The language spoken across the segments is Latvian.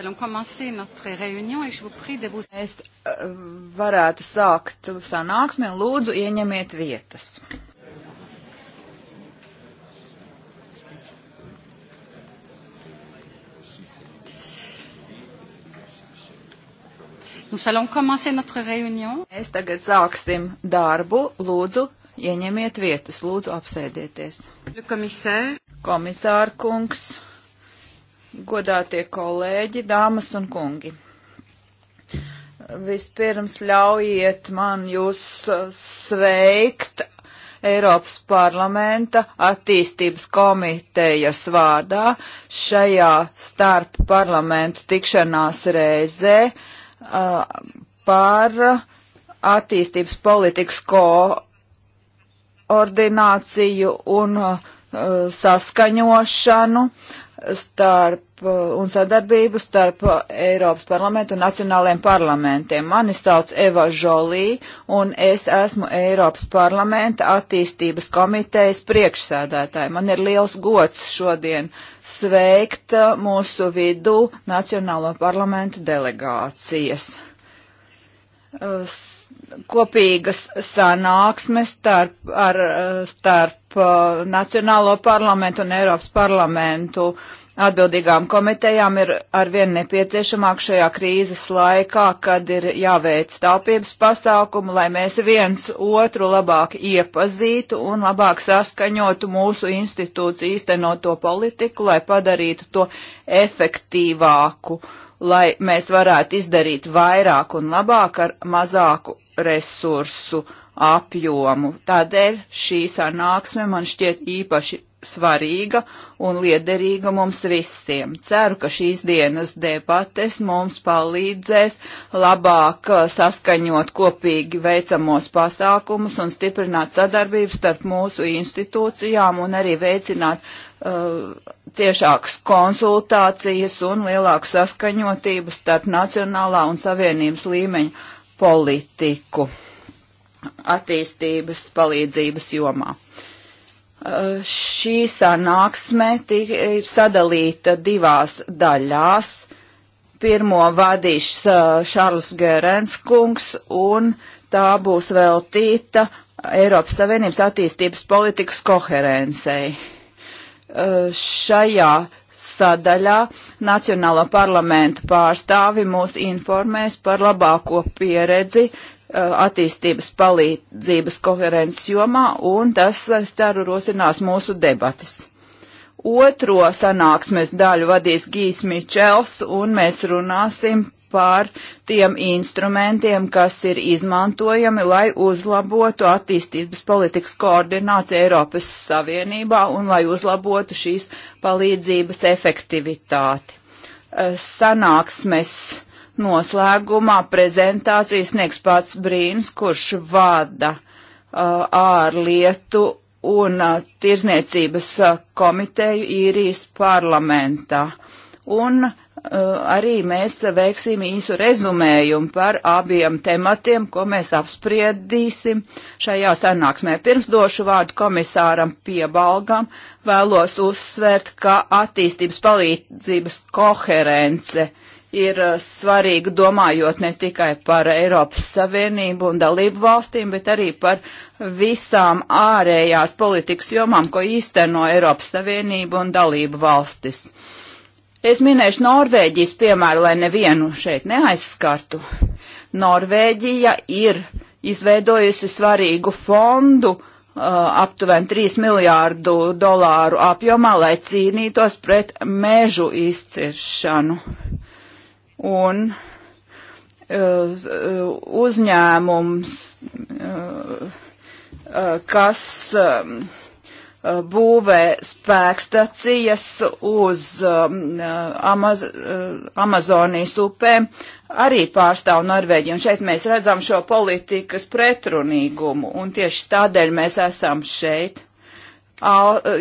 Mēs eh, varētu sākt sanāksmi un lūdzu ieņemiet vietas. Nous allons commencer notre réunion. Mēs tagad sāksim darbu. Lūdzu, ieņemiet vietas. Lūdzu, apsēdieties. Komisār kungs godātie kolēģi, dāmas un kungi. Vispirms ļaujiet man jūs uh, sveikt Eiropas parlamenta attīstības komitejas vārdā šajā starp parlamentu tikšanās reizē uh, par attīstības politikas koordināciju un uh, saskaņošanu uh, starp uh, un sadarbību starp Eiropas parlamentu un nacionāliem parlamentiem. Mani sauc Eva Žolī un es esmu Eiropas parlamenta attīstības komitejas priekšsēdētāja. Man ir liels gods šodien sveikt uh, mūsu vidū Nacionālo parlamentu delegācijas. Uh, kopīgas sanāksmes starp, ar, starp uh, Nacionālo parlamentu un Eiropas parlamentu atbildīgām komitejām ir arvien nepieciešamāk šajā krīzes laikā, kad ir jāveic taupības pasākumu, lai mēs viens otru labāk iepazītu un labāk saskaņotu mūsu institūciju īstenoto politiku, lai padarītu to efektīvāku lai mēs varētu izdarīt vairāk un labāk ar mazāku resursu apjomu. Tādēļ šī sanāksme man šķiet īpaši svarīga un liederīga mums visiem. Ceru, ka šīs dienas debates mums palīdzēs labāk uh, saskaņot kopīgi veicamos pasākumus un stiprināt sadarbību starp mūsu institūcijām un arī veicināt uh, ciešākas konsultācijas un lielāku saskaņotību starp nacionālā un savienības līmeņa politiku attīstības palīdzības jomā. Uh, šī sanāksme ir sadalīta divās daļās. Pirmo vadīs uh, Šārls Gērens kungs un tā būs veltīta Eiropas Savienības attīstības politikas koherencei. Uh, šajā sadaļā Nacionālo parlamentu pārstāvi mūs informēs par labāko pieredzi uh, attīstības palīdzības koherences jomā, un tas, es ceru, rosinās mūsu debatas. Otro sanāksmes daļu vadīs Gīs Mičels, un mēs runāsim par tiem instrumentiem, kas ir izmantojami, lai uzlabotu attīstības politikas koordināciju Eiropas Savienībā un lai uzlabotu šīs palīdzības efektivitāti. Eh, sanāksmes noslēgumā prezentācijas sniegs pats Brīns, kurš vada eh, ārlietu un eh, tirzniecības komiteju īrijas parlamentā. Un Eh, arī mēs veiksim īsu rezumējumu par abiem tematiem, ko mēs apspriedīsim šajā sanāksmē. Pirms došu vārdu komisāram piebalgam, vēlos uzsvērt, ka attīstības palīdzības koherence ir eh, svarīga domājot ne tikai par Eiropas Savienību un dalību valstīm, bet arī par visām ārējās politikas jomām, ko īsteno Eiropas Savienība un dalību valstis. Uh, Es minēšu Norvēģijas piemēru, lai nevienu šeit neaizskartu. Norvēģija ir izveidojusi svarīgu fondu uh, aptuveni 3 miljārdu dolāru apjomā, lai cīnītos pret mežu izciršanu. Un uh, uzņēmums, uh, uh kas um, Uh, būvē spēkstacijas uz um, uh, Amaz uh, Amazonijas upēm, arī pārstāv Norvēģiju. Un šeit mēs redzam šo politikas pretrunīgumu, un tieši tādēļ mēs esam šeit,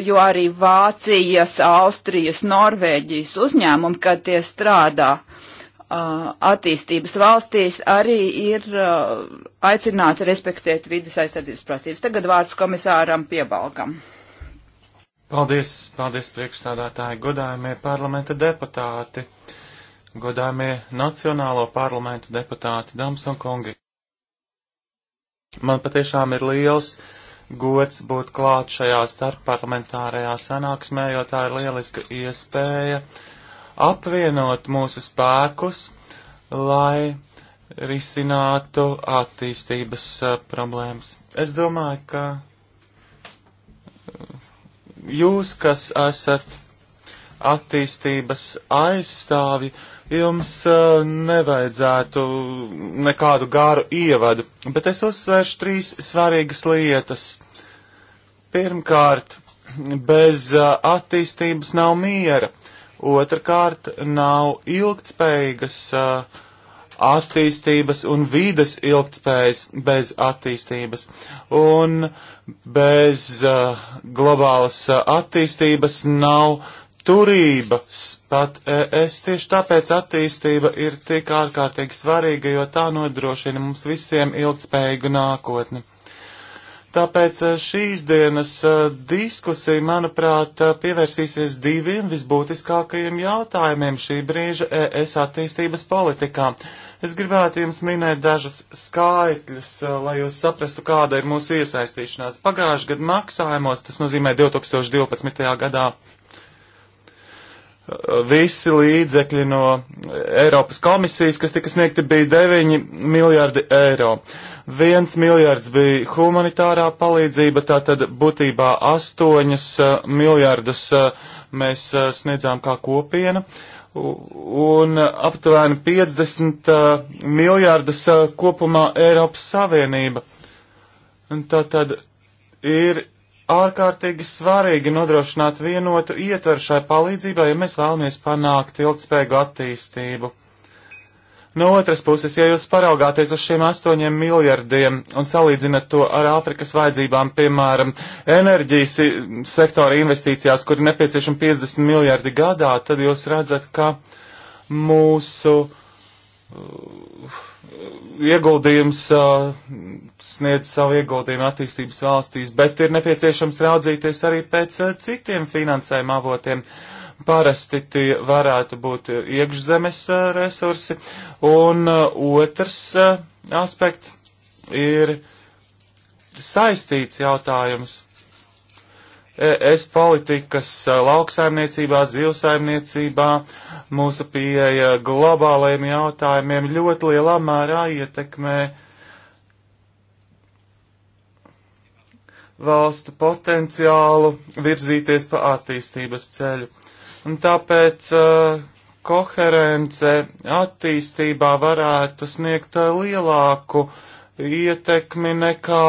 jo arī Vācijas, Austrijas, Norvēģijas uzņēmumi, kad tie strādā uh, attīstības valstīs, arī ir uh, aicināti respektēt vidas aizsardzības prasības. Tagad vārds komisāram Piebalgam. Paldies, paldies priekšsādātāji, godājumie parlamenta deputāti, godājumie Nacionālo parlamentu deputāti, dāmas un kungi. Man patiešām ir liels gods būt klāt šajā starpparlamentārajā sanāksmē, jo tā ir lieliska iespēja apvienot mūsu spēkus, lai risinātu attīstības uh, problēmas. Es domāju, ka jūs, kas esat attīstības aizstāvi, jums uh, nevajadzētu nekādu garu ievadu, bet es uzsvēršu trīs svarīgas lietas. Pirmkārt, bez uh, attīstības nav miera. Otrakārt, nav ilgtspējīgas uh, attīstības un vīdes ilgtspējas bez attīstības. Un bez uh, globālas uh, attīstības nav turības. Pat uh, e es tieši tāpēc attīstība ir tik ārkārtīgi svarīga, jo tā nodrošina mums visiem ilgtspējīgu nākotni. Tāpēc eh, šīs dienas eh, diskusija, manuprāt, eh, pievērsīsies diviem visbūtiskākajiem jautājumiem šī brīža ES attīstības politikā. Es gribētu jums minēt dažas skaitļus, lai jūs saprastu, kāda ir mūsu iesaistīšanās. Pagājuši gadu maksājumos, tas nozīmē 2012. gadā visi līdzekļi no Eiropas komisijas, kas tika sniegti, bija 9 miljardi eiro. 1 miljards bija humanitārā palīdzība, tātad būtībā 8 eh, miljardus eh, mēs eh, sniedzām kā kopiena. Un aptuveni 50 miljardus kopumā Eiropas Savienība. Tātad ir ārkārtīgi svarīgi nodrošināt vienotu ietveru šai palīdzībai, ja mēs vēlamies panākt ilgspējīgu attīstību. No otras puses, ja jūs paraugāties uz šiem astoņiem miljardiem un salīdzinat to ar Āfrikas vajadzībām, piemēram, enerģijas sektora investīcijās, kur ir nepieciešami 50 miljardi gadā, tad jūs redzat, ka mūsu ieguldījums uh, sniedz savu ieguldījumu attīstības valstīs, bet ir nepieciešams raudzīties arī pēc uh, citiem finansējuma avotiem. Parasti tie varētu būt iekšzemes uh, resursi. Un otrs aspekts ir saistīts jautājums. ES politikas e, lauksaimniecībā, zivsaimniecībā, mūsu pieeja globālajiem jautājumiem ļoti lielā mērā ietekmē valstu potenciālu virzīties pa attīstības ceļu. Un tāpēc uh, koherence attīstībā varētu sniegt e, lielāku uh, ietekmi nekā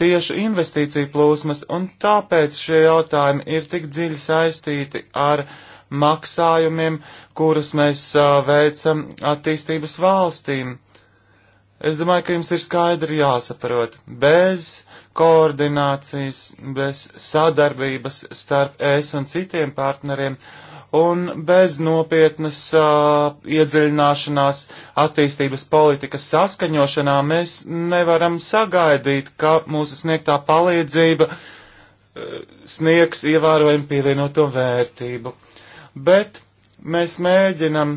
tieši investīcija plūsmas, un tāpēc šie jautājumi ir tik dziļi saistīti ar maksājumiem, kurus mēs uh, veicam attīstības valstīm. Es domāju, ka jums ir skaidri jāsaprot, bez koordinācijas, bez sadarbības starp es un citiem partneriem un bez nopietnas uh, iedziļināšanās attīstības politikas saskaņošanā mēs nevaram sagaidīt, ka mūsu sniegtā palīdzība uh, sniegs ievērojami pievienoto vērtību. Bet mēs mēģinam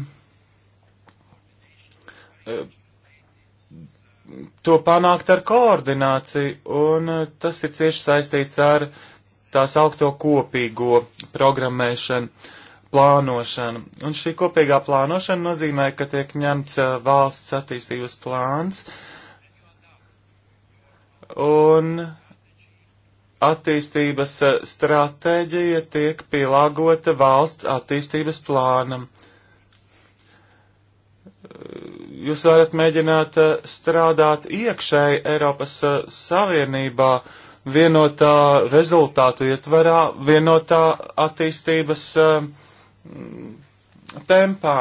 uh, to panākt ar koordināciju, un uh, tas ir cieši saistīts ar tās augto kopīgo programmēšanu. Uh, plānošanu. Un šī kopīgā plānošana nozīmē, ka tiek ņemts valsts attīstības plāns un attīstības stratēģija tiek pielāgota valsts attīstības plānam. Jūs varat mēģināt strādāt iekšēji Eiropas Savienībā vienotā rezultātu ietvarā, vienotā attīstības uh, Mm, tempā.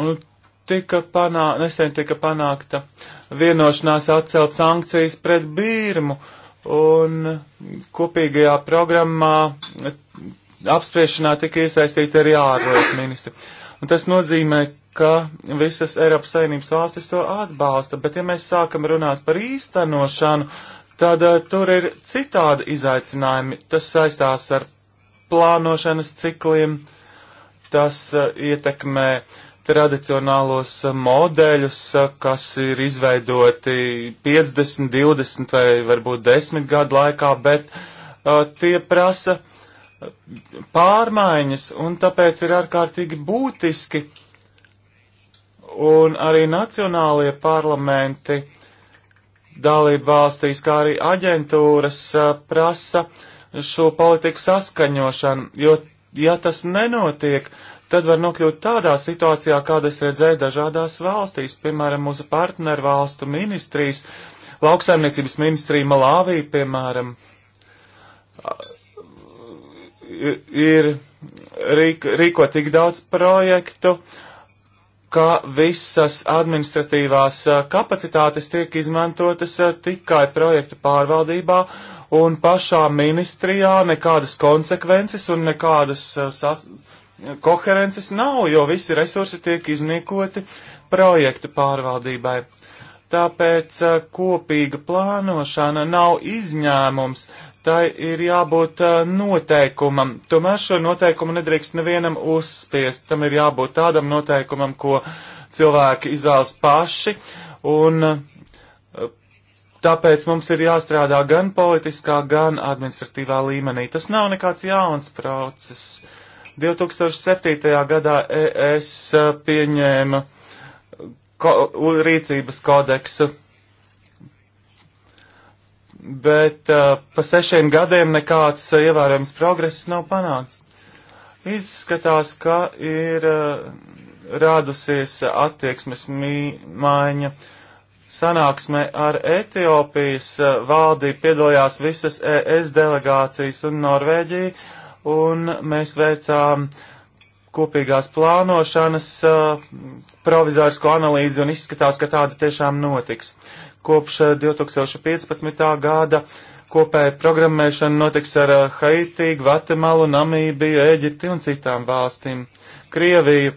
Un tika panā, nesen tika panākta vienošanās atcelt sankcijas pret Bīrmu, un kopīgajā programmā apspriešanā tika iesaistīti arī ārlietu ministri. Un tas nozīmē, ka visas Eiropas Savienības valstis to atbalsta, bet ja mēs sākam runāt par īstenošanu, tad uh, tur ir citādi izaicinājumi. Tas saistās ar plānošanas cikliem, tas uh, ietekmē tradicionālos uh, modeļus, uh, kas ir izveidoti 50, 20 vai varbūt 10 gadu laikā, bet uh, tie prasa pārmaiņas un tāpēc ir ārkārtīgi būtiski. Un arī nacionālie parlamenti uh, dalību valstīs, kā arī aģentūras prasa šo politiku saskaņošanu, jo, ja tas nenotiek, tad var nokļūt tādā situācijā, kāda es redzēju dažādās valstīs, piemēram, mūsu partneru valstu ministrijas, lauksaimniecības ministrija Malāvī, piemēram, ir rīko tik daudz projektu, uh, ka visas administratīvās kapacitātes tiek izmantotas tikai projektu pārvaldībā un pašā ministrijā nekādas konsekvences un nekādas sas, koherences nav, jo visi resursi tiek izniekoti projektu pārvaldībai. Tāpēc kopīga plānošana nav izņēmums, tai ir jābūt uh, noteikumam. Tomēr šo noteikumu nedrīkst nevienam uzspiest. Tam ir jābūt tādam noteikumam, ko cilvēki izvēlas paši. Un uh, tāpēc mums ir jāstrādā gan politiskā, gan administratīvā līmenī. Tas nav nekāds jauns process. 2007. gadā ES pieņēma ko rīcības kodeksu bet uh, pa sešiem gadiem nekāds uh, ievērojams progress nav panākts. Izskatās, ka ir uh, rādusies uh, attieksmes maiņa. Sanāksmē ar Etiopijas uh, valdību piedalījās visas ES delegācijas un Norvēģija, un mēs veicām kopīgās plānošanas uh, provizorisko analīzi, un izskatās, ka tāda tiešām notiks. Uh, Kopš 2015. Eh, gada kopēja programmēšana notiks ar eh, Haiti, Gvatemalu, Namībiju, Ēģipti un citām valstīm, Krieviju.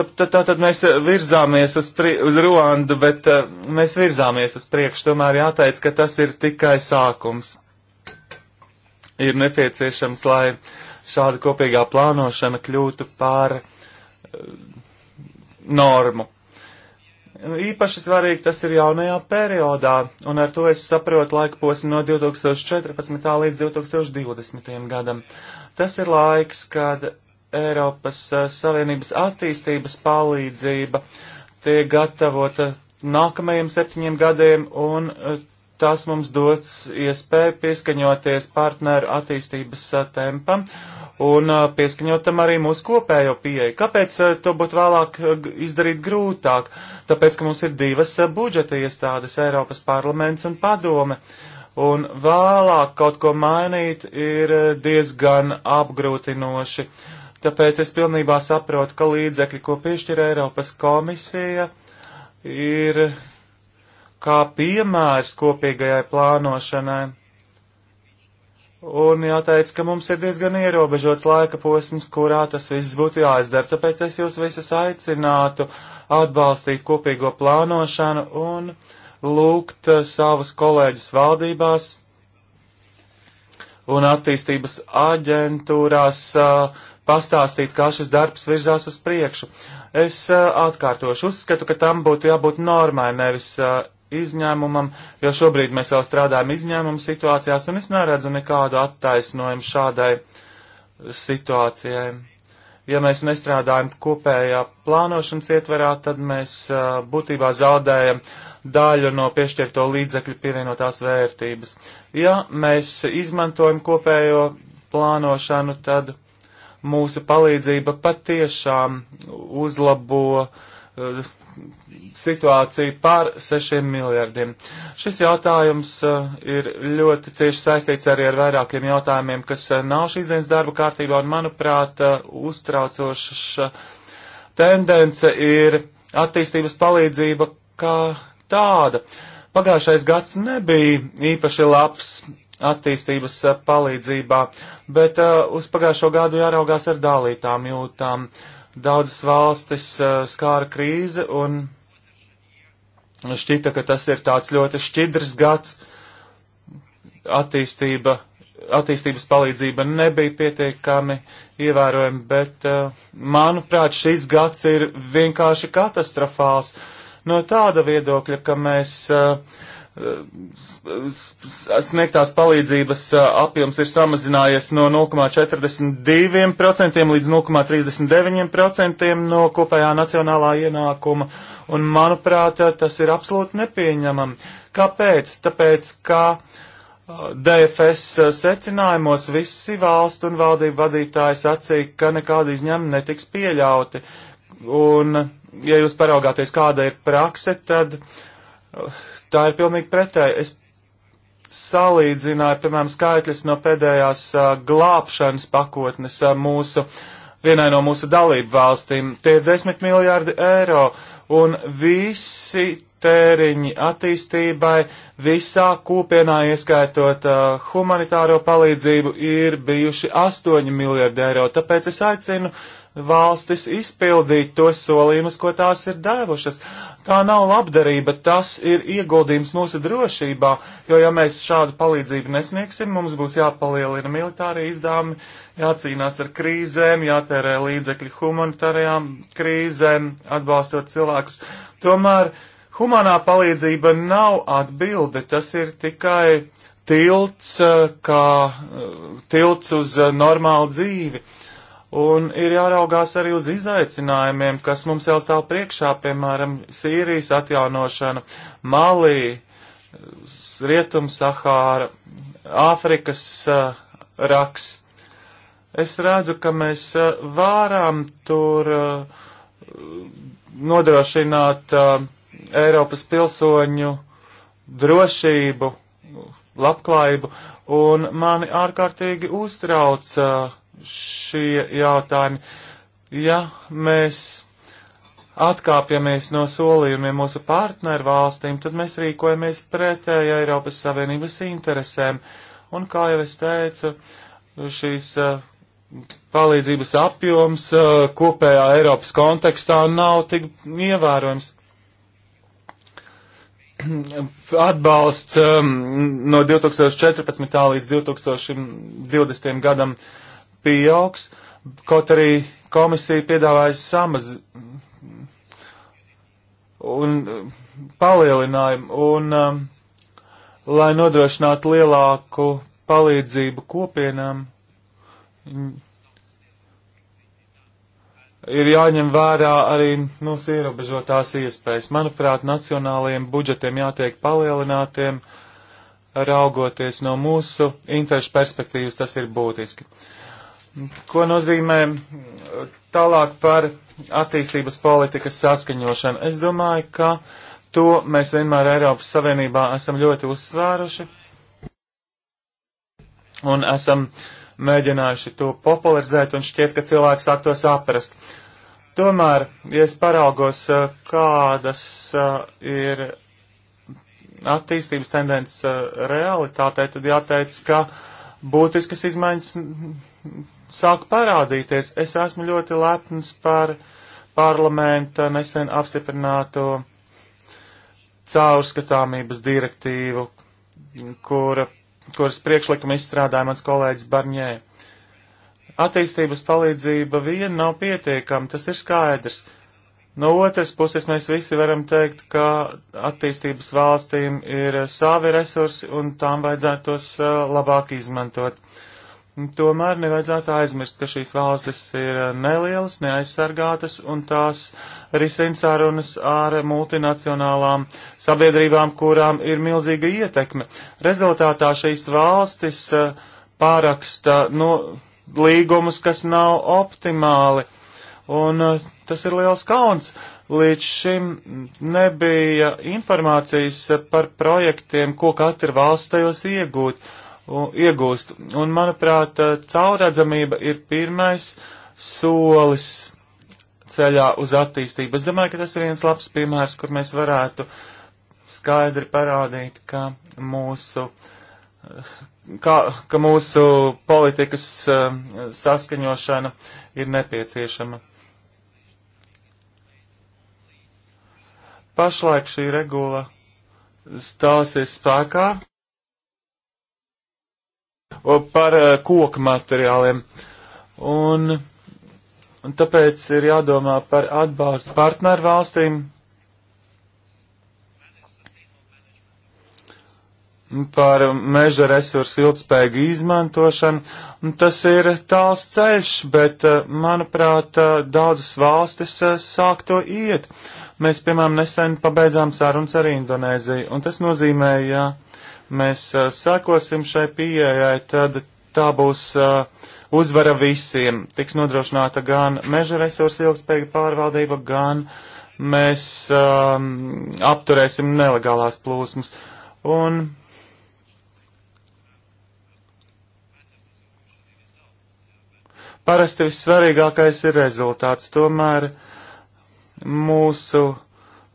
Tātad tā, tā, mēs eh, virzāmies uz, pri, uz Ruandu, bet mēs virzāmies uz priekšu. Tomēr jāteic, ka tas ir tikai sākums. Ir nepieciešams, lai šāda kopīgā plānošana kļūtu par normu. Īpaši svarīgi tas ir jaunajā periodā, un ar to es saprotu laika posmu no 2014. līdz 2020. gadam. Tas ir laiks, kad Eiropas eh, Savienības attīstības palīdzība tiek gatavota nākamajiem septiņiem gadiem, un eh, tas mums dots iespēju pieskaņoties partneru attīstības eh, tempam un pieskaņot tam arī mūsu kopējo pieeju. Kāpēc to būtu vēlāk izdarīt grūtāk? Tāpēc, ka mums ir divas budžeta iestādes - Eiropas parlaments un padome. Un vēlāk kaut ko mainīt ir diezgan apgrūtinoši. Tāpēc es pilnībā saprotu, ka līdzekļi, ko piešķir Eiropas komisija, ir kā piemērs kopīgajai plānošanai Un jāteic, ka mums ir diezgan ierobežots laika posms, kurā tas viss būtu jāizdara, tāpēc es jūs visus aicinātu atbalstīt kopīgo plānošanu un lūgt eh, savus kolēģus valdībās un attīstības aģentūrās uh, pastāstīt, kā šis darbs virzās uz priekšu. Es uh, atkārtošu, uzskatu, ka tam būtu jābūt normai, nevis uh, izņēmumam, jo šobrīd mēs vēl strādājam izņēmumu situācijās, un es neredzu nekādu attaisnojumu šādai situācijai. Ja mēs nestrādājam kopējā plānošanas ietverā, tad mēs uh, būtībā zaudējam daļu no piešķirto līdzekļu pievienotās vērtības. Ja mēs izmantojam kopējo plānošanu, tad mūsu palīdzība patiešām uzlabo uh, situāciju pār 6 miljardiem. Šis jautājums uh, ir ļoti cieši saistīts arī ar vairākiem jautājumiem, kas uh, nav šīs dienas darba kārtībā, un, manuprāt, uh, eh, uztraucoša tendence ir attīstības palīdzība kā tāda. Pagājušais gads nebija īpaši labs attīstības palīdzībā, bet uh, uz pagājušo gadu jāraugās ar dālītām jūtām. Daudzas valstis uh, skāra krīze un šķita, ka tas ir tāds ļoti šķidrs gads. Attīstība, attīstības palīdzība nebija pietiekami ievērojama, bet, eh, manuprāt, šis gads ir vienkārši katastrofāls. No tāda viedokļa, ka mēs eh, sniegtās palīdzības eh, apjoms ir samazinājies no 0,42% līdz 0,39% no kopējā nacionālā ienākuma Un, manuprāt, tas ir absolūti nepieņemam. Kāpēc? Tāpēc, ka uh, DFS secinājumos visi valstu un valdību vadītāji sacīja, ka nekādi izņēmumi netiks pieļauti. Un, ja jūs paraugāties, kāda ir prakse, tad uh, tā ir pilnīgi pretēji. Es salīdzināju, piemēram, skaitļus no pēdējās a, uh, glābšanas pakotnes a, mūsu, vienai no mūsu dalību valstīm. Tie ir 10 miljārdi eiro, un visi tēriņi attīstībai visā kopienā, ieskaitot uh, humanitāro palīdzību, ir bijuši 8 miljardi eiro. Tāpēc es aicinu uh, valstis izpildīt tos solījumus, ko tās ir devušas. Tā nav labdarība, tas ir ieguldījums mūsu drošībā, jo ja mēs šādu palīdzību nesniegsim, mums būs jāpalielina militārie izdāmi, jācīnās ar krīzēm, jātērē līdzekļi humanitārajām krīzēm, atbalstot cilvēkus. Tomēr humanā palīdzība nav atbilde, tas ir tikai tilts, eh, kā eh, tilts uz eh, normālu dzīvi. Un ir jāraugās arī uz izaicinājumiem, kas mums jau stāv priekšā, piemēram, Sīrijas atjaunošana, Malī, Rietum-Sahāra, Āfrikas uh, raks. Es redzu, ka mēs uh, varam tur uh, nodrošināt uh, Eiropas pilsoņu drošību, labklājību, un mani ārkārtīgi uztrauc uh, šie jautājumi. Ja mēs atkāpjamies no solījumiem mūsu partneru valstīm, tad mēs rīkojamies pretēji Eiropas Savienības interesēm. Un, kā jau es teicu, šīs eh, palīdzības apjoms eh, kopējā Eiropas kontekstā nav tik ievērojams atbalsts um, no 2014. līdz 2020. gadam pieaugs, kaut arī komisija piedāvāja samaz un palielinājumu, un um, lai nodrošinātu lielāku palīdzību kopienām, ir jāņem vērā arī mūsu nu, ierobežotās iespējas. Manuprāt, nacionālajiem budžetiem jātiek palielinātiem, raugoties no mūsu interešu perspektīvas, tas ir būtiski. Uh, Ko nozīmē tālāk par attīstības politikas saskaņošanu? Es domāju, ka to mēs vienmēr Eiropas Savienībā esam ļoti uzsvēruši un esam mēģinājuši to popularizēt un šķiet, ka cilvēks sāk to saprast. Tomēr, ja es paraugos, eh, kādas eh, ir attīstības tendences eh, realitātē, tad jāteic, ka būtiskas izmaiņas sāk parādīties. Es esmu ļoti lepns par parlamenta nesen apstiprināto caurskatāmības direktīvu, kura, kuras priekšlikumu izstrādāja mans kolēģis Barņē. Attīstības palīdzība viena nav pietiekama, tas ir skaidrs. No otras puses, mēs visi varam teikt, ka attīstības valstīm ir savi resursi un tām vajadzētu tos eh, labāk izmantot. Uh, Tomēr nevajadzētu aizmirst, ka šīs valstis ir eh, nelielas, neaizsargātas un tās risina sarunas ar multinacionālām sabiedrībām, kurām ir milzīga ietekme. Rezultātā šīs valstis eh, pāraksta no nu, līgumus, kas nav optimāli. Un eh, tas ir liels kauns. Līdz šim nebija informācijas par projektiem, ko katra valsts tajos iegūt iegūst. Un, manuprāt, eh, caurredzamība ir pirmais solis ceļā uz attīstību. Es domāju, ka tas ir viens labs piemērs, kur mēs varētu skaidri parādīt, ka mūsu, eh, ka, ka mūsu politikas uh, saskaņošana ir nepieciešama. Pašlaik šī regula stāsies spēkā par eh, koku materiāliem. Un, un tāpēc ir jādomā par atbalstu partneru valstīm, par meža resursu ilgspējīgu izmantošanu. Tas ir tāls ceļš, bet, eh, manuprāt, eh, daudzas valstis sāk to iet. Mēs, piemēram, nesen pabeidzām sarunas ar Indonēziju, un tas nozīmēja, ja mēs sekosim šai pieejai, tad tā būs uzvara visiem. Tiks nodrošināta gan meža resursu ilgspējīga pārvaldība, gan mēs apturēsim nelegālās plūsmas. Un parasti vissvarīgākais ir rezultāts. Tomēr mūsu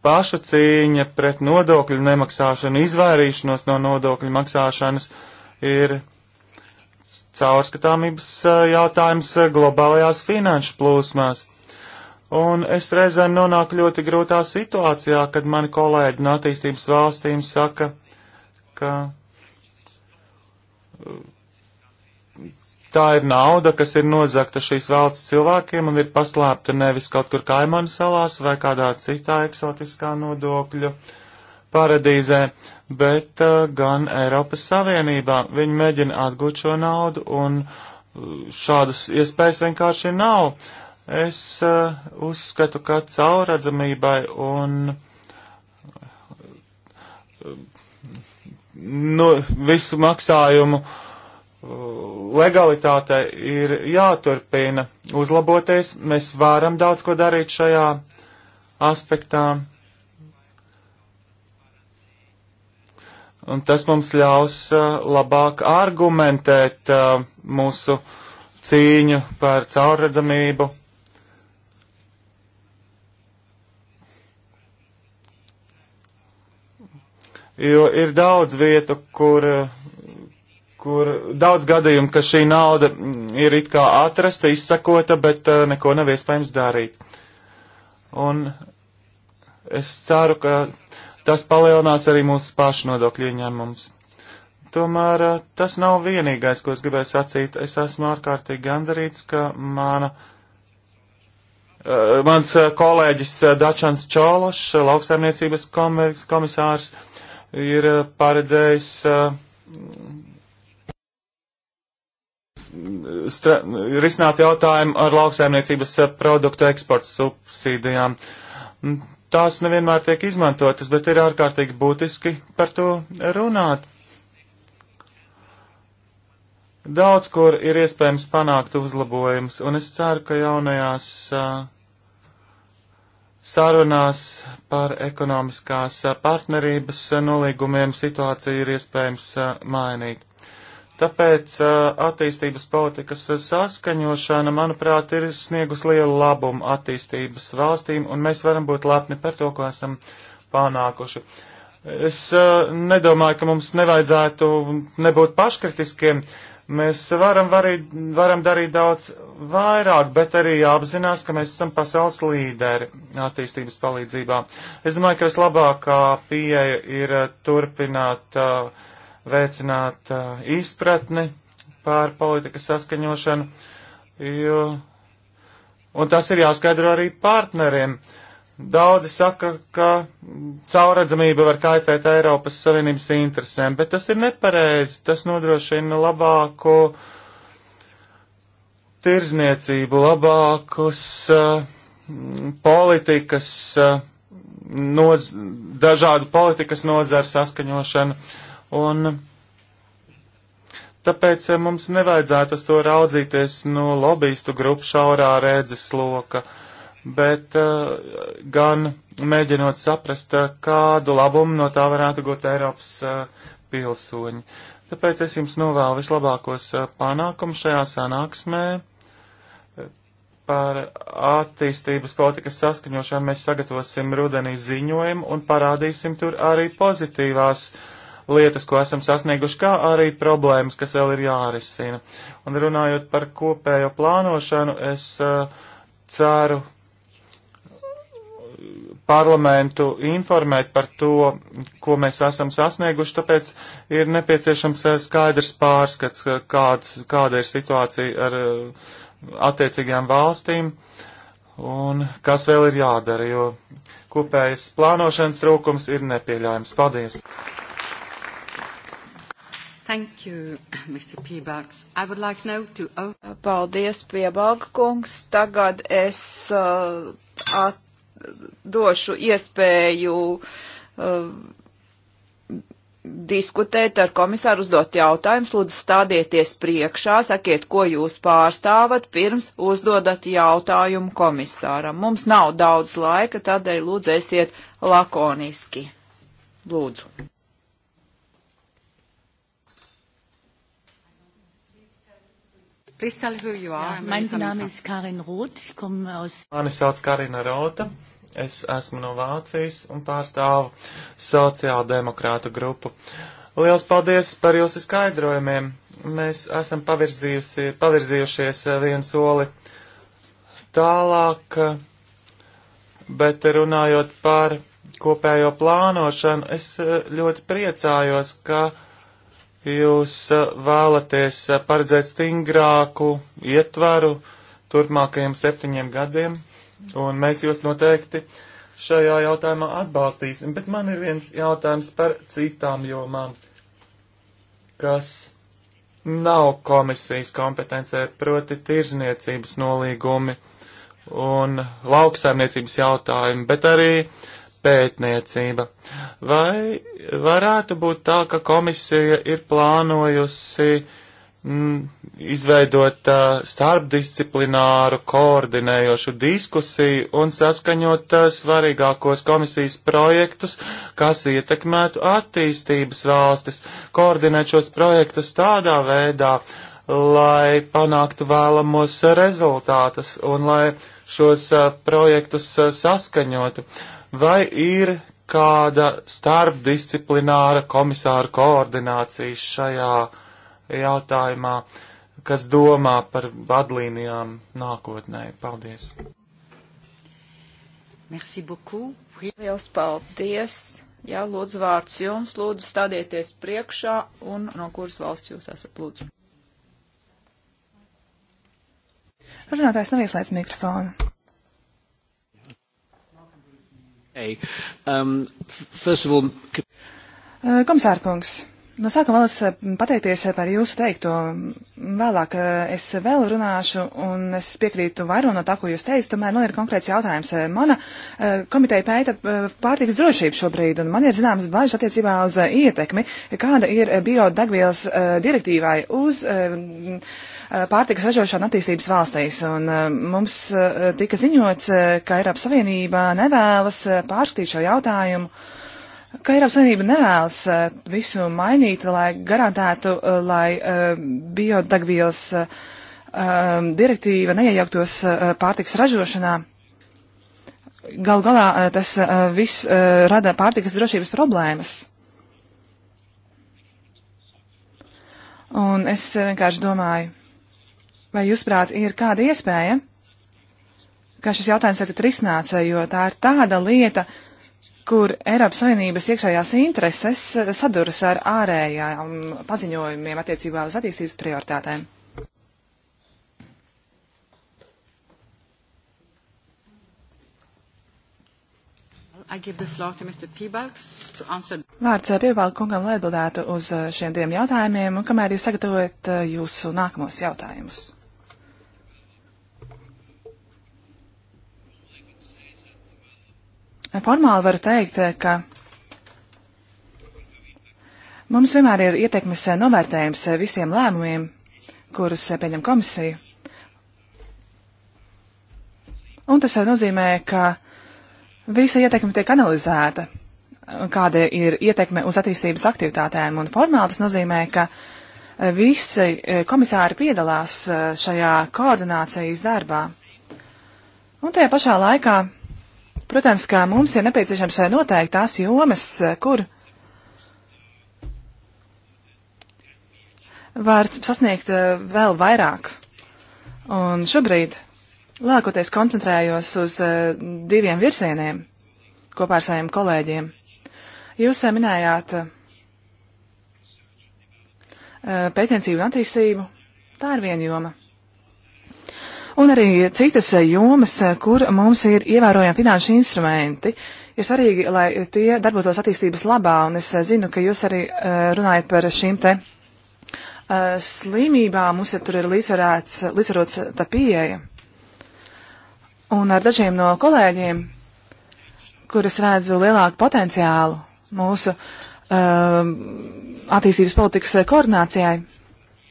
paša cīņa pret nodokļu nemaksāšanu, izvairīšanos no nodokļu maksāšanas ir caurskatāmības eh, jautājums eh, globālajās finanšu plūsmās. Un es reizēm nonāku ļoti grūtā situācijā, kad mani kolēģi no attīstības valstīm saka, ka Tā ir nauda, kas ir nozagta šīs valsts cilvēkiem un ir paslēpta nevis kaut kur Kaimanu salās vai kādā citā eksotiskā nodokļu paradīzē, bet uh, gan Eiropas Savienībā. Viņi mēģina atgūt šo naudu un uh, šādas iespējas vienkārši nav. Es uh, uzskatu, ka caurredzamībai un uh, nu, visu maksājumu uh, legalitāte ir jāturpina uzlaboties. Mēs varam daudz ko darīt šajā aspektā. Un tas mums ļaus uh, labāk argumentēt uh, mūsu cīņu par caurredzamību. Jo ir daudz vietu, kur uh, kur daudz gadījumu, ka šī nauda mm, ir it kā atrasta, izsakota, bet uh, neko nav iespējams darīt. Un es ceru, ka tas palielinās arī mūsu pašu nodokļu ieņēmumus. Tomēr uh, tas nav vienīgais, ko es gribēju sacīt. Es esmu ārkārtīgi gandarīts, ka mana. Uh, mans uh, kolēģis uh, Dačans Čološs, uh, lauksaimniecības komisārs, ir paredzējis risināt jautājumu ar lauksaimniecības eh, produktu eksporta subsīdijām. Mm, tās nevienmēr tiek izmantotas, bet ir ārkārtīgi būtiski par to runāt. Daudz, kur ir iespējams panākt uzlabojums, un es ceru, ka jaunajās uh, sarunās par ekonomiskās eh, partnerības nolīgumiem situācija ir iespējams mainīt. Tāpēc attīstības politikas saskaņošana, manuprāt, ir sniegus lielu labumu attīstības valstīm, un mēs varam būt lepni par to, ko esam panākuši. Es nedomāju, ka mums nevajadzētu nebūt paškritiskiem. Mēs varam, varīt, varam darīt daudz vairāk, bet arī jāapzinās, ka mēs esam pasaules līderi attīstības palīdzībā. Es domāju, ka vislabākā pieeja ir turpināt uh, veicināt uh, izpratni pār politikas saskaņošanu, jo, un tas ir jāskaidro arī partneriem. Daudzi saka, ka caurredzamība var kaitēt Eiropas Savienības interesēm, bet tas ir nepareizi. Tas nodrošina labāku tirzniecību, labākus uh, politikas, uh, noz, dažādu politikas nozaru saskaņošanu. Uh, Un tāpēc eh, mums nevajadzētu uz to raudzīties no lobbyistu grupu šaurā redzes loka, bet uh, gan mēģinot saprast, eh, kādu labumu no tā varētu gūt Eiropas uh, pilsoņi. Tāpēc es jums novēlu vislabākos panākumus šajā sanāksmē par attīstības politikas saskaņošanu mēs sagatavosim rudenī ziņojumu un parādīsim tur arī pozitīvās uh, lietas, ko esam sasnieguši, kā arī problēmas, kas vēl ir jārisina. Un runājot par kopējo plānošanu, es uh, ceru parlamentu informēt par to, ko mēs esam sasnieguši, tāpēc ir nepieciešams eh, skaidrs pārskats, eh, kāds, kāda ir situācija ar attiecīgajām valstīm un kas vēl ir jādara, jo kopējas plānošanas trūkums ir nepieļaujams. Paldies! Thank you, Mr. Piebalgs. I would like now to... Paldies, Piebalga kungs. Tagad es uh, at, došu iespēju uh, diskutēt ar komisāru, uzdot jautājumus, lūdzu stādieties priekšā, sakiet, ko jūs pārstāvat, pirms uzdodat jautājumu komisāram. Mums nav daudz laika, tādēļ lūdzēsiet lakoniski. Lūdzu. Please tell who you are. Jā, mein Name ist Karin Roth. Ich komme aus. Mani sauc Karina Rota. Es esmu no Vācijas un pārstāvu sociāldemokrātu grupu. Liels paldies par jūsu skaidrojumiem. Mēs esam pavirzījušies eh, vienu soli tālāk, eh, bet runājot par kopējo plānošanu, es eh, ļoti priecājos, ka jūs eh, vēlaties eh, paredzēt stingrāku ietvaru turpmākajiem septiņiem gadiem, un mēs jūs noteikti šajā jautājumā atbalstīsim. Bet man ir viens jautājums par citām jomām, kas nav komisijas kompetencē, proti tirzniecības nolīgumi un lauksaimniecības jautājumi, bet arī pētniecība. Vai varētu būt tā, ka komisija ir plānojusi m, mm, izveidot uh, starpdisciplināru koordinējošu diskusiju un saskaņot uh, svarīgākos komisijas projektus, kas ietekmētu attīstības valstis, koordinēt šos projektus tādā veidā, lai panāktu vēlamos rezultātus un lai šos uh, projektus uh, saskaņotu. Uh, Vai ir kāda starpdisciplināra komisāra koordinācija šajā jautājumā, kas domā par vadlīnijām nākotnē? Paldies! Merci beaucoup. Liels paldies! Jā, lūdzu vārds jums, lūdzu stādieties priekšā un no kuras valsts jūs esat lūdzu. Runātājs nav ieslēdz mikrofonu. A. Um, first of all... Uh, komisārkungs, no sākuma vēlos uh, pateikties uh, par jūsu teikto. Vēlāk es vēl runāšu un es piekrītu vairo no tā, ko jūs teicat. Tomēr man ir konkrēts jautājums. Mana komiteja pēta pārtiks drošību šobrīd un man ir zināmas bažas attiecībā uz ietekmi, kāda ir biodegvielas direktīvai uz. Uh, Eh, pārtikas ražošanu attīstības valstīs. Un eh, mums eh, tika ziņots, ka Eiropas Savienība nevēlas pārskatīt šo jautājumu, ka Eiropas Savienība nevēlas visu mainīt, lai garantētu, lai biodagvielas direktīva neiejauktos pārtikas ražošanā. Gal galā tas viss rada pārtikas drošības problēmas. Un es vienkārši domāju, Vai jūs prāt ir kāda iespēja, ka šis jautājums ir risināts, jo tā ir tāda lieta, kur Eiropas Savienības iekšējās intereses saduras ar ārējām paziņojumiem attiecībā uz attīstības prioritātēm? Vārds eh, Piebalga kungam, lai atbildētu uz eh, šiem diviem jautājumiem, un kamēr jūs sagatavojat eh, jūsu nākamos jautājumus. Formāli varu teikt, eh, ka mums vienmēr ir ietekmes eh, novērtējums eh, visiem lēmumiem, kurus pieņem komisija. Un tas nozīmē, ka visa ietekme tiek analizēta, kāda ir ietekme uz attīstības aktivitātēm. Un formāli tas nozīmē, ka visi komisāri piedalās šajā koordinācijas darbā. Un tajā pašā laikā Protams, kā mums ir nepieciešams noteikt tās jomas, kur var sasniegt eh, vēl vairāk. Un šobrīd lielākoties koncentrējos uz eh, diviem virzieniem kopā ar saviem kolēģiem. Jūs eh, minējāt pētniecību un attīstību. Tā ir viena joma un arī citas jomas, kur mums ir ievērojami finanšu instrumenti. Ir svarīgi, lai tie darbotos attīstības labā, un es zinu, ka jūs arī eh, runājat par šīm te eh, slimībām, mums ir tur ir līdzsvarēts, līdzsvarots eh, tā pieeja. Un ar dažiem no kolēģiem, kuras redzu lielāku potenciālu mūsu uh, attīstības politikas koordinācijai,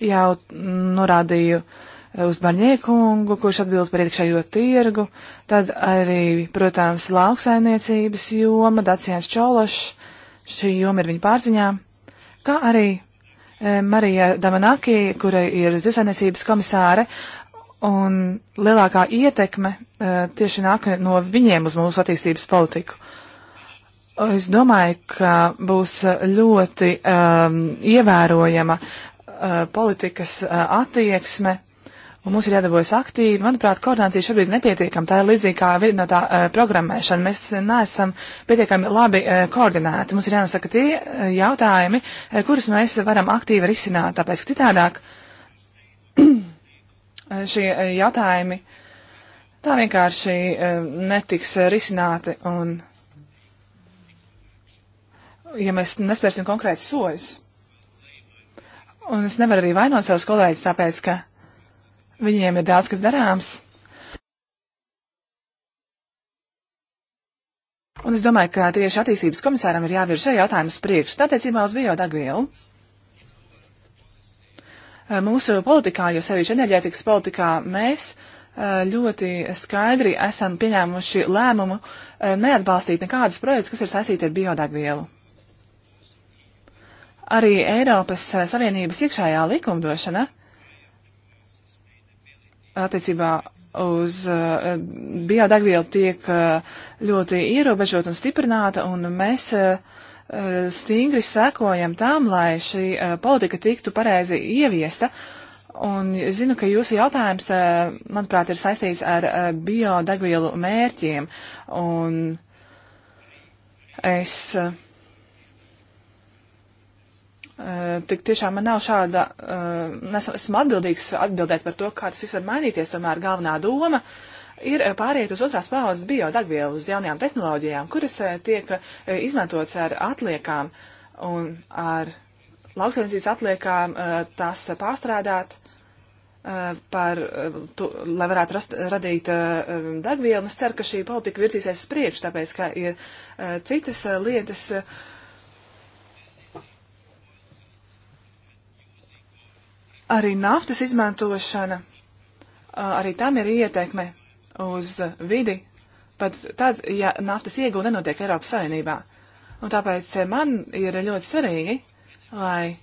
jau norādīju uh, uz Barņiekungu, kurš atbild par iekšējo tirgu, tad arī, protams, lauksainiecības joma, Dacians Čološs, šī joma ir viņa pārziņā, kā arī e, Marija Damanaki, kura ir zivsainiecības komisāre, un lielākā ietekme e, tieši nāk no viņiem uz mūsu attīstības politiku. Es domāju, ka būs ļoti um, e, ievērojama uh, politikas uh, attieksme uh, Un mums ir jādarbojas aktīvi. Manuprāt, koordinācija šobrīd ir nepietiekama. Tā ir līdzīga kā vidinotā uh, programmēšana. Mēs neesam pietiekami labi uh, koordinēti. Mums ir jānosaka tie uh, jautājumi, uh, kurus mēs varam aktīvi risināt, tāpēc, ka citādāk šie uh, jautājumi tā vienkārši uh, netiks uh, risināti. Un, ja mēs nespēsim konkrēti soļus. Un es nevaru arī vainot savus kolēģus, tāpēc, ka Viņiem ir daudz kas darāms. Un es domāju, ka tieši attīstības komisāram ir jāvirz šie jautājumi uz priekšu. Attiecībā uz biodegvielu. Eh, mūsu politikā, jo sevišķi enerģētikas politikā, mēs eh, ļoti skaidri esam pieņēmuši lēmumu eh, neatbalstīt nekādus projektus, kas ir saistīti ar biodegvielu. Arī Eiropas Savienības iekšējā likumdošana uh, attiecībā uz uh, biodegvielu tiek uh, ļoti ierobežota un stiprināta, un mēs uh, uh stingri sekojam tam, lai šī uh, politika tiktu pareizi ieviesta. Un zinu, ka jūsu jautājums, uh, manuprāt, ir saistīts ar uh, biodegvielu mērķiem, un es. Uh, Eh, tik tiešām man nav šāda, eh, esmu atbildīgs atbildēt par to, kā tas viss var mainīties, tomēr galvenā doma ir eh, pāriet uz otrās paudzes biodegvielu, uz jaunajām tehnoloģijām, kuras tiek izmantotas ar atliekām un ar lauksaimniecības atliekām tās pārstrādāt par, tu, lai varētu rast, radīt degvielu. Es ceru, ka šī politika virzīsies uz priekšu, tāpēc, ka ir citas lietas, uh, Arī naftas izmantošana, arī tam ir ietekme uz vidi, pat tad, ja naftas iegūda nenotiek Eiropas Savienībā. Un tāpēc man ir ļoti svarīgi, lai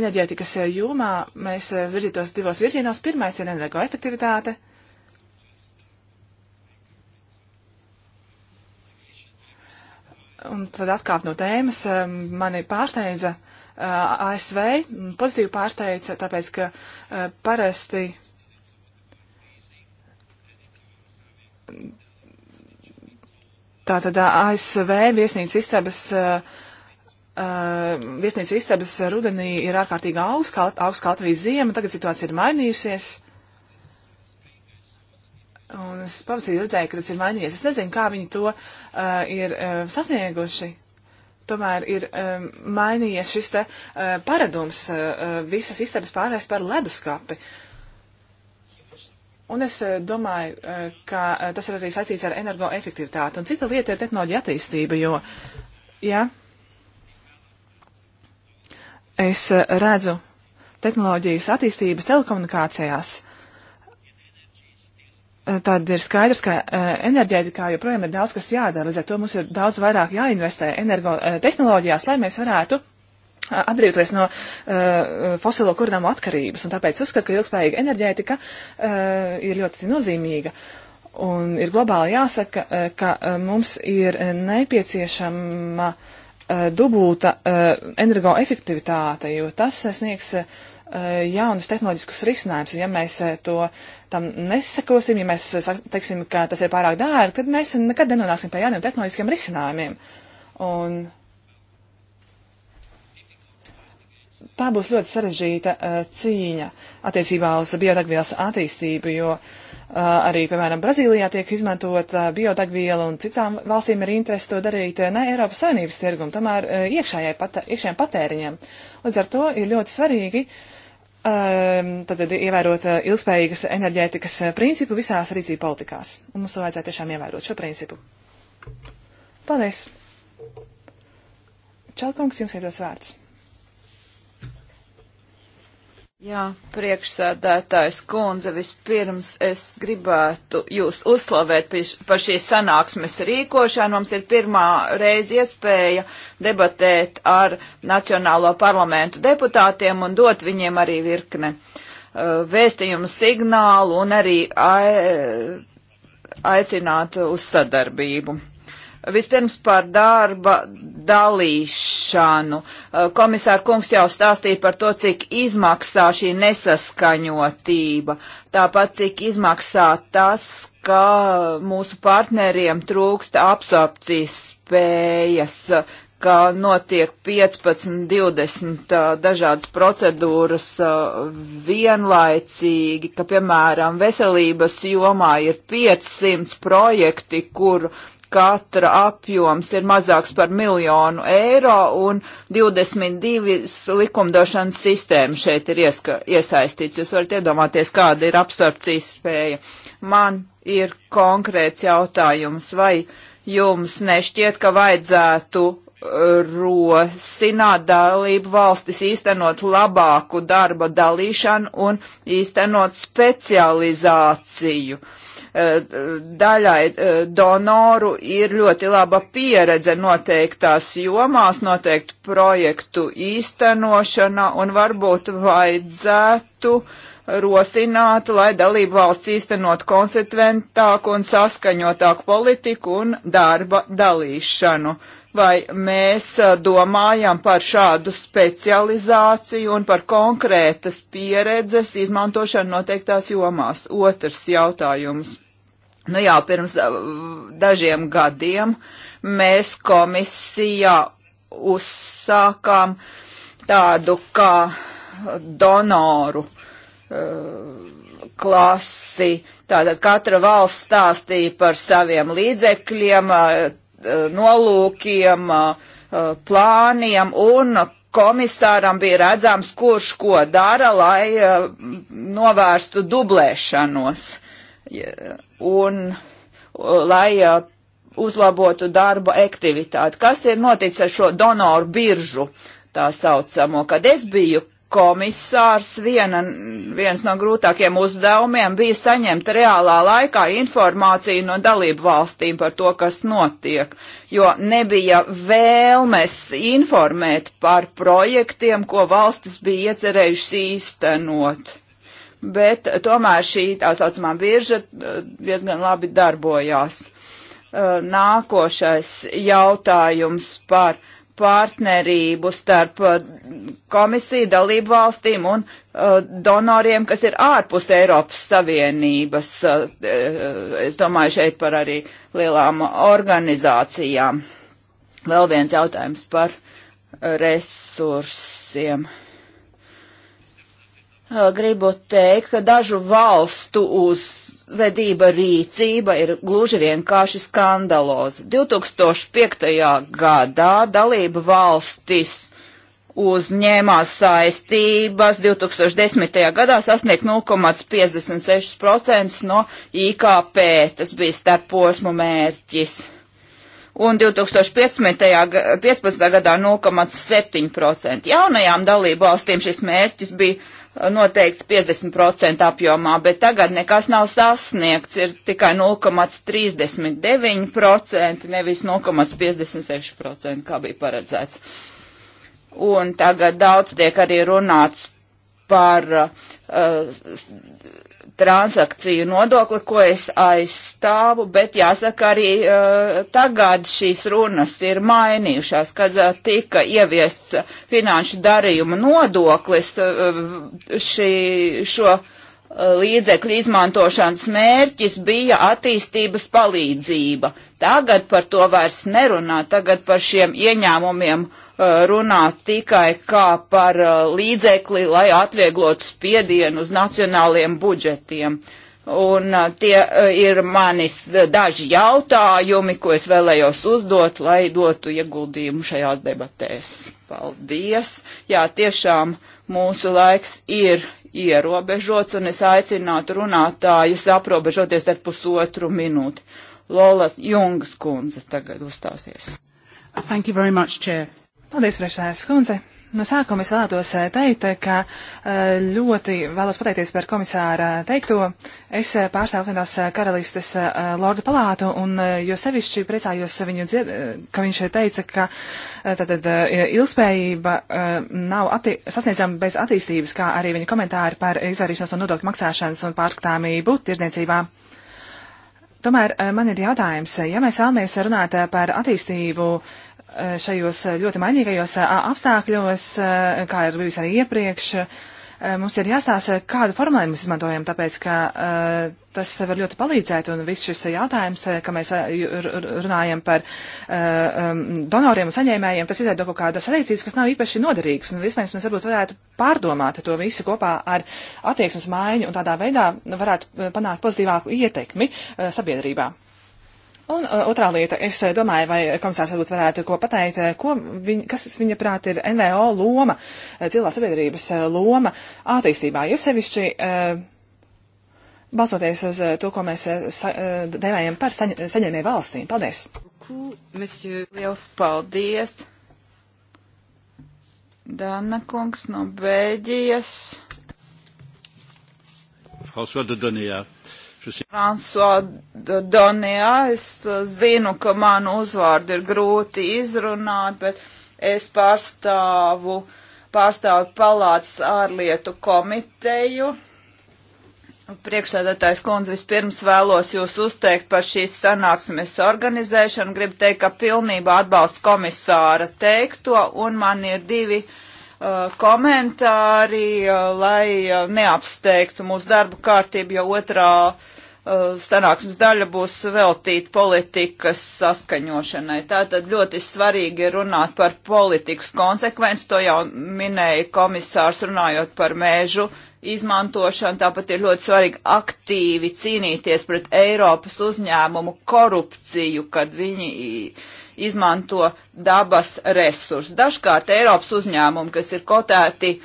enerģētikas jomā mēs virzītos divos virzienos. Pirmais ir energoefektivitāte. efektivitāte Un tad atkāp no tēmas, um, mani pārsteidza uh, ASV, mm, pozitīvi pārsteidza, tāpēc, ka uh, parasti tātad uh, ASV viesnīcas istabas, viesnīcas istabas rudenī ir ārkārtīgi augsts, kaut arī ziema, tagad situācija ir mainījusies. Un es pavasarī redzēju, ka tas ir mainījies. Es nezinu, kā viņi to uh, ir uh, sasnieguši. Tomēr ir um, mainījies šis te uh, paradums, uh, uh, visas istabas pārvērst par leduskapi. Un es uh, domāju, uh, ka uh, tas ir arī saistīts ar energoefektivitāti. Un cita lieta ir tehnoloģija attīstība, jo, ja es uh, redzu tehnoloģijas attīstības telekomunikācijās, uh, Tad ir skaidrs, ka eh, enerģētikā joprojām ir daudz, kas jādara, līdz ar to mums ir daudz vairāk jāinvestē energotehnoloģijās, eh, lai mēs varētu eh, atbrīvoties no uh, fosilo kurināmo atkarības. Un tāpēc uzskatu, ka ilgspējīga enerģētika uh, ir ļoti nozīmīga. Un ir globāli jāsaka, uh, ka uh, mums ir nepieciešama uh, dubulta uh, energoefektivitāte, jo tas sniegs. Uh, E, jaunus tehnoloģiskus risinājumus. Ja mēs e, to tam nesakosim, ja mēs e, teiksim, ka tas ir pārāk dārgi, tad mēs nekad nenonāksim pie jauniem tehnoloģiskiem risinājumiem. Un tā būs ļoti sarežģīta uh, cīņa attiecībā uz biodegvielas attīstību, jo uh, arī, piemēram, Brazīlijā tiek izmantota uh, biodegviela un citām valstīm ir interesi to darīt ne Eiropas Savienības tirgumu, tomēr uh, iekšējiem patē, patēriņiem. Līdz ar to ir ļoti svarīgi uh, Ehm, tad ievērot eh, ilgspējīgas enerģētikas eh, principu visās rīcību politikās. Un mums to vajadzētu tiešām ievērot šo principu. Paldies! Čelkungs, jums ir dos vārds. Jā, priekšsēdētājs kundze, vispirms es gribētu jūs uzslavēt par šīs sanāksmes rīkošanu. Mums ir pirmā reize iespēja debatēt ar Nacionālo parlamentu deputātiem un dot viņiem arī virkne uh, vēstījumu signālu un arī aicināt uz sadarbību. Vispirms par darba dalīšanu. Eh, komisāra kungs jau stāstīja par to, cik izmaksā šī nesaskaņotība. Tāpat, cik izmaksā tas, ka mūsu partneriem trūksta absorpcijas spējas, ka notiek 15, 20 eh, dažādas procedūras eh, vienlaicīgi, ka, piemēram, veselības jomā ir 500 projekti, kur katra apjoms ir mazāks par miljonu eiro un 22 likumdošanas sistēma šeit ir ieska, iesaistīts. Jūs varat iedomāties, kāda ir absorpcijas spēja. Man ir konkrēts jautājums, vai jums nešķiet, ka vajadzētu uh, rosināt dalību valstis īstenot labāku darba dalīšanu un īstenot specializāciju. Uh, daļai eh, donoru ir ļoti laba pieredze noteiktās jomās, noteiktu projektu īstenošanā un varbūt vajadzētu rosināt, lai dalību valsts īstenot konsekventāku un saskaņotāku politiku un darba dalīšanu vai mēs eh, domājam par šādu specializāciju un par konkrētas pieredzes izmantošanu noteiktās jomās. Otrs jautājums. Nu jau pirms uh, dažiem gadiem mēs komisijā uzsākām tādu kā donoru uh, klasi. Tātad katra valsts stāstīja par saviem līdzekļiem, uh, nolūkiem, uh, plāniem un komisāram bija redzams, kurš ko dara, lai uh, novērstu dublēšanos un lai uzlabotu darba aktivitāti. Kas ir noticis ar šo donoru biržu tā saucamo? Kad es biju komisārs, viena, viens no grūtākiem uzdevumiem bija saņemt reālā laikā informāciju no dalību valstīm par to, kas notiek, jo nebija vēlmes informēt par projektiem, ko valstis bija iecerējušas īstenot bet tomēr šī tā saucamā birža eh, diezgan labi darbojās. Eh, nākošais jautājums par partnerību starp eh, komisiju, dalību valstīm un uh, donoriem, kas ir ārpus Eiropas Savienības. Uh, es domāju šeit par arī lielām organizācijām. Vēl viens jautājums par resursiem. Uh, Uh, gribu teikt, ka dažu valstu uzvedība rīcība ir gluži vienkārši skandaloza. 2005. gadā dalība valstis uzņēmās saistības 2010. gadā sasniegt 0,56% no IKP. Tas bija starposmu mērķis. Un 2015. 15. gadā 0,7%. Jaunajām dalību valstīm šis mērķis bija noteikts 50% apjomā, bet tagad nekas nav sasniegts, ir tikai 0,39%, nevis 0,56%, kā bija paredzēts. Un tagad daudz tiek arī runāts par uh, transakciju nodokli, ko es aizstāvu, bet jāsaka arī uh, tagad šīs runas ir mainījušās, kad uh, tika ieviests finanšu darījuma nodoklis uh, šī, šo līdzekļu izmantošanas mērķis bija attīstības palīdzība. Tagad par to vairs nerunā, tagad par šiem ieņēmumiem uh, Uh, runāt tikai kā par uh, līdzekli, lai atvieglotu spiedienu uz nacionāliem budžetiem. Un uh, tie ir manis daži jautājumi, ko es vēlējos uzdot, lai dotu ieguldījumu šajās debatēs. Paldies! Jā, tiešām mūsu laiks ir ierobežots, un es aicinātu runātājus aprobežoties ar pusotru minūti. Lolas Jungas kundze tagad uzstāsies. Thank you very much, Chair. Paldies, priekšsēdētājas kundze! No sākuma es vēlētos eh, teikt, ka eh, ļoti vēlos pateikties par komisāra eh, teikto. Es pārstāvu vienās karalistes lordu palātu, un jo sevišķi priecājos viņu, dzied, ka viņš teica, ka tātad ilgspējība nav atti, sasniedzama bez attīstības, kā arī viņa komentāri par izvairīšanos no nodokļu maksāšanas un pārskatāmību tirzniecībā. Tomēr man ir jautājums, ja mēs vēlamies runāt par attīstību, šajos eh, ļoti mainīgajos eh, apstākļos, eh, kā ir bijis arī iepriekš, mums ir jāstāsta, kādu formulējumu mēs izmantojam, tāpēc, ka tas var ļoti palīdzēt, un viss šis jautājums, ka mēs runājam par um, donoriem un saņēmējiem, tas izveido kaut kādas rīcības, kas nav īpaši noderīgas, un vispār mēs varbūt varētu pārdomāt to visu kopā ar attieksmes maiņu, un tādā veidā varētu panākt pozitīvāku ietekmi sabiedrībā. Un uh, otrā lieta, es uh, domāju, vai komisārs varbūt varētu ko pateikt, uh, ko viņ, kas viņa prāt ir NVO loma, cilvēks sabiedrības loma attīstībā, jo sevišķi balsoties uz to, ko mēs sa, devējam par saņ, saņēmēju valstīm. Paldies! Liels paldies! Dana kungs no Bēģijas. François de Donijā. Uh, Fransuā Donijā, es uh, zinu, ka manu uzvārdu ir grūti izrunāt, bet es pārstāvu, pārstāvu palātas ārlietu komiteju. Priekšsēdētājs kundze, vispirms vēlos jūs uzteikt par šīs sanāksmes organizēšanu. Gribu teikt, ka pilnībā atbalstu komisāra teikto, un man ir divi uh, komentāri, uh, lai uh, neapsteigtu mūsu darbu kārtību, jo otrā uh, Eh, sanāksmes daļa būs veltīta politikas saskaņošanai. Tātad ļoti svarīgi ir runāt par politikas konsekvenci, to jau minēja komisārs runājot par mēžu izmantošanu, tāpat ir ļoti svarīgi aktīvi cīnīties pret Eiropas uzņēmumu korupciju, kad viņi izmanto dabas resursus. Dažkārt Eiropas uzņēmumi, kas ir kotēti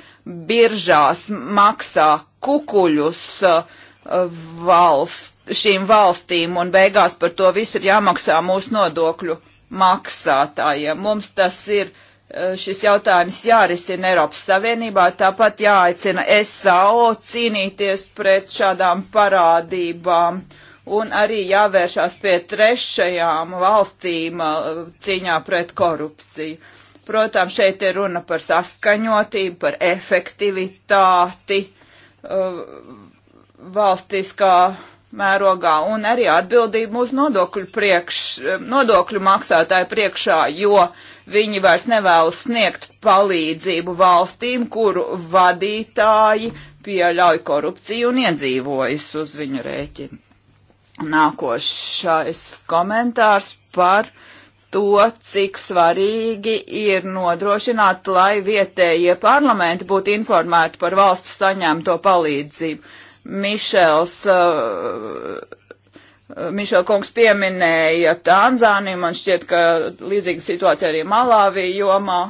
biržās, maksā kukuļus, uh, valst, šīm valstīm, un beigās par to visu ir jāmaksā mūsu nodokļu maksātājiem. Mums tas ir eh, šis jautājums jārisina Eiropas Savienībā, tāpat jāaicina SAO cīnīties pret šādām parādībām un arī jāvēršās pie trešajām valstīm eh, cīņā pret korupciju. Protams, šeit ir runa par saskaņotību, par efektivitāti eh, valstiskā mērogā un arī atbildību mūsu nodokļu, priekš, nodokļu maksātāju priekšā, jo viņi vairs nevēlas sniegt palīdzību valstīm, kuru vadītāji pieļauj korupciju un iedzīvojas uz viņu rēķinu. Nākošais komentārs par to, cik svarīgi ir nodrošināt, lai vietējie parlamenti būtu informēti par valstu saņemto palīdzību Mišels, eh, Mišela kungs pieminēja Tanzāniju, man šķiet, ka līdzīga situācija arī Malāvī jomā.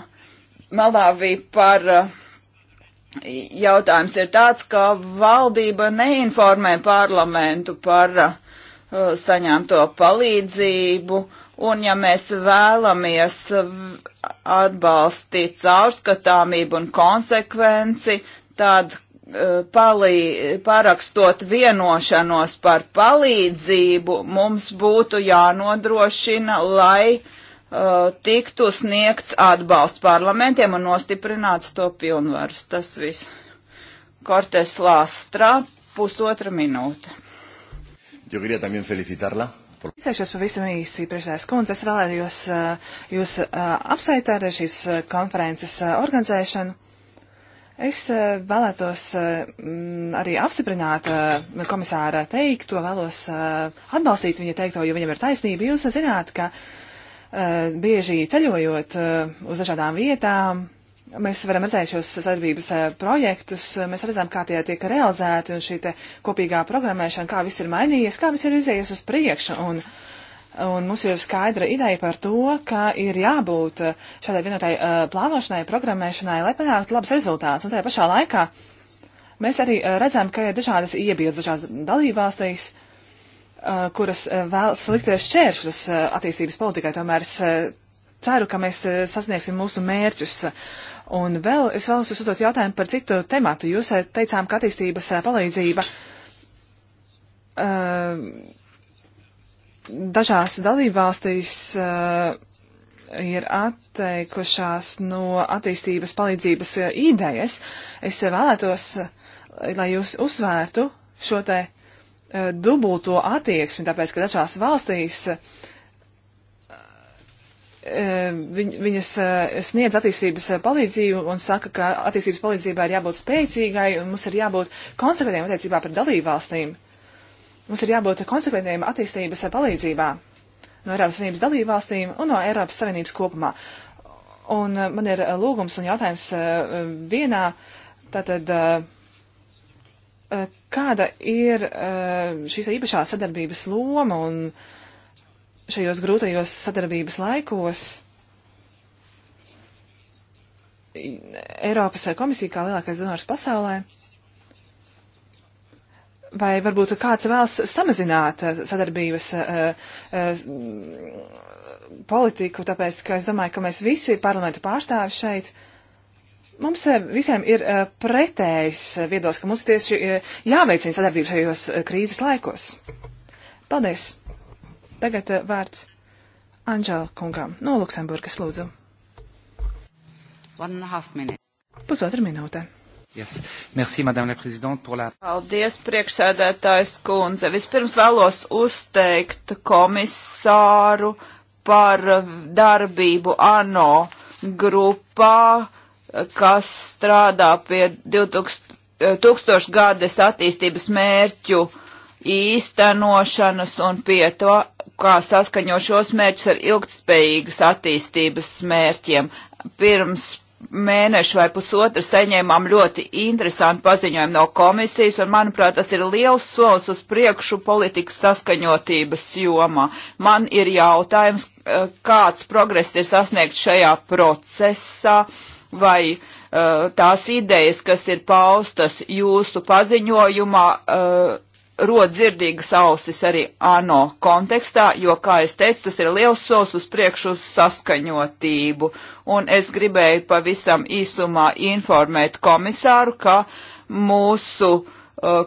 Malāvī par eh, jautājums ir tāds, ka valdība neinformē parlamentu par uh, saņemto palīdzību, un ja mēs vēlamies atbalstīt caurskatāmību un konsekvenci, tad Eh, palī, parakstot vienošanos par palīdzību, mums būtu jānodrošina, lai uh, tiktu sniegts atbalsts parlamentiem un nostiprināts to pilnvars. Tas viss. Kortes Lāstra, pusotra minūte. Yo quería también felicitarla Izteikšos pavisam īsi, priekšsēdētājas kundze, es vēlējos eh, jūs apsveikt ar šīs konferences organizēšanu. Es eh, vēlētos eh, mm, arī apstiprināt eh, komisāra teikto, vēlos atbalstīt viņa teikto, jo viņam ir taisnība. Jūs zināt, ka bieži ceļojot uz dažādām vietām, mēs varam redzēt šos sadarbības projektus, mēs redzam, kā tie tiek realizēti un šī kopīgā programmēšana, kā viss ir mainījies, kā viss ir izējies uz priekšu. Un, uh, Un mums ir skaidra ideja par to, ka ir jābūt eh, šādai vienotai uh, plānošanai, programmēšanai, lai panāktu labus rezultātus. Un tajā pašā laikā mēs arī uh, redzam, ka ir dažādas iebildes dažās dalībvalstīs, uh, kuras vēlas likties šķēršļus attīstības politikai. Tomēr es ceru, ka mēs sasniegsim mūsu mērķus. Un vēl es vēlos uzdot jautājumu par citu tematu. Jūs teicām, ka attīstības palīdzība. Uh, dažās dalībvalstīs eh, ir atteikušās no attīstības palīdzības eh, idejas. Es vēlētos, eh, lai jūs uzsvērtu šo te dubulto attieksmi, tāpēc, ka dažās valstīs viņ, viņas sniedz attīstības palīdzību un saka, ka attīstības palīdzībai ir jābūt spēcīgai un mums ir jābūt konsekventiem attiecībā pret dalībvalstīm. valstīm Mums ir jābūt konsekventiem attīstības palīdzībā no Eiropas Savienības dalībvalstīm un no Eiropas Savienības kopumā. Un uh, man ir uh, lūgums un jautājums uh, vienā, tātad, kāda ir šīs īpašā sadarbības loma un šajos grūtajos sadarbības laikos Eiropas komisija kā lielākais donors pasaulē? vai varbūt kāds vēlas samazināt eh, sadarbības uh, uh, politiku, tāpēc, ka es domāju, ka mēs visi parlamentu pārstāvi šeit. Mums uh, visiem ir pretējs viedos, ka mums tieši jāveicina sadarbība šajos krīzes laikos. Paldies! Tagad vārds Anģela kungam no Luksemburgas lūdzu. Pusotra minūte. Yes. Merci, Madame la Présidente, pour la... Paldies, priekšsēdētājs kundze. Vispirms vēlos uzteikt komisāru par darbību ANO grupā, kas strādā pie 2000, tūkstošgades attīstības mērķu īstenošanas un pie to, kā saskaņo šos mērķus ar ilgtspējīgas attīstības mērķiem. Pirms mēnešu vai pusotru saņēmām ļoti interesantu paziņojumu no komisijas, un, manuprāt, tas ir liels solis uz priekšu politikas saskaņotības jomā. Man ir jautājums, eh, kāds progress ir sasniegts šajā procesā, vai uh, tās idejas, kas ir paustas jūsu paziņojumā, uh, rod dzirdīgas ausis arī ANO kontekstā, jo, kā es teicu, tas ir liels solis uz priekšu uz saskaņotību. Un es gribēju pavisam īsumā informēt komisāru, ka mūsu uh,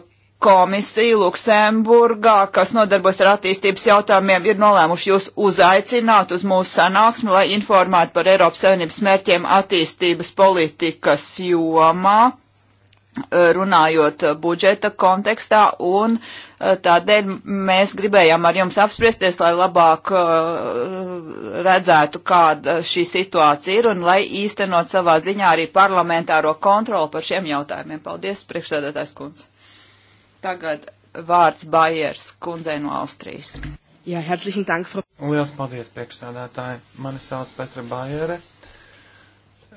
komisija Luksemburgā, kas nodarbojas ar attīstības jautājumiem, ir nolēmuši jūs uzaicināt uz mūsu sanāksmi, lai informētu par Eiropas Savienības mērķiem attīstības politikas jomā runājot budžeta kontekstā, un eh, tādēļ mēs gribējām ar jums apspriesties, lai labāk eh, redzētu, kāda šī situācija ir, un lai īstenot savā ziņā arī parlamentāro kontroli par šiem jautājumiem. Paldies, priekšsēdētājs kundze. Tagad vārds Baiers kundzei no Austrijas. Jā, herzlichen Dank, Frau. Lielas paldies, priekšsēdētāji. Mani sauc Petra Baiere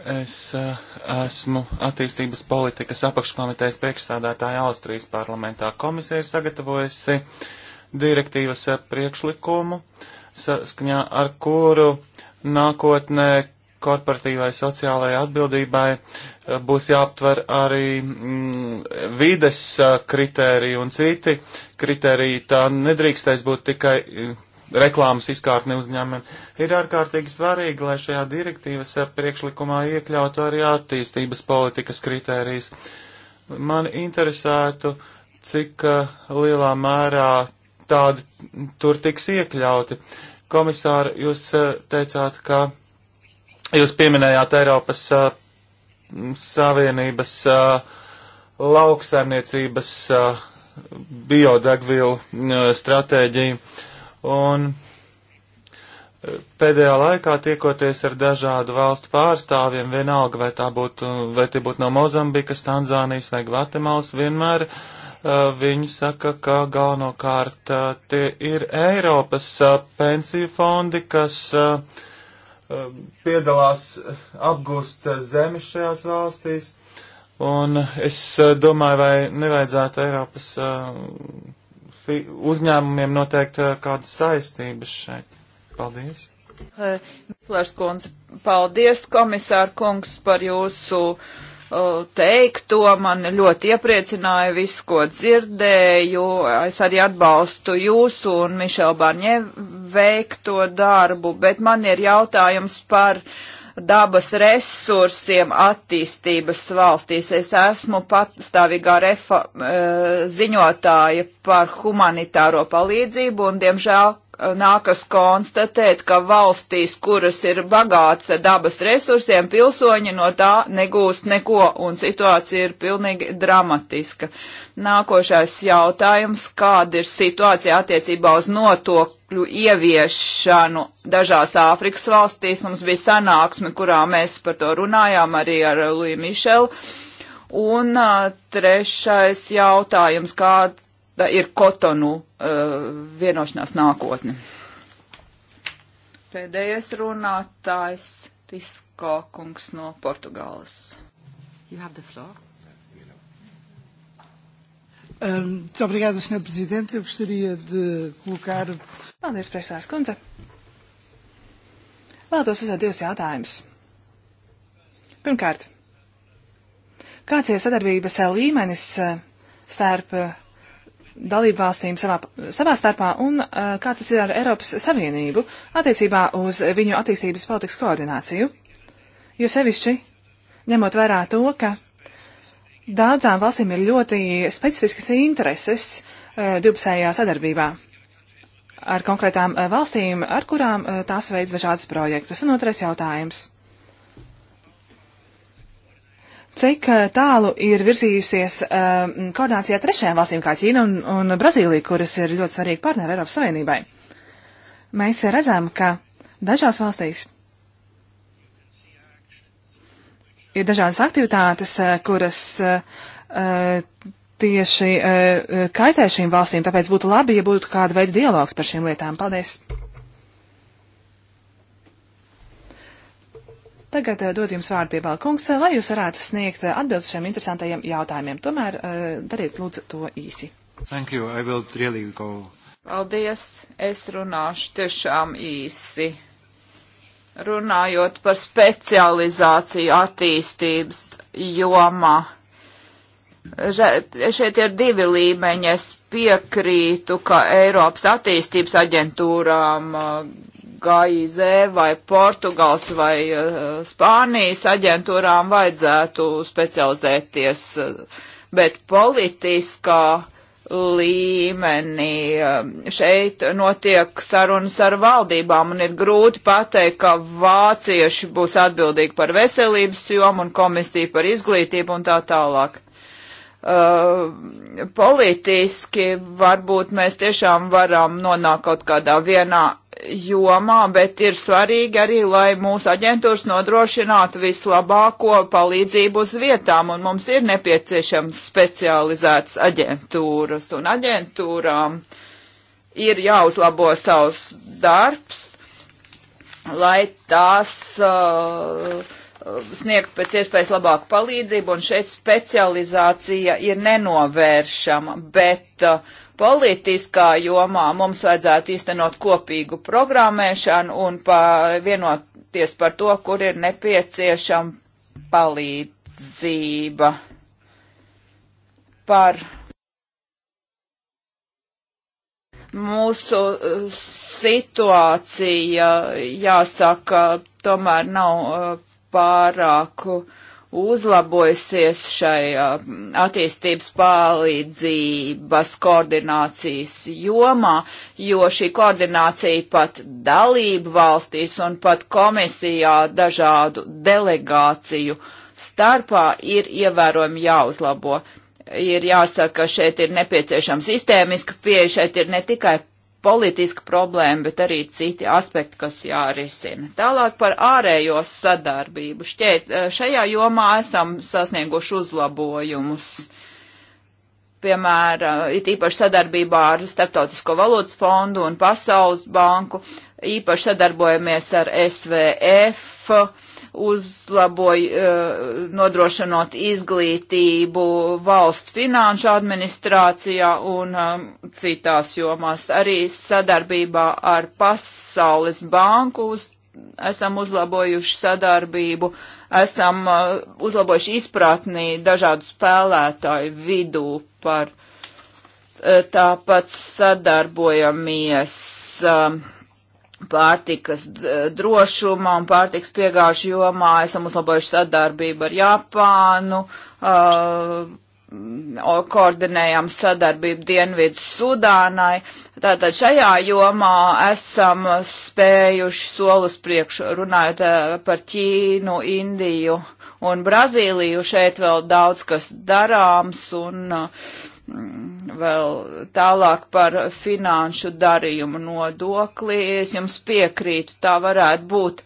Es uh, esmu attīstības politikas apakškomitejas priekšsādātāja Austrijas parlamentā. Komisija ir sagatavojusi direktīvas eh, priekšlikumu, saskaņā ar kuru nākotnē korporatīvai sociālai atbildībai eh, būs jāaptver arī mm, vides kritēriji un citi kritēriji. Tā nedrīkstēs būt tikai. Mm, reklāmas izkārtni uzņēmumiem. Ir ārkārtīgi svarīgi, lai šajā direktīvas priekšlikumā iekļautu arī attīstības politikas kritērijas. Man interesētu, cik eh, lielā mērā tādi tur tiks iekļauti. Komisāri, jūs eh, teicāt, ka jūs pieminējāt Eiropas eh, Savienības lauksaimniecības biodegvielu stratēģiju. Un e, pēdējā laikā tiekoties ar dažādu valstu pārstāvjiem, vienalga vai tā būtu, vai tie būtu no Mozambikas, Tanzānijas vai Gvatemalas, vienmēr uh, viņi saka, ka galvenokārt uh, tie ir Eiropas uh, pensiju fondi, kas piedalās apgūst zemi šajās valstīs. Un es domāju, vai nevajadzētu Eiropas uzņēmumiem noteikti eh, kādas saistības šeit. Paldies! Hitlers kundze, paldies komisār kungs par jūsu teikto. Man ļoti iepriecināja viss, ko dzirdēju. Es arī atbalstu jūsu un Mišela Barņē veikto darbu, bet man ir jautājums par uh, dabas resursiem attīstības valstīs. Es esmu patstāvīgā refa, eh, ziņotāja par humanitāro palīdzību un, diemžēl, nākas konstatēt, ka valstīs, kuras ir bagāts dabas resursiem, pilsoņi no tā negūst neko, un situācija ir pilnīgi dramatiska. Nākošais jautājums, kāda ir situācija attiecībā uz notokļu ieviešanu dažās Āfrikas valstīs. Mums bija sanāksme, kurā mēs par to runājām arī ar Luiju Mišelu. Un a, trešais jautājums, kāda ir kotonu Uh, vienošanās nākotni. Pēdējais runātājs Tisko kungs no Portugāles. You have the floor. Um, muito obrigada, Sr. Presidente. Eu gostaria de colocar. Paldies, Priekšsēdētājas kundze. Vēlētos uzdot divus jautājumus. Pirmkārt, kāds ir sadarbības eh, līmenis eh, starp eh, dalību valstīm savā, savā starpā un uh, kāds tas ir ar Eiropas Savienību attiecībā uz viņu attīstības politikas koordināciju. Jo sevišķi, ņemot vērā to, ka daudzām valstīm ir ļoti specifiskas intereses uh, divpusējā sadarbībā ar konkrētām uh, valstīm, ar kurām tās veids dažādas projektas. Un otrais jautājums cik eh, tālu ir virzījusies uh, koordinācijā trešajām valstīm kā Ķīna un, un Brazīlija, kuras ir ļoti svarīgi partneri Eiropas Savienībai. Mēs redzam, ka dažās valstīs ir dažādas aktivitātes, eh, kuras uh, tieši uh, kaitē šīm valstīm, tāpēc būtu labi, ja būtu kāda veida dialogs par šīm lietām. Paldies! Tagad eh, dod jums vārdu pie balkungs, eh, lai jūs varētu sniegt eh, atbildes šiem interesantajiem jautājumiem. Tomēr dariet lūdzu to īsi. Thank you. I will really go. Paldies. Es runāšu tiešām īsi. Runājot par specializāciju attīstības jomā. Šeit ir divi līmeņi. Es piekrītu, ka Eiropas attīstības aģentūrām GIZ vai Portugāls vai uh, Spānijas aģentūrām vajadzētu specializēties, eh, bet politiskā līmenī eh, šeit notiek sarunas ar valdībām un ir grūti pateikt, ka vācieši būs atbildīgi par veselības jomu un komisija par izglītību un tā tālāk. Uh, politiski varbūt mēs tiešām varam nonākt kaut kādā vienā jomā, bet ir svarīgi arī, lai mūsu aģentūras nodrošinātu vislabāko palīdzību uz vietām, un mums ir nepieciešams specializētas aģentūras, un aģentūrām ir jāuzlabo savs darbs, lai tās uh, sniegt pēc iespējas labāku palīdzību, un šeit specializācija ir nenovēršama, bet uh, Politiskā jomā mums vajadzētu īstenot kopīgu programmēšanu un pa, vienoties par to, kur ir nepieciešama palīdzība par mūsu uh, situācija, jāsaka, tomēr nav uh, pārāku uzlabojusies šai uh, attīstības palīdzības koordinācijas jomā, jo šī koordinācija pat dalību valstīs un pat komisijā dažādu delegāciju starpā ir ievērojami jāuzlabo. Ir jāsaka, ka šeit ir nepieciešama sistēmiska pieeja, šeit ir ne tikai politiska problēma, bet arī citi aspekti, kas jārisina. Tālāk par ārējo sadarbību. Šķiet, eh, šajā jomā esam sasnieguši uzlabojumus. Piemēram, it īpaši sadarbībā ar Startautisko valūtas fondu un Pasaules banku, īpaši sadarbojamies ar SVF, uzlaboja, eh, nodrošinot izglītību valsts finanšu administrācijā un eh, citās jomās. Arī sadarbībā ar Pasaules banku uz, esam uzlabojuši sadarbību, esam eh, uzlabojuši izpratnī dažādu spēlētāju vidū par tāpat sadarbojamies. Uh, pārtikas drošuma un pārtikas piegāžu jomā esam uzlabojuši sadarbību ar Japānu, uh, koordinējam sadarbību Dienvidu Sudānai. Tātad šajā jomā esam spējuši solus priekšu runājot par Ķīnu, Indiju un Brazīliju. Šeit vēl daudz kas darāms un uh, Mm, vēl tālāk par finanšu darījumu nodokli. Es jums piekrītu, tā varētu būt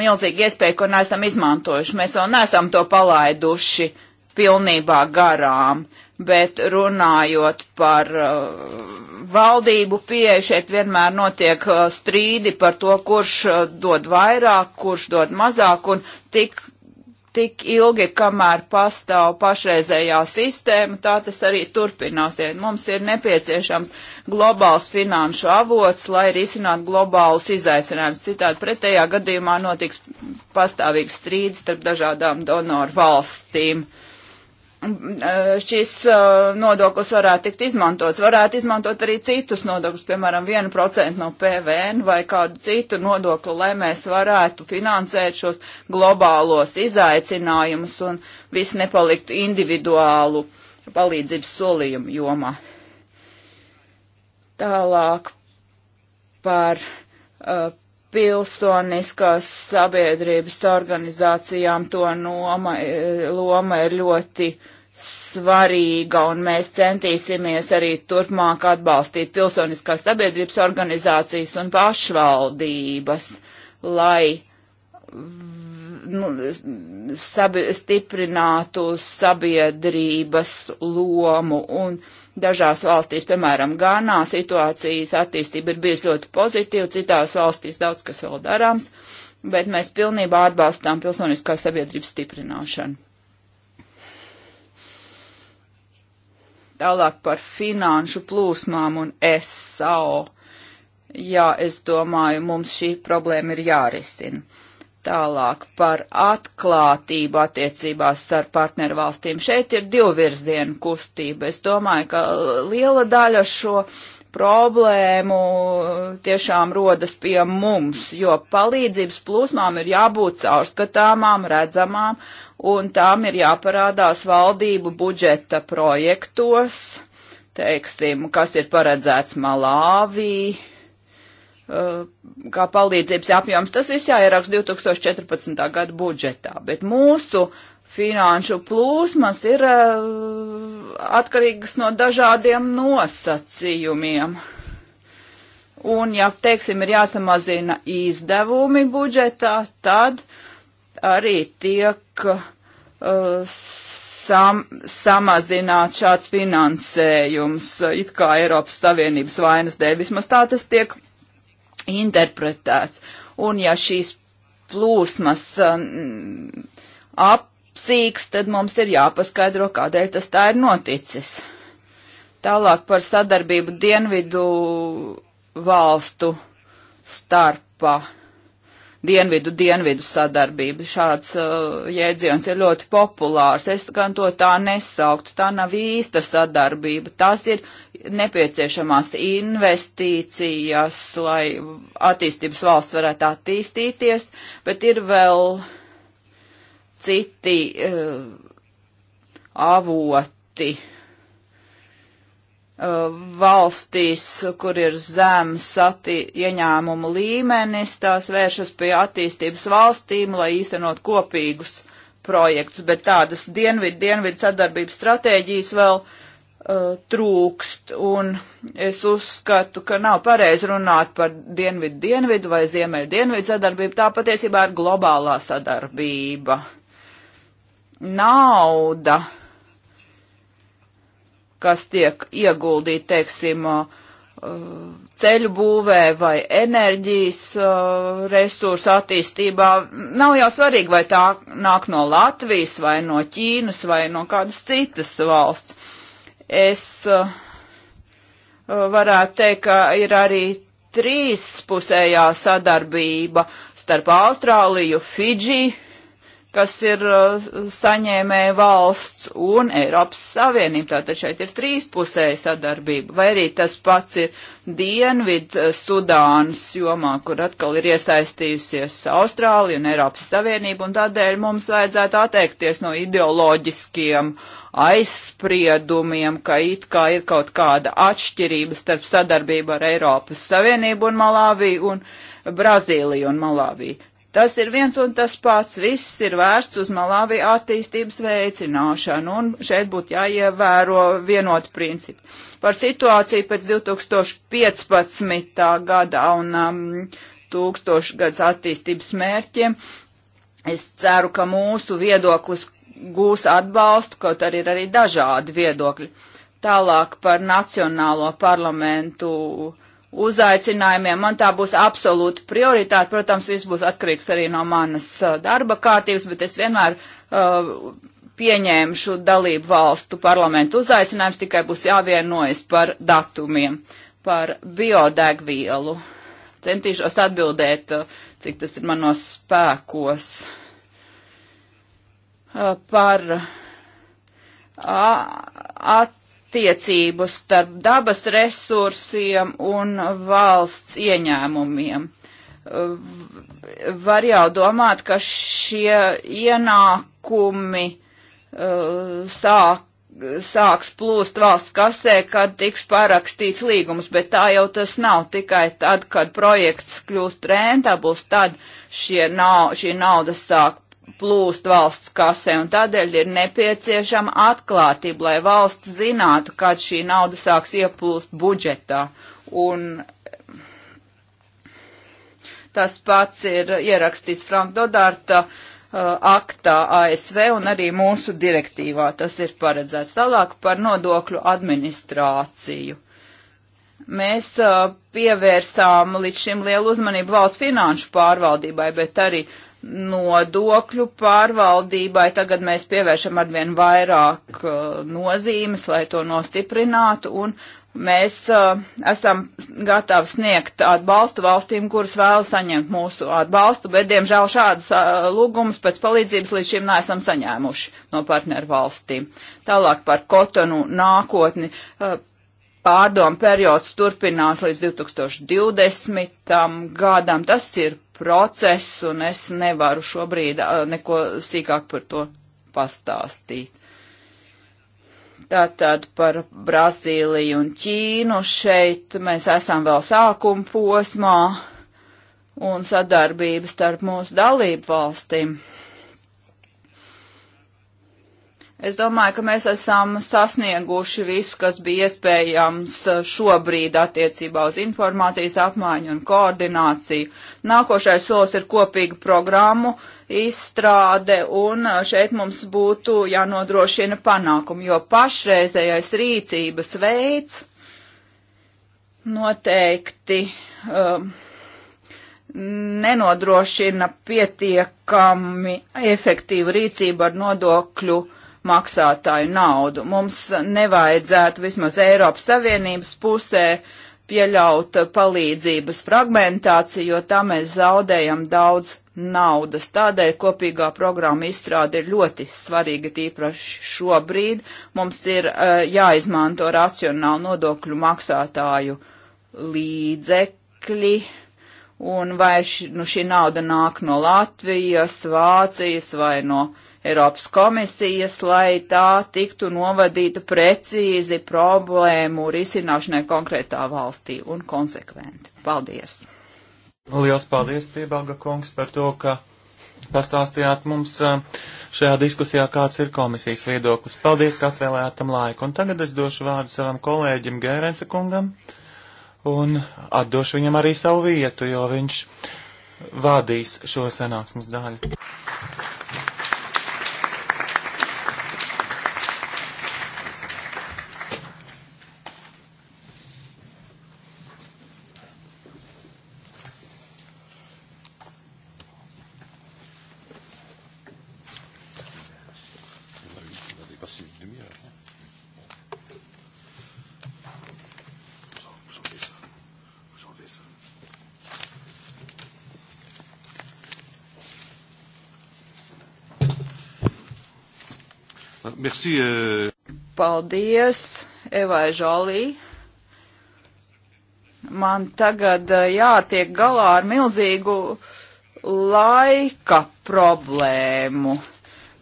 milzīga iespēja, ko neesam izmantojuši. Mēs vēl neesam to palaiduši pilnībā garām, bet runājot par uh, valdību pieeju, šeit vienmēr notiek uh, strīdi par to, kurš uh, dod vairāk, kurš dod mazāk, un tik tik ilgi, kamēr pastāv pašreizējā sistēma, tā tas arī turpināsies. Mums ir nepieciešams globāls finanšu avots, lai risinātu globālus izaicinājumus. Citādi pretējā gadījumā notiks pastāvīgs strīds starp dažādām donoru valstīm. Uh, E, šis e, nodoklis varētu tikt izmantots. Varētu izmantot arī citus nodokļus, piemēram, 1% no PVN vai kādu citu nodokli, lai mēs varētu finansēt šos globālos izaicinājumus un viss nepaliktu individuālu palīdzības solījumu jomā. Tālāk par uh, pilsoniskās sabiedrības organizācijām to noma, loma ir ļoti svarīga, un mēs centīsimies arī turpmāk atbalstīt pilsoniskās sabiedrības organizācijas un pašvaldības, lai nu, sabi, stiprinātu sabiedrības lomu. Un dažās valstīs, piemēram, Ganā, situācijas attīstība ir bijusi ļoti pozitīva, citās valstīs daudz kas vēl darāms, bet mēs pilnībā atbalstām pilsoniskās sabiedrības stiprināšanu. Tālāk par finanšu plūsmām un SAO. Jā, es domāju, mums šī problēma ir jārisina Tālāk par atklātību attiecībās ar partnervalstīm. Šeit ir divvirziena kustība. Es domāju, ka liela daļa šo problēmu tiešām rodas pie mums, jo palīdzības plūsmām ir jābūt caurskatāmām, redzamām, un tām ir jāparādās valdību budžeta projektos, teiksim, kas ir paredzēts Malāvī, Uh, kā palīdzības apjoms. Tas viss jāieraksta 2014. gada budžetā, bet mūsu finanšu plūsmas ir uh, atkarīgas no dažādiem nosacījumiem. Un, ja, teiksim, ir jāsamazina izdevumi budžetā, tad arī tiek uh, sam, samazināt šāds finansējums, it kā Eiropas Savienības vainas dēļ. Vismaz tā tas tiek interpretēts. Un ja šīs plūsmas um, apsīks, tad mums ir jāpaskaidro, kādēļ tas tā ir noticis. Tālāk par sadarbību dienvidu valstu starpā. Dienvidu, dienvidu sadarbība. Šāds uh, jēdziens ir ļoti populārs. Es gan to tā nesauktu. Tā nav īsta sadarbība. Tas ir nepieciešamās investīcijas, lai attīstības valsts varētu attīstīties, bet ir vēl citi uh, avoti uh, valstīs, kur ir zems ieņēmumu līmenis, tās vēršas pie attīstības valstīm, lai īstenot kopīgus projektus, bet tādas dienvidu, dienvidu sadarbības stratēģijas vēl uh, Uh, trūkst, un es uzskatu, ka nav pareizi runāt par dienvidu-dienvidu vai ziemeļu-dienvidu sadarbību, tā patiesībā ir globālā sadarbība. Nauda, kas tiek ieguldīta, teiksim, uh, ceļu būvē vai enerģijas uh, resursu attīstībā, nav jau svarīgi, vai tā nāk no Latvijas vai no Ķīnas vai no kādas citas valsts es uh, uh, varētu teikt, ka ir arī trīspusējā sadarbība starp Austrāliju, Fidži, kas ir uh, saņēmēja valsts un Eiropas Savienība. Tātad šeit ir trīspusēja sadarbība, vai arī tas pats ir Dienvid uh, Sudānas jomā, kur atkal ir iesaistījusies Austrālija un Eiropas Savienība, un tādēļ mums vajadzētu atteikties no ideoloģiskiem aizspriedumiem, ka it kā ir kaut kāda atšķirība starp sadarbību ar Eiropas Savienību un Malāviju un Brazīliju un Malāviju. Tas ir viens un tas pats, viss ir vērsts uz Malāvi attīstības veicināšanu, un šeit būtu jāievēro vienot principu. Par situāciju pēc 2015. gada un um, tūkstošgads attīstības mērķiem es ceru, ka mūsu viedoklis gūs atbalstu, kaut arī ir arī dažādi viedokļi. Tālāk par nacionālo parlamentu uh, uzaicinājumiem. Man tā būs absolūta prioritāte. Protams, viss būs atkarīgs arī no manas uh, darba kārtības, bet es vienmēr uh, pieņēmušu dalību valstu parlamentu uzaicinājums, tikai būs jāvienojas par datumiem, par biodegvielu. Centīšos atbildēt, uh, cik tas ir manos spēkos. Uh, par uh, at attiecību starp dabas resursiem un valsts ieņēmumiem. Var jau domāt, ka šie ienākumi uh, sāk, sāks plūst valsts kasē, kad tiks parakstīts līgums, bet tā jau tas nav tikai tad, kad projekts kļūst rentabls, tad šie nav, šī nauda sāk plūst valsts kasē, un tādēļ ir nepieciešama atklātība, lai valsts zinātu, kad šī nauda sāks ieplūst budžetā. Un tas pats ir ierakstīts Frank Dodārta uh, aktā ASV un arī mūsu direktīvā tas ir paredzēts. Tālāk par nodokļu administrāciju mēs uh, pievērsām līdz šim lielu uzmanību valsts finanšu pārvaldībai, bet arī nodokļu pārvaldībai. Tagad mēs pievēršam arvien vairāk uh, nozīmes, lai to nostiprinātu, un mēs uh, esam gatavi sniegt atbalstu valstīm, kuras vēl saņemt mūsu atbalstu, bet, diemžēl, šādas uh, lūgumus pēc palīdzības līdz šim neesam saņēmuši no partneru valstīm. Tālāk par kotonu nākotni. Uh, pārdomu periods turpinās līdz 2020. gadam. Tas ir process, un es nevaru šobrīd neko sīkāk par to pastāstīt. Tātad par Brazīliju un Ķīnu šeit mēs esam vēl sākuma posmā un sadarbības starp mūsu dalību valstīm Es domāju, ka mēs esam sasnieguši visu, kas bija iespējams e, šobrīd attiecībā uz informācijas apmaiņu un koordināciju. Nākošais solis ir kopīga programmu izstrāde, un e, šeit mums būtu jānodrošina panākumi, jo pašreizējais rīcības veids noteikti um, nenodrošina pietiekami efektīvu rīcību ar nodokļu maksātāju naudu. Mums nevajadzētu vismaz Eiropas Savienības pusē pieļaut palīdzības fragmentāciju, jo tā mēs zaudējam daudz naudas. Tādēļ kopīgā programma izstrāde ir ļoti svarīga, tīpaši šobrīd. Mums ir uh, jāizmanto racionāli nodokļu maksātāju līdzekļi. Un vai ši, nu, šī nauda nāk no Latvijas, Vācijas vai no uh, Eiropas komisijas, lai tā tiktu novadīta precīzi problēmu risināšanai konkrētā valstī un konsekventi. Paldies! Lielas paldies, Piebalga kungs, par to, ka pastāstījāt mums šajā diskusijā, kāds ir komisijas viedoklis. Paldies, ka atvēlējāt tam laiku. Un tagad es došu vārdu savam kolēģim Gērensa kungam un atdošu viņam arī savu vietu, jo viņš vadīs šo sanāksmes daļu. Merci. Euh, Paldies, Evai Žalī. Man tagad eh, jātiek galā ar milzīgu laika problēmu.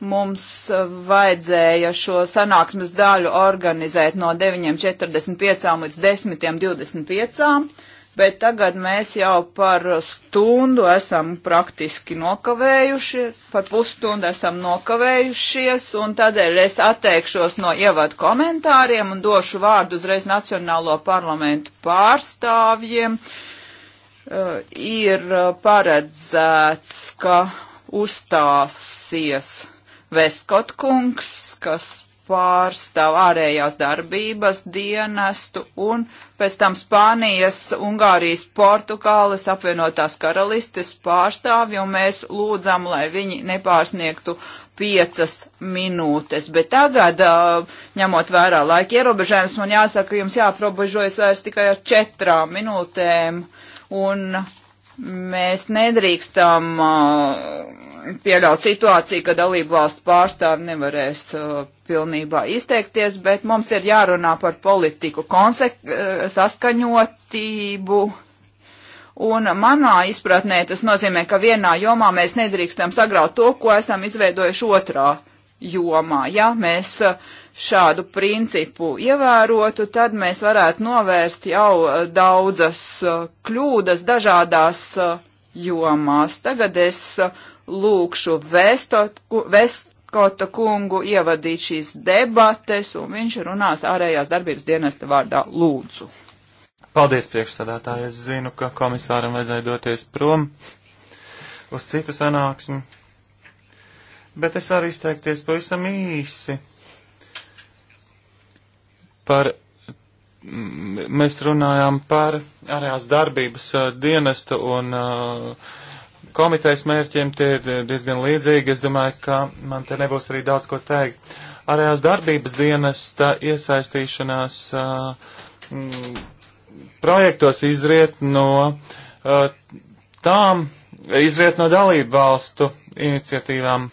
Mums eh, vajadzēja šo sanāksmes daļu organizēt no 9.45 līdz 10.25 bet tagad mēs jau par stundu esam praktiski nokavējušies, par pusstundu esam nokavējušies, un tādēļ es atteikšos no ievadu komentāriem un došu vārdu uzreiz Nacionālo parlamentu pārstāvjiem. Uh, ir uh, paredzēts, ka uzstāsies Veskotkungs, kas pārstāv ārējās darbības dienestu un pēc tam Spānijas, Ungārijas, Portugāles, apvienotās karalistes pārstāvju, un mēs lūdzam, lai viņi nepārsniegtu piecas minūtes. Bet tagad, ņemot vērā laika ierobežojums, man jāsaka, jums jāaprobežojas vairs tikai ar četrām minūtēm, un mēs nedrīkstam uh, pieļaut situāciju, ka dalību valstu pārstāvi nevarēs uh, pilnībā izteikties, bet mums ir jārunā par politiku konsek uh, saskaņotību. Un manā izpratnē tas nozīmē, ka vienā jomā mēs nedrīkstam sagraut to, ko esam izveidojuši otrā jomā. Ja mēs uh, šādu principu ievērotu, tad mēs varētu novērst jau uh, daudzas kļūdas dažādās jomās. Tagad es lūkšu Vestkota kungu ievadīt šīs debates, un viņš runās ārējās darbības dienesta vārdā lūdzu. Paldies, priekšsādātāji. Es zinu, ka komisāram vajadzēja doties prom uz citu sanāksmi, bet es varu izteikties pavisam īsi par mēs runājām par ārējās darbības dienestu un uh, komitejas mērķiem tie ir diezgan līdzīgi. Es domāju, ka man te nebūs arī daudz ko teikt. Arējās darbības dienas iesaistīšanās uh, m, mm, projektos izriet no uh, tām, izriet no dalību valstu iniciatīvām.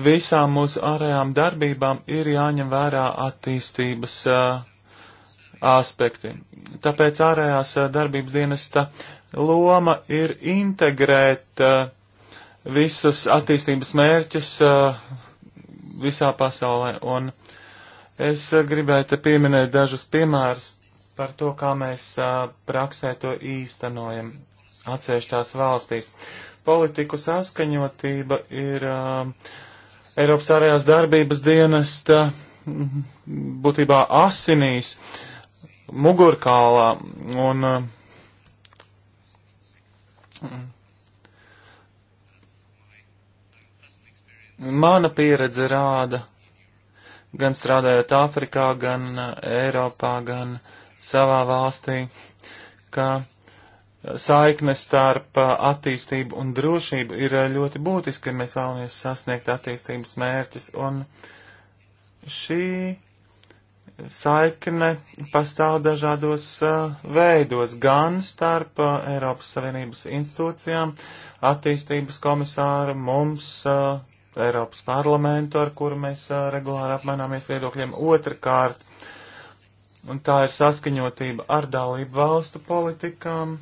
Visām mūsu ārējām darbībām ir jāņem vērā attīstības uh, aspekti tāpēc ārējās darbības dienesta loma ir integrēt visus attīstības mērķus visā pasaulē. Un es gribētu pieminēt dažus piemērus par to, kā mēs praksē to īstenojam atsevišķās valstīs. Politiku saskaņotība ir Eiropas ārējās darbības dienesta būtībā asinīs. Uh, mugurkālā un eh, Mana pieredze rāda, gan strādājot Āfrikā, gan eh, Eiropā, gan savā valstī, ka saikne starp eh, attīstību un drošību ir ļoti būtiska, ja mēs vēlamies sasniegt attīstības mērķis. Un šī saikne pastāv dažādos uh, veidos, gan starp uh, Eiropas Savienības institūcijām, attīstības komisāru, mums, uh, Eiropas parlamentu, ar kuru mēs regulāri apmaināmies viedokļiem. Otrakārt, un tā ir saskaņotība ar dalību valstu politikām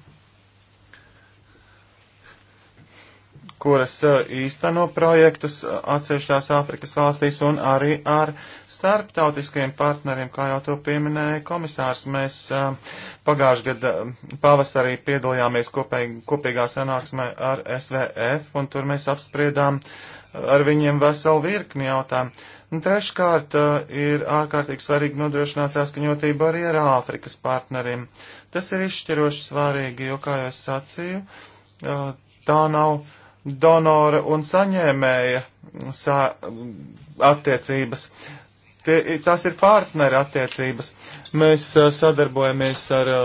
kuras eh, īsteno projektus eh, atsevišķās Āfrikas valstīs un arī ar starptautiskiem partneriem, kā jau to pieminēja komisārs. Mēs eh, pagājušajā gadā pavasarī piedalījāmies kopēj, kopīgā sanāksmē ar SVF un tur mēs apspriedām ar viņiem veselu virkni jautājumu. Un treškārt ir ārkārtīgi svarīgi nodrošināt saskaņotību arī ar Āfrikas partneriem. Tas ir izšķiroši svarīgi, jo, kā jau es sacīju, tā nav donora un saņēmēja sa attiecības. Tie, tās ir partneri attiecības. Mēs a, uh, sadarbojamies ar uh,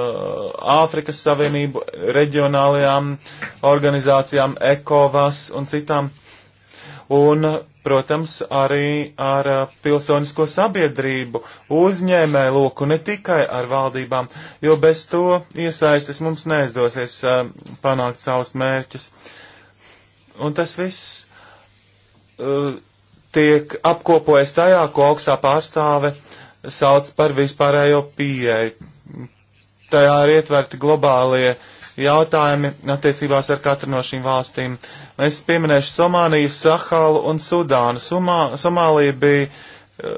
Āfrikas Savienību, reģionālajām organizācijām, ECOVAS un citām. Un, protams, arī ar a, uh, pilsonisko sabiedrību, uzņēmē loku, ne tikai ar valdībām, jo bez to iesaistis mums neizdosies a, panākt savus mērķus. Uh, Un tas viss uh, tiek apkopojas tajā, ko augstā pārstāve sauc par vispārējo pieeju. Tajā ir ietverti globālie jautājumi attiecībās ar katru no šīm valstīm. Es pieminēšu Somāniju, Sahālu un Sudānu. Somā, Somālija bija uh, Eh,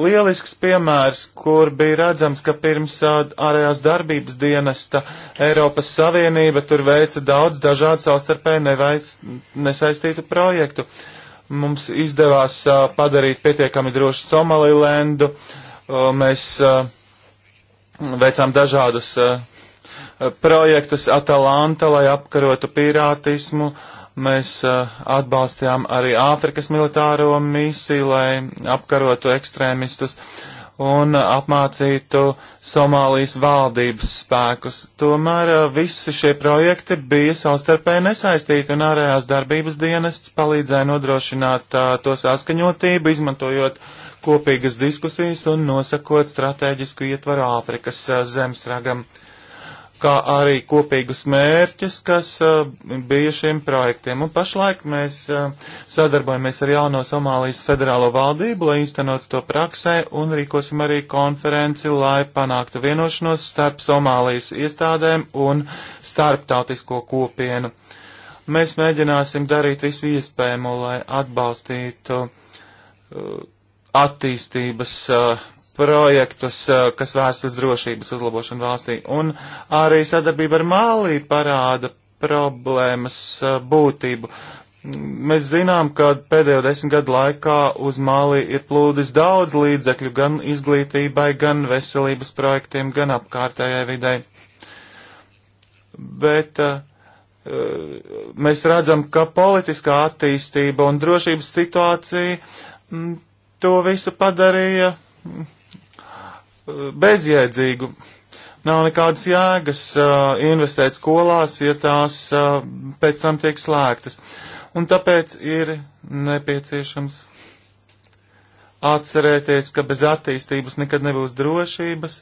lielisks piemērs, kur bija redzams, ka pirms eh, ārējās darbības dienesta Eiropas Savienība tur veica daudz dažādu savstarpēji nesaistītu projektu. Mums izdevās a, eh, padarīt pietiekami drošu Somalilendu, a, mēs a, veicām dažādus projektus Atalanta, lai apkarotu pirātismu, uh, Mēs uh, atbalstījām arī Āfrikas militāro misiju, lai apkarotu ekstrēmistus un uh, apmācītu Somālijas valdības spēkus. Tomēr uh, visi šie projekti bija savstarpēji nesaistīti un ārējās darbības dienests palīdzēja nodrošināt to saskaņotību, izmantojot kopīgas diskusijas un nosakot strateģisku ietvaru Āfrikas zemsragam. Uh, kā arī kopīgus mērķus, kas uh, bija šiem projektiem. Un pašlaik mēs uh, sadarbojamies ar jauno Somālijas federālo valdību, lai īstenotu to praksē, un rīkosim arī konferenci, lai panāktu vienošanos starp Somālijas iestādēm un starptautisko kopienu. Mēs mēģināsim darīt visu iespējamo, lai atbalstītu uh, attīstības uh, projektus, eh, kas vērst uz drošības uzlabošanu valstī. Un arī sadarbība ar Mālī parāda problēmas eh, būtību. Mēs zinām, ka pēdējo desmit gadu laikā uz Mālī ir plūdis daudz līdzekļu gan izglītībai, gan veselības projektiem, gan apkārtējai videi. Bet uh, mēs redzam, ka politiskā attīstība un drošības situācija m, mm, to visu padarīja. M, mm, bezjēdzīgu. Nav nekādas jēgas uh, investēt skolās, ja tās uh, pēc tam tiek slēgtas. Un tāpēc ir nepieciešams atcerēties, ka bez attīstības nekad nebūs drošības,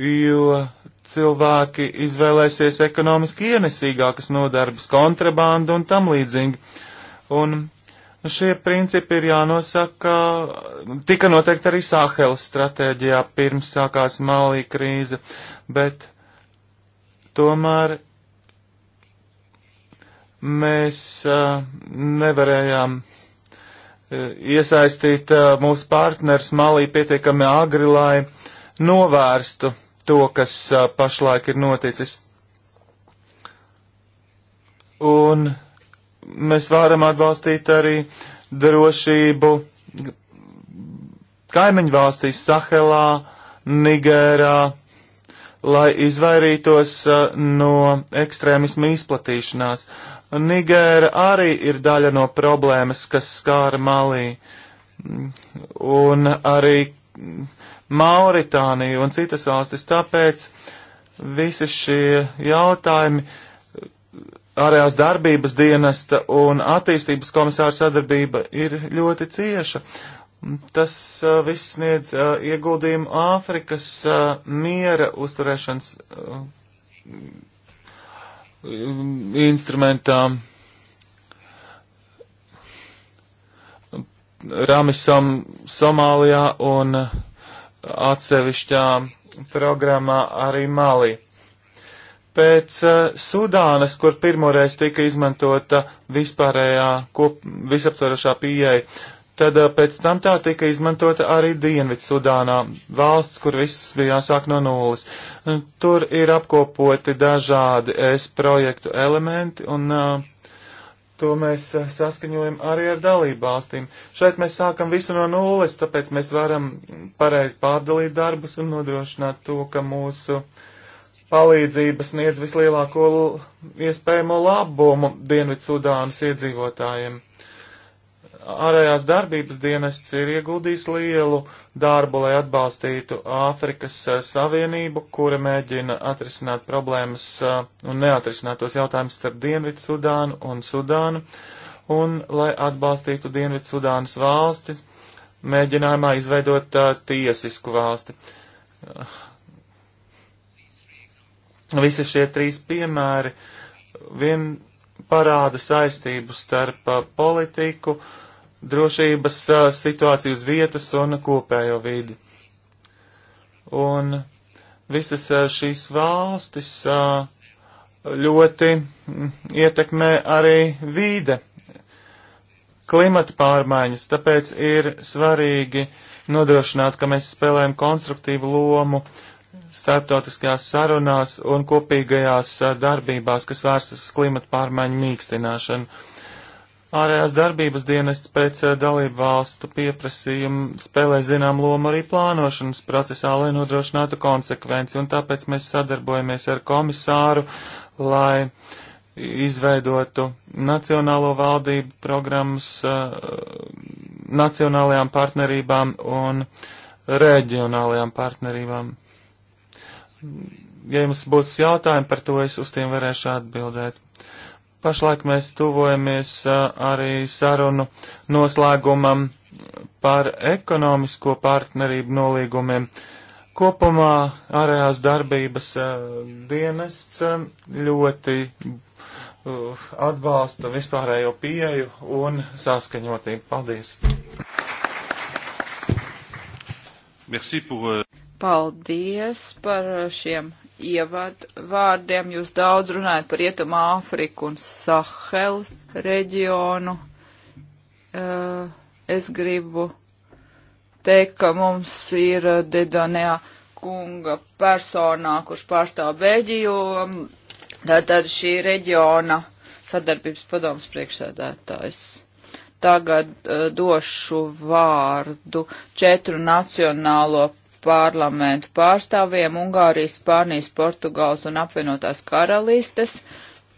jo cilvēki izvēlēsies ekonomiski ienesīgākas nodarbes, kontrabandu un tam līdzīgi. Un Nu, šie principi ir jānosaka, tika noteikti arī Sāhelas stratēģijā pirms sākās Malī krīze, bet tomēr mēs uh, nevarējām iesaistīt uh, mūsu partners Malī pietiekami agri, lai novērstu to, kas uh, pašlaik ir noticis. Un uh, mēs varam atbalstīt arī drošību kaimiņu valstīs Sahelā, Nigērā, lai izvairītos no ekstrēmismu izplatīšanās. Nigēra arī ir daļa no problēmas, kas skāra Malī. Un arī Mauritāniju un citas valstis. Tāpēc visi šie jautājumi uh, ārējās darbības dienesta un attīstības komisāra sadarbība ir ļoti cieša. Tas uh, viss sniedz uh, ieguldījumu Āfrikas uh, miera uzturēšanas uh, instrumentām. Ramisam Somālijā un uh, atsevišķā programmā arī Malī pēc eh, Sudānas, kur pirmoreiz tika izmantota vispārējā kop, visaptvarošā pieeja. Tad eh, pēc tam tā tika izmantota arī Dienvidu Sudānā, valsts, kur viss bija jāsāk no nulles. Eh, tur ir apkopoti dažādi es projektu elementi, un uh, to mēs saskaņojam arī ar dalību valstīm. Šeit mēs sākam visu no nulles, tāpēc mēs varam pareizi pārdalīt darbus un nodrošināt to, ka mūsu uh, palīdzība sniedz vislielāko iespējamo labumu Dienvidsudānas iedzīvotājiem. Ārējās darbības dienests ir ieguldījis lielu darbu, lai atbalstītu Āfrikas Savienību, kura mēģina atrisināt problēmas un neatrisinātos jautājumus starp Dienvidsudānu un Sudānu, un lai atbalstītu Dienvidsudānas valsti mēģinājumā izveidot tiesisku valsti. Visi šie trīs piemēri vien parāda saistību starp uh, politiku, drošības uh, situāciju uz vietas un kopējo vidi. Un visas uh, šīs valstis ļoti mm, ietekmē arī vīde, klimata pārmaiņas, tāpēc ir svarīgi nodrošināt, ka mēs spēlējam konstruktīvu lomu starptautiskajās sarunās un kopīgajās eh, darbībās, kas vērstas uz klimata pārmaiņu mīkstināšanu. Ārējās darbības dienests pēc eh, dalību valstu pieprasījuma spēlē zinām lomu arī plānošanas procesā, lai nodrošinātu konsekvenci, un tāpēc mēs sadarbojamies ar komisāru, lai izveidotu nacionālo valdību programmas eh, nacionālajām partnerībām un reģionālajām partnerībām ja jums būs jautājumi par to, es uz tiem varēšu atbildēt. Pašlaik mēs tuvojamies arī sarunu noslēgumam par ekonomisko partnerību nolīgumiem. Kopumā ārējās darbības dienests ļoti atbalsta vispārējo pieeju un saskaņotību. Paldies! Merci pour, euh, Paldies par šiem ievadvārdiem. Jūs daudz runājat par Rietumu Āfriku un Sahelu reģionu. Eh, es gribu teikt, ka mums ir Dedonijā kunga personā, kurš pārstāv Beļģiju, tātad šī reģiona sadarbības padomas priekšsēdētājs. Tagad uh, došu vārdu četru nacionālo parlamentu pārstāvjiem, Ungārijas, Spānijas, Portugāles un apvienotās karalistes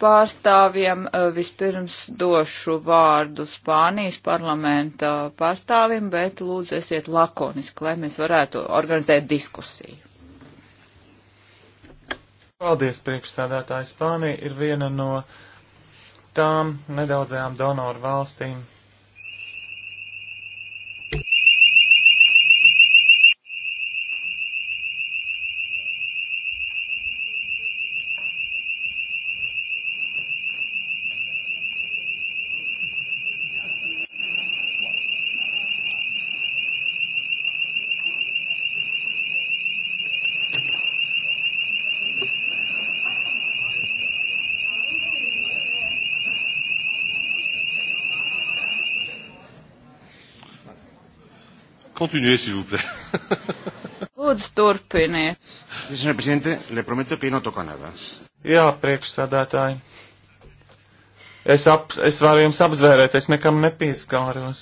pārstāvjiem. Eh, vispirms došu vārdu Spānijas parlamenta pārstāvjiem, bet lūdzu esiet lakoniski, lai mēs varētu organizēt diskusiju. Paldies, priekšsādātāji. Spānija ir viena no tām nedaudzajām donoru valstīm, Continuez, s'il vous plaît. Lūdzu, turpiniet. Jā, priekšsādātāji. Es, ap, es varu jums apzvērēt, es nekam nepieskāros.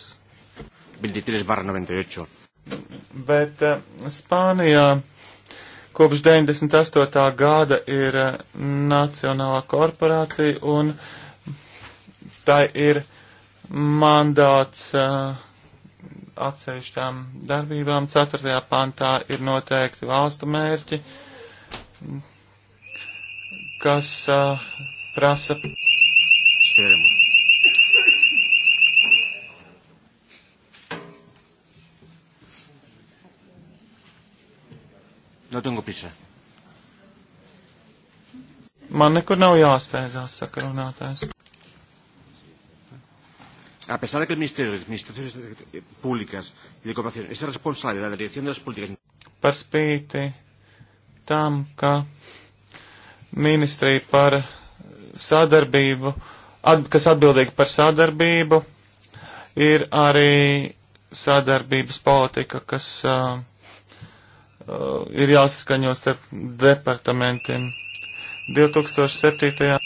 Bet uh, Spānijā kopš 98. gada ir uh, nacionālā korporācija un tai ir mandāts uh, atsevišķām darbībām. 4. pantā ir noteikti valstu mērķi, kas uh, prasa. Spējumus. No tengo prisa. Man nekur nav jāsteidzās, saka runātājs a pesar de que el Ministerio de Administraciones eh, Públicas y de Cooperación es responsable de la dirección de las políticas. Par spīti tam, ka ministrija par sadarbību, at, kas atbildīga par sadarbību, ir arī sadarbības politika, kas uh, uh, ir jāsaskaņo starp departamentiem. 2007.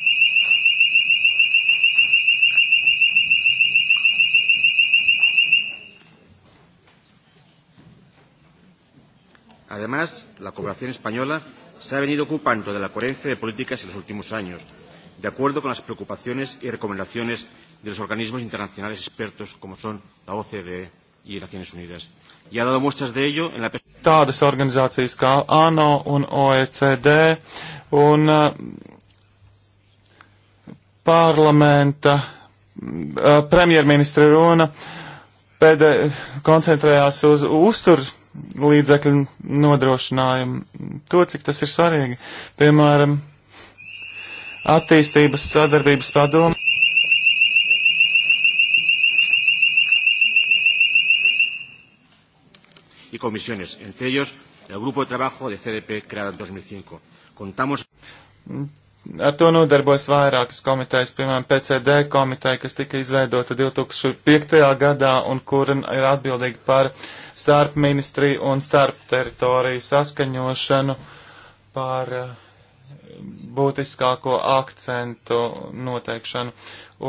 Además, la cooperación española se ha venido ocupando de la coherencia de políticas en los últimos años, de acuerdo con las preocupaciones y recomendaciones de los organismos internacionales expertos como son la OCDE y Naciones Unidas. Y ha dado muestras de ello en la Tādas organizācijas kā ANO un OECD un uh, parlamenta uh, premjerministra runa pēdē koncentrējās uz uzturu līdzekļu nodrošinājumu, to, cik tas ir svarīgi. Piemēram, attīstības sadarbības padomu. y comisiones, entre ellos el Grupo de Trabajo de CDP creado en 2005. Contamos. Mm, Ar to nodarbojas vairākas komitejas, piemēram, PCD komiteja, kas tika izveidota 2005. gadā un kura ir atbildīga par starp ministriju un starp teritoriju saskaņošanu, par eh, būtiskāko akcentu noteikšanu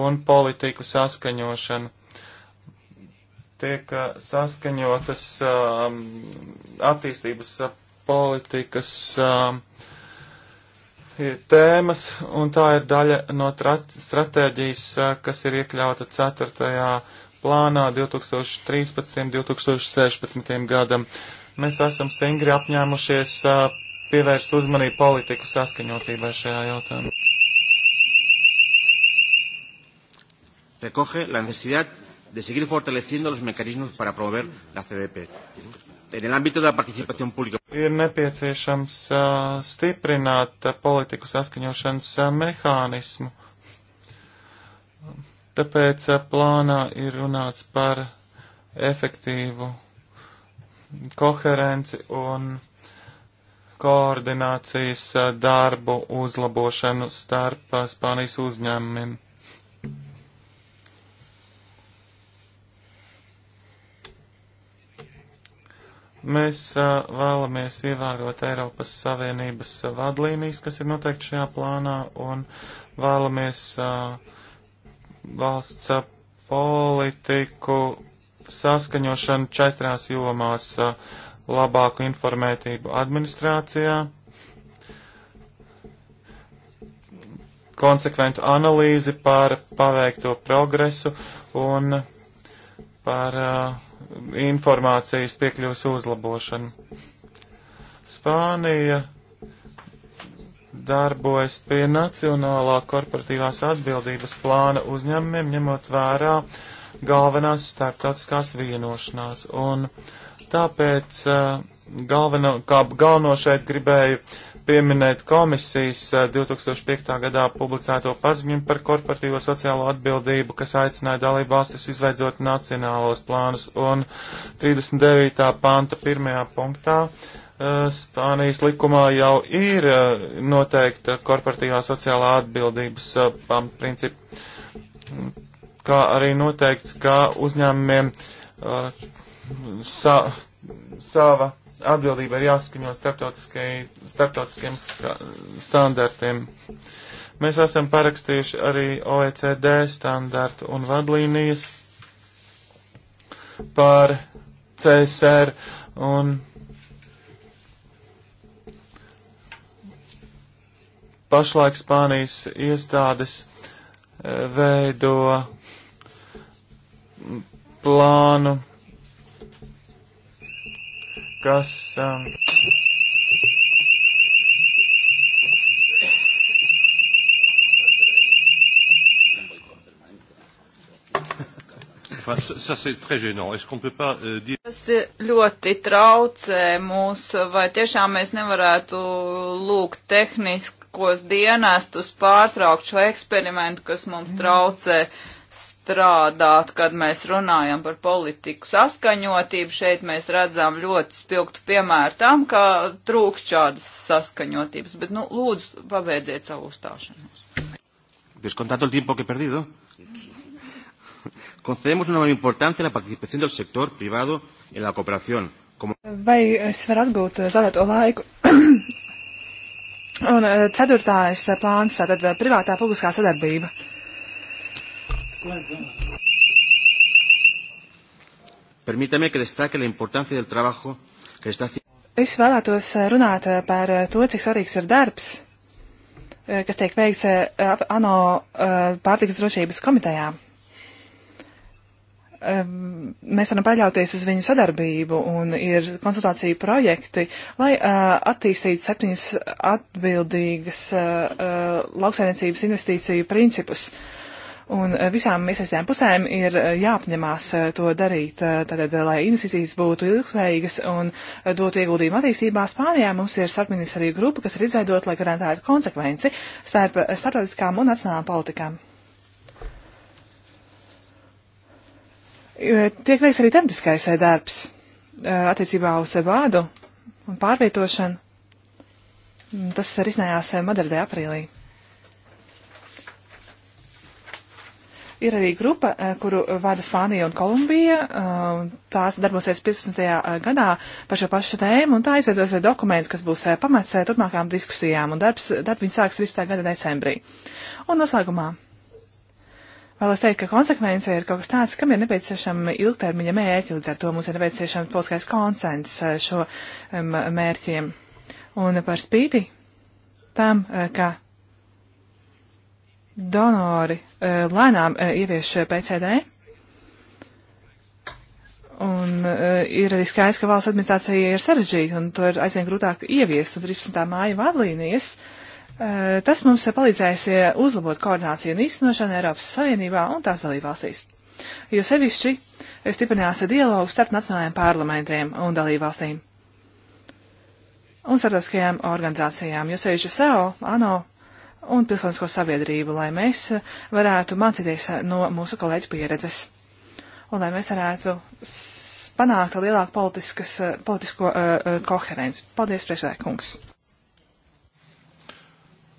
un politiku saskaņošanu. Tiek eh, saskaņotas um, attīstības politikas. Um, ir tēmas, un tā ir daļa no stratēģijas, kas ir iekļauta 4. plānā 2013-2016 gadam. Mēs esam stingri apņēmušies pievērst uzmanību politiku saskaņotībai šajā jautājumā. Recoge la necesidad de seguir fortaleciendo los mecanismos para promover la CDP. Ir nepieciešams uh, stiprināt uh, politiku saskaņošanas uh, mehānismu. Tāpēc uh, plānā ir runāts par efektīvu koherenci un koordinācijas darbu uzlabošanu starp Spānijas uzņēmumiem. Mēs uh, vēlamies ievērot Eiropas Savienības uh, vadlīnijas, kas ir noteikti šajā plānā, un vēlamies uh, valsts uh, politiku saskaņošanu četrās jomās uh, - labāku informētību administrācijā, konsekventu analīzi par paveikto progresu un par uh, informācijas piekļuvas uzlabošanu. Spānija darbojas pie nacionālā korporatīvās atbildības plāna uzņēmumiem, ņemot vērā galvenās starptautiskās vienošanās. Un tāpēc eh, galveno, kā galveno šeit gribēju pieminēt komisijas 2005. gadā publicēto paziņojumu par korporatīvo sociālo atbildību, kas aicināja dalību valstis izveidot nacionālos plānus. Un 39. panta pirmajā punktā Spānijas likumā jau ir noteikta korporatīvā sociālā atbildības principa, kā arī noteikts, ka uzņēmumiem sa, sava atbildība ir jāskaņo starptautiskiem standartiem. Mēs esam parakstījuši arī OECD standartu un vadlīnijas par CSR un pašlaik Spānijas iestādes eh, veido plānu kas. Um, euh, Tas ļoti traucē mūs, vai tiešām mēs nevarētu lūgt tehniskos dienestus pārtraukt šo eksperimentu, kas mums traucē. Mm strādāt, kad mēs runājam par politiku saskaņotību. Šeit mēs redzam ļoti spilgtu piemēru tam, ka trūkst šādas saskaņotības. Bet, nu, lūdzu, pabeidziet savu uzstāšanos. Descontando el tiempo que he perdido, concedemos una mayor importancia a la participación del sector privado en la cooperación. Como... Vai es varu atgūt zaudēto laiku? Un eh, ceturtais eh, plāns, tātad eh, privātā publiskā sadarbība. Uh, Slēdzam. Permítame que destaque la importancia del trabajo que está haciendo. Es vēlētos eh, runāt eh, par eh, to, cik svarīgs ir darbs, kas tiek veikts ANO pārtikas drošības komitejā. Mēs varam paļauties uz viņu sadarbību un ir konsultāciju projekti, lai attīstītu septiņas atbildīgas lauksainiecības investīciju principus. Uh, Un eh, visām iesaistām pusēm ir eh, jāapņemās eh, to darīt, tātad, lai investīcijas būtu ilgspējīgas un dotu ieguldījumu attīstībā. Spānijā mums ir starpministriju grupa, kas ir izveidota, lai garantētu konsekvenci starp starptautiskām un nacionālām politikām. Tiek veikts arī tematiskais darbs attiecībā uz vādu un pārvietošanu. Mm, tas arī iznājās Madridē aprīlī. Ir arī grupa, eh, kuru vada Spānija un Kolumbija. Eh, tās darbosies 15. Eh, gadā par šo pašu tēmu, un tā izveidos dokumentu, kas būs pamats turpmākām diskusijām, un darbs, darbs viņi sāks 13. gada decembrī. Un noslēgumā. Vēlos teikt, ka konsekvence ir kaut kas tāds, kam ir nepieciešama ilgtermiņa mērķi, līdz ar to mums ir nepieciešama polskais konsens šo mērķiem. Un par spīti tam, ka donori e, lēnām e, ievieš PCD. Un uh, ir arī skaidrs, ka valsts administrācija ir sarežģīta un to ir aizvien grūtāk ieviest. Un 13. māja vadlīnijas, uh, tas mums palīdzēs uh, uzlabot koordināciju un īstenošanu Eiropas Savienībā un tās dalībvalstīs. Jo sevišķi stiprinās dialogu starp nacionālajiem parlamentiem un dalībvalstīm un starptautiskajām organizācijām, jo sevišķi SEO, ANO un pilsonisko sabiedrību, lai mēs varētu mācīties no mūsu kolēģu pieredzes. Un lai mēs varētu panākt lielāku politisko uh, koherenci. Paldies, priekšsēkungs!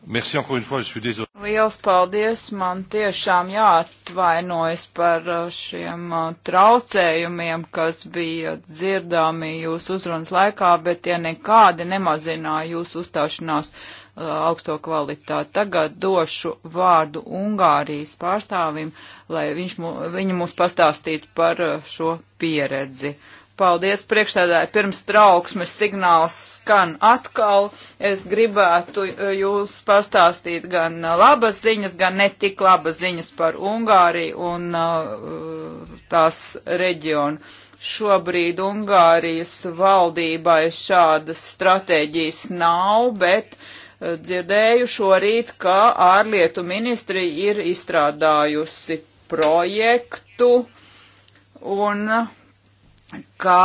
Merci encore une fois, je suis désolé. Liels paldies, man tiešām jāatvainojas par eh, šiem traucējumiem, kas bija dzirdami jūsu uzrunas laikā, bet tie nekādi nemazināja jūsu uzstāšanās Uh, augsto kvalitāti. Tagad došu vārdu Ungārijas pārstāvim, lai viņš, mu, viņa mums pastāstītu par uh, šo pieredzi. Paldies priekšstādāji, pirms trauksmes signāls skan atkal. Es gribētu uh, jūs pastāstīt gan labas ziņas, gan netik labas ziņas par Ungāriju un uh, tās reģionu šobrīd Ungārijas valdībai šādas stratēģijas nav, bet dzirdēju šorīt, ka ārlietu ministri ir izstrādājusi projektu un kā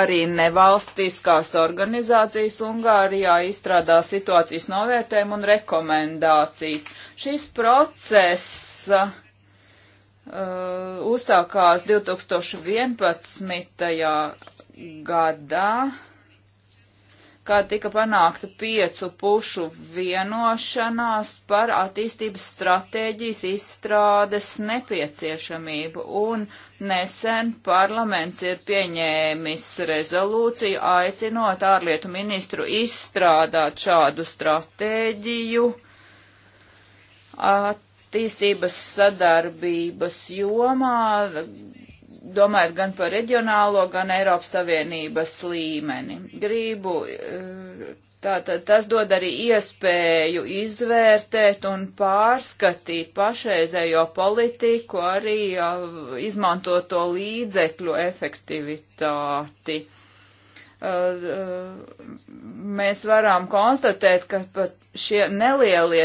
arī nevalstiskās organizācijas Ungārijā izstrādā situācijas novērtējumu un rekomendācijas. Šis process uh, uzsākās 2011. gadā kad tika panākta piecu pušu vienošanās par attīstības stratēģijas izstrādes nepieciešamību, un nesen parlaments ir pieņēmis rezolūciju aicinot ārlietu ministru izstrādāt šādu stratēģiju attīstības sadarbības jomā domājot gan par reģionālo, gan Eiropas Savienības līmeni. Gribu, eh, tātad tas dod arī iespēju izvērtēt un pārskatīt pašreizējo politiku, arī eh, izmantot to līdzekļu efektivitāti. Eh, mēs varam konstatēt, ka pat šie nelielie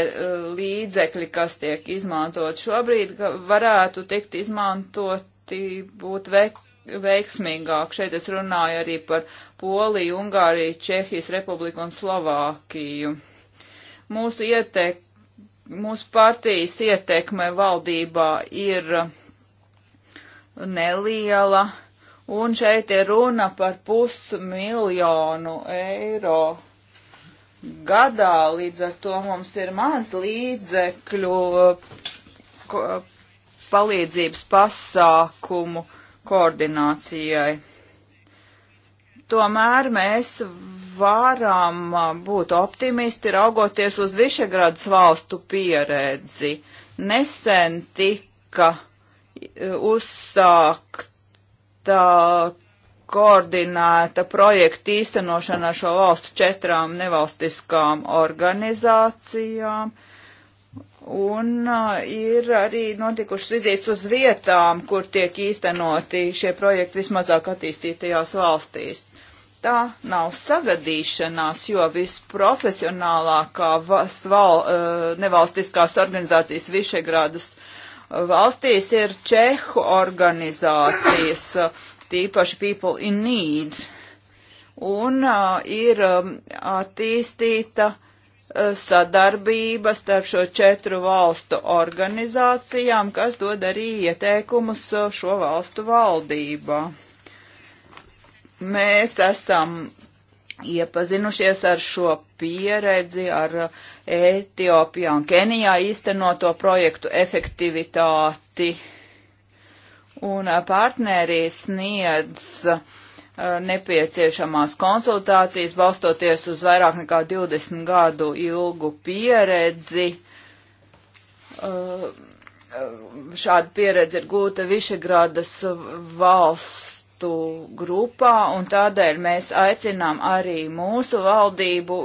līdzekļi, kas tiek izmantot šobrīd, varētu tikt izmantot būt veik, veiksmīgāk. Šeit es runāju arī par Poliju, Ungāriju, Čehijas republiku un Slovākiju. Mūsu, ietek, mūsu partijas ietekme valdībā ir neliela, un šeit ir runa par pusmiljonu eiro gadā, līdz ar to mums ir maz līdzekļu palīdzības pasākumu koordinācijai. Tomēr mēs varam būt optimisti raugoties uz Višegradas valstu pieredzi. Nesen tika uzsākta koordinēta projekta īstenošana ar šo valstu četrām nevalstiskām organizācijām. Uh, Un uh, ir arī notikušas vizītes uz vietām, kur tiek īstenoti šie projekti vismazāk attīstītajās valstīs. Tā nav sagadīšanās, jo visprofesionālākā val, uh, nevalstiskās organizācijas Višegrādas uh, valstīs ir Čehu organizācijas, uh, tīpaši People in Need. Un uh, ir um, attīstīta Eh, sadarbība starp šo četru valstu organizācijām, kas dod arī ieteikumus eh, šo valstu valdībā. Mēs esam iepazinušies ar šo pieredzi, ar Etiopijā un Kenijā īstenoto projektu efektivitāti. Un eh, partneri sniedz uh, Uh, nepieciešamās konsultācijas, balstoties uz vairāk nekā 20 gadu ilgu pieredzi. Uh, uh, šāda pieredze ir gūta Višegrādas valstu grupā, un tādēļ mēs aicinām arī mūsu valdību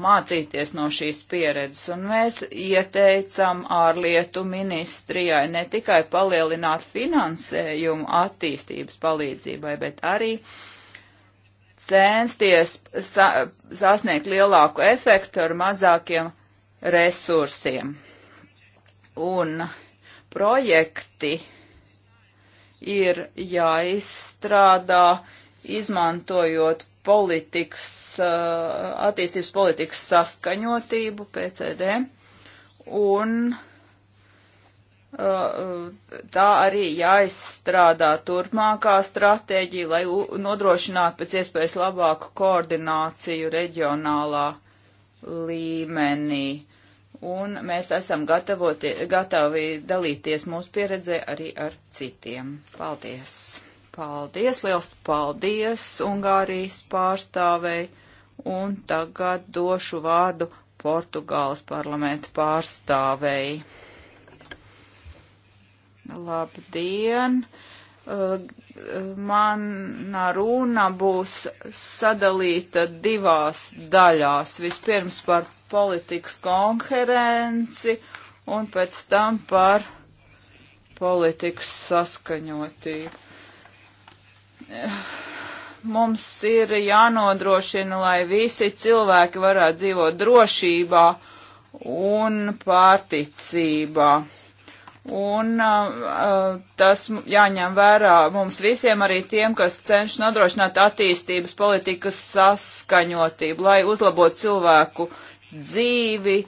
mācīties no šīs pieredzes, un mēs ieteicam ārlietu ministrijai ne tikai palielināt finansējumu attīstības palīdzībai, bet arī censties sa sasniegt lielāku efektu ar mazākiem resursiem. Un projekti ir jāizstrādā, izmantojot politikas, uh, attīstības politikas saskaņotību PCD, un uh, tā arī jāizstrādā turpmākā stratēģija, lai nodrošinātu pēc iespējas labāku koordināciju reģionālā līmenī. Un mēs esam gatavoti, gatavi dalīties mūsu pieredzē arī ar citiem. Paldies! Paldies, liels paldies Ungārijas pārstāvei, un tagad došu vārdu Portugāles parlamenta pārstāvei. Labdien! Uh, mana runa būs sadalīta divās daļās. Vispirms par politikas konferenci un pēc tam par politikas saskaņotību mums ir jānodrošina, lai visi cilvēki varētu dzīvot drošībā un pārticībā. Un uh, uh tas jāņem vērā mums visiem, arī tiem, kas cenšas nodrošināt attīstības politikas saskaņotību, lai uzlabotu cilvēku dzīvi,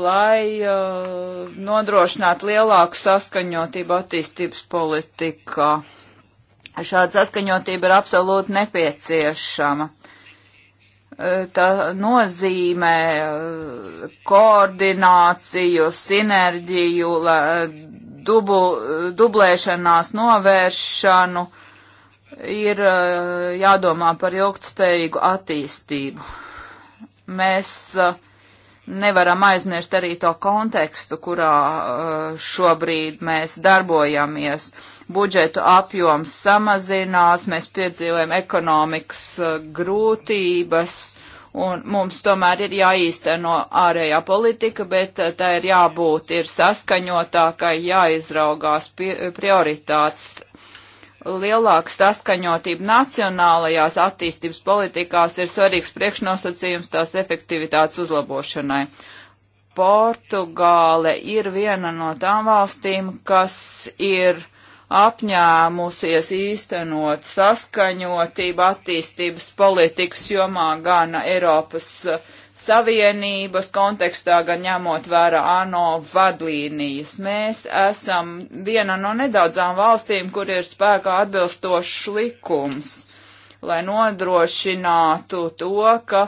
lai uh, nodrošinātu lielāku saskaņotību attīstības politikā. Šāda saskaņotība ir absolūti nepieciešama. E, tā nozīmē e, koordināciju, sinerģiju, e, dubu, dublēšanās novēršanu. Ir jādomā par ilgtspējīgu attīstību. Mēs nevaram aizmirst arī to kontekstu, kurā šobrīd mēs darbojamies budžetu apjoms samazinās, mēs piedzīvojam ekonomikas uh, grūtības, un mums tomēr ir jāīsteno ārējā politika, bet uh, tā ir jābūt ir saskaņotākai, jāizraugās prioritātes. Lielāka saskaņotība nacionālajās attīstības politikās ir svarīgs priekšnosacījums tās efektivitātes uzlabošanai. Portugāle ir viena no tām valstīm, kas ir uh, apņēmusies īstenot saskaņotību attīstības politikas jomā gan Eiropas uh, Savienības kontekstā, gan ņemot vērā ANO vadlīnijas. Mēs esam viena no nedaudzām valstīm, kur ir spēkā atbilstošs likums lai nodrošinātu to, ka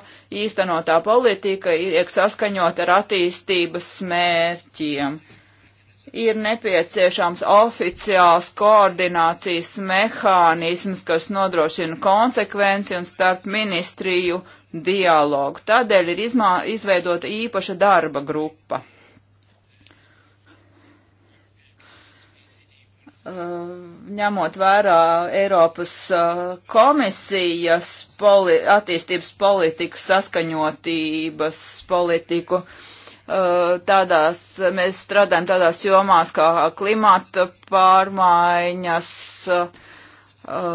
īstenotā politika ir saskaņot ar attīstības mērķiem. Uh, ir nepieciešams oficiāls koordinācijas mehānisms, kas nodrošina konsekvenci un starp ministriju dialogu. Tādēļ ir izmā, izveidota īpaša darba grupa. Uh, ņemot vērā Eiropas uh, komisijas poli attīstības politiku, saskaņotības politiku, uh, Eh, tādās, mēs strādājam tādās jomās kā klimata pārmaiņas, eh,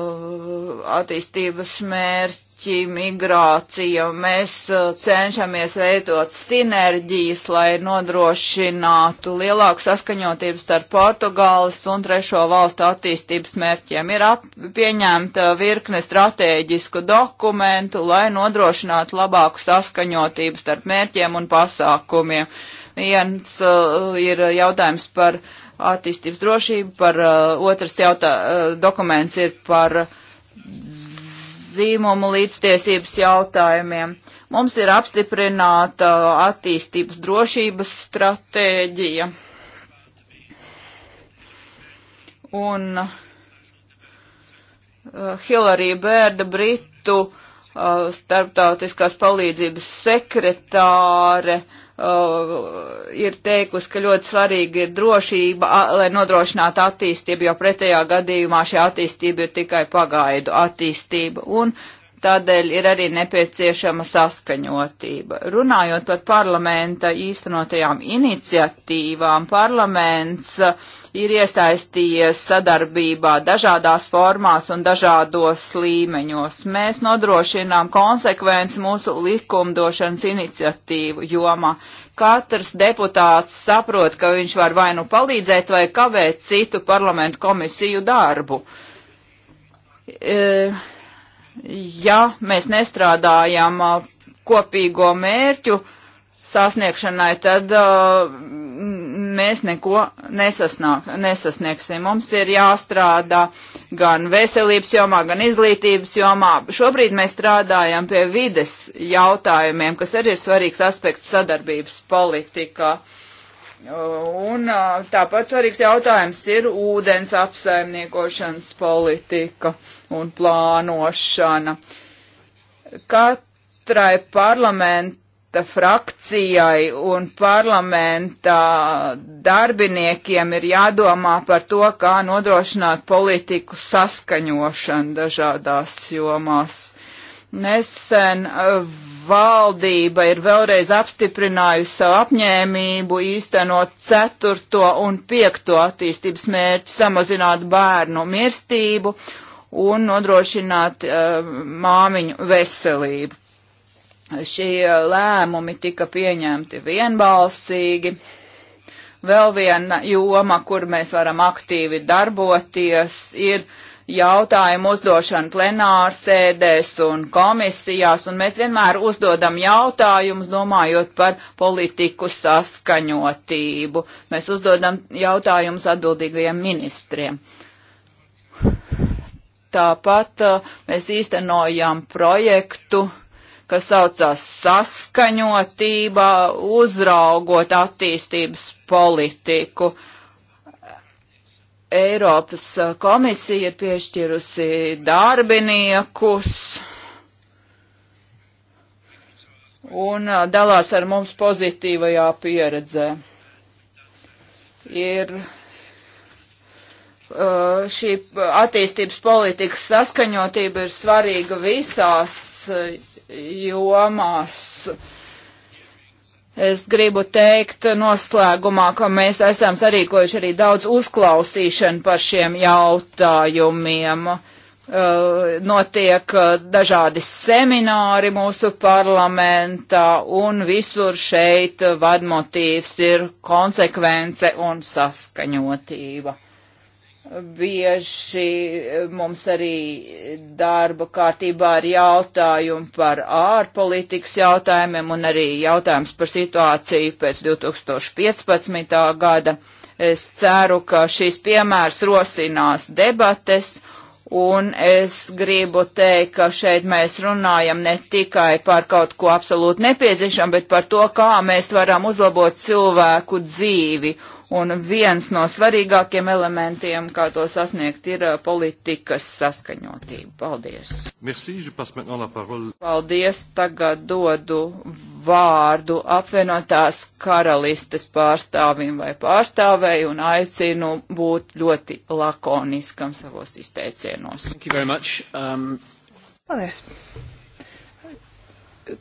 attīstības mērķi, mērķi migrācija. Mēs uh, cenšamies veidot sinerģijas, lai nodrošinātu lielāku saskaņotību starp Portugāles un trešo valstu attīstības mērķiem. Ir pieņemta virkne strateģisku dokumentu, lai nodrošinātu labāku saskaņotību starp mērķiem un pasākumiem. Viens uh, ir jautājums par attīstības drošību, par uh, otrs jautā, uh, dokuments ir par uh, dzīmumu līdztiesības jautājumiem. Mums ir apstiprināta attīstības drošības stratēģija. Un uh, Hilārija Bērda, Britu uh, starptautiskās palīdzības sekretāre, uh, Uh, ir teikusi, ka ļoti svarīga ir drošība, lai nodrošinātu attīstību, jo pretējā gadījumā šī attīstība ir tikai pagaidu attīstība. Un tādēļ ir arī nepieciešama saskaņotība. Runājot par parlamenta īstenotajām iniciatīvām, parlaments uh, ir iesaistījies sadarbībā dažādās formās un dažādos līmeņos. Mēs nodrošinām konsekvenci mūsu likumdošanas iniciatīvu jomā. Katrs deputāts saprot, ka viņš var vai nu palīdzēt, vai kavēt citu parlamentu komisiju darbu. E, ja mēs nestrādājam kopīgo mērķu sasniegšanai, tad uh, mēs neko nesasnāk, nesasniegsim. Mums ir jāstrādā gan veselības jomā, gan izglītības jomā. Šobrīd mēs strādājam pie vides jautājumiem, kas arī ir svarīgs aspekts sadarbības politikā. Un tāpat svarīgs jautājums ir ūdens apsaimniekošanas politika un plānošana. Katrai parlamentu parlamenta frakcijai un parlamenta darbiniekiem ir jādomā par to, kā nodrošināt politiku saskaņošanu dažādās jomās. Nesen valdība ir vēlreiz apstiprinājusi savu apņēmību īstenot ceturto un piekto attīstības mērķi samazināt bērnu mirstību un nodrošināt uh, māmiņu veselību šie lēmumi tika pieņemti vienbalsīgi. Vēl viena joma, kur mēs varam aktīvi darboties, ir jautājumu uzdošana plenārsēdēs un komisijās, un mēs vienmēr uzdodam jautājumus, domājot par politiku saskaņotību. Mēs uzdodam jautājumus atbildīgajiem ministriem. Tāpat uh, mēs īstenojam projektu uh, kas saucās saskaņotībā, uzraugot attīstības politiku. Eiropas komisija ir piešķirusi darbiniekus un dalās ar mums pozitīvajā pieredzē. Ir uh, šī attīstības politikas saskaņotība ir svarīga visās uh, jomās. Es gribu teikt noslēgumā, ka mēs esam sarīkojuši arī daudz uzklausīšanu par šiem jautājumiem. Eh, notiek eh, dažādi semināri mūsu parlamentā un visur šeit vadmotīvs ir konsekvence un saskaņotība. Bieži eh, mums arī darba kārtībā ir jautājumi par ārpolitikas jautājumiem un arī jautājums par situāciju pēc 2015. gada. Es ceru, ka šīs piemērs rosinās debates Un es gribu teikt, ka šeit mēs runājam ne tikai par kaut ko absolūti nepieciešamu, bet par to, kā mēs varam uzlabot cilvēku dzīvi. Un viens no svarīgākiem elementiem, kā to sasniegt, ir uh, politikas saskaņotība. Paldies! Merci, Paldies! Tagad dodu vārdu apvienotās karalistes pārstāvim vai pārstāvēju un aicinu būt ļoti lakoniskam savos izteicienos. Um... Paldies!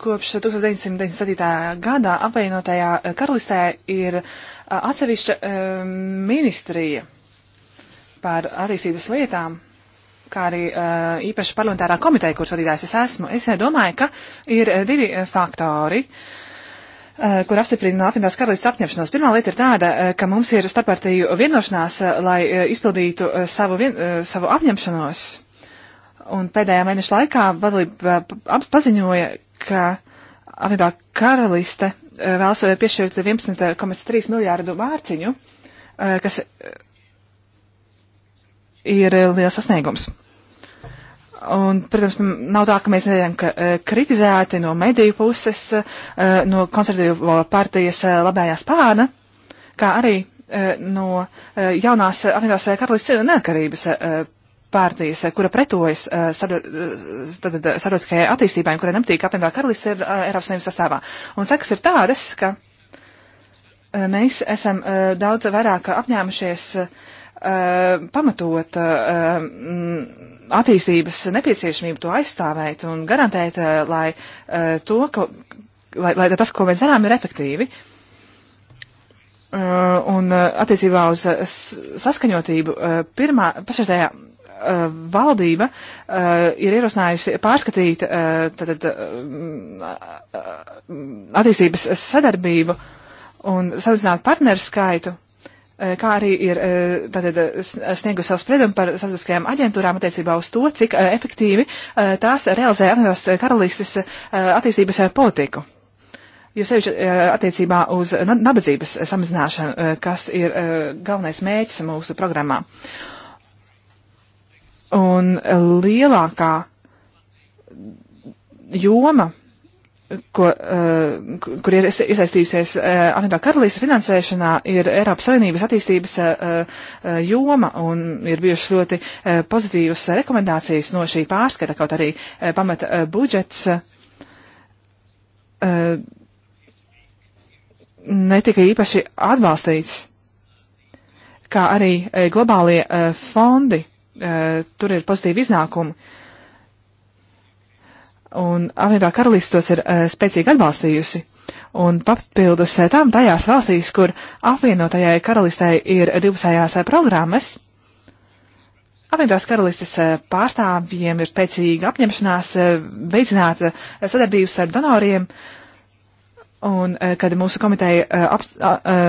Kopš 1997. gadā apvienotajā eh, karalistē ir uh, atsevišķa um, ministrija par attīstības lietām, kā arī uh, e, īpaši parlamentārā komiteja, kuras vadītājs es esmu, es e, domāju, ka ir divi faktori, uh, kur apstiprina apvienotās karalistas apņemšanos. Pirmā lieta ir tāda, ka mums ir starppartiju vienošanās, lai izpildītu savu, vien, savu apņemšanos. Un pēdējā mēneša laikā vadlība paziņoja, ka apvienotā karaliste Eh, vēlas piešķirt 11,3 miljārdu mārciņu, eh, kas eh, ir liels sasniegums. Un, protams, nav tā, ka mēs neesam kritizēti no mediju puses, no konservatīvo partijas labējā spārna, kā arī no jaunās apvienotās karalistas neatkarības partijas, eh, kura pretojas eh, eh, sabiedriskajai attīstībai, kurai nepatīk apvienotā karalistē, ir Eiropas Savienības sastāvā. Un sekas ir tādas, ka mēs esam daudz vairāk apņēmušies pamatot mm, attīstības nepieciešamību to aizstāvēt un garantēt, lai, to, ka, lai, lai tas, ko mēs darām, ir efektīvi. Un attiecībā uz saskaņotību pirmā pašreizējā uh, valdība uh, ir ierosinājusi pārskatīt uh, eh, tad, uh, attīstības sadarbību un samazināt partneru skaitu, uh, kā arī ir uh, tātad, sniegusi savu spriedumu par sabiedriskajām aģentūrām attiecībā uz to, cik uh, efektīvi uh, tās realizē Amerikas karalistes uh, attīstības uh, politiku. Jo sevišķi attiecībā uz nabadzības samazināšanu, kas ir galvenais mēķis mūsu programmā. Uh, Un lielākā joma, ko, uh, kur ir iesaistījusies uh, eh, Anatolija Karalīs finansēšanā, ir Eiropas Savienības attīstības uh, joma un ir bijušas ļoti pozitīvas rekomendācijas no šī pārskata, kaut arī pamata budžets netika īpaši atbalstīts, kā arī globālie fondi Eh, tur ir pozitīvi iznākumi. Un apvienotā karalista tos ir eh, spēcīgi atbalstījusi. Un papildus eh, tam tajās valstīs, kur apvienotajai karalistei ir divpusējās programmas, apvienotās karalistes pārstāvjiem ir spēcīga apņemšanās veicināt sadarbības ar donoriem, uh, Un, eh, kad mūsu komiteja eh,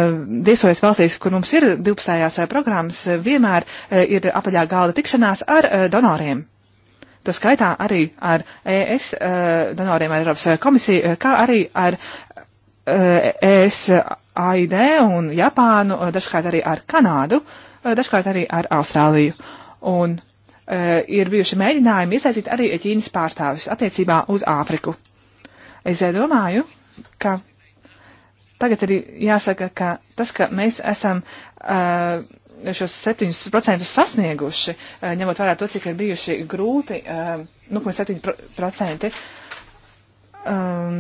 viesojas valstīs, kur mums ir divpusējās eh, programmas, vienmēr ir apaļā galda tikšanās ar donoriem. To skaitā arī ar ES donoriem, ar Eiropas komisiju, kā arī ar ES e AID un Japānu, dažkārt arī ar Kanādu, dažkārt arī ar Austrāliju. Un ir bijuši mēģinājumi iesaistīt arī Ķīnas pārstāvis attiecībā uz Āfriku. Es domāju, ka tagad arī jāsaka, ka tas, ka mēs esam uh, šos 7% sasnieguši, uh, ņemot vērā to, cik ir bijuši grūti, uh, 0,7%. Um,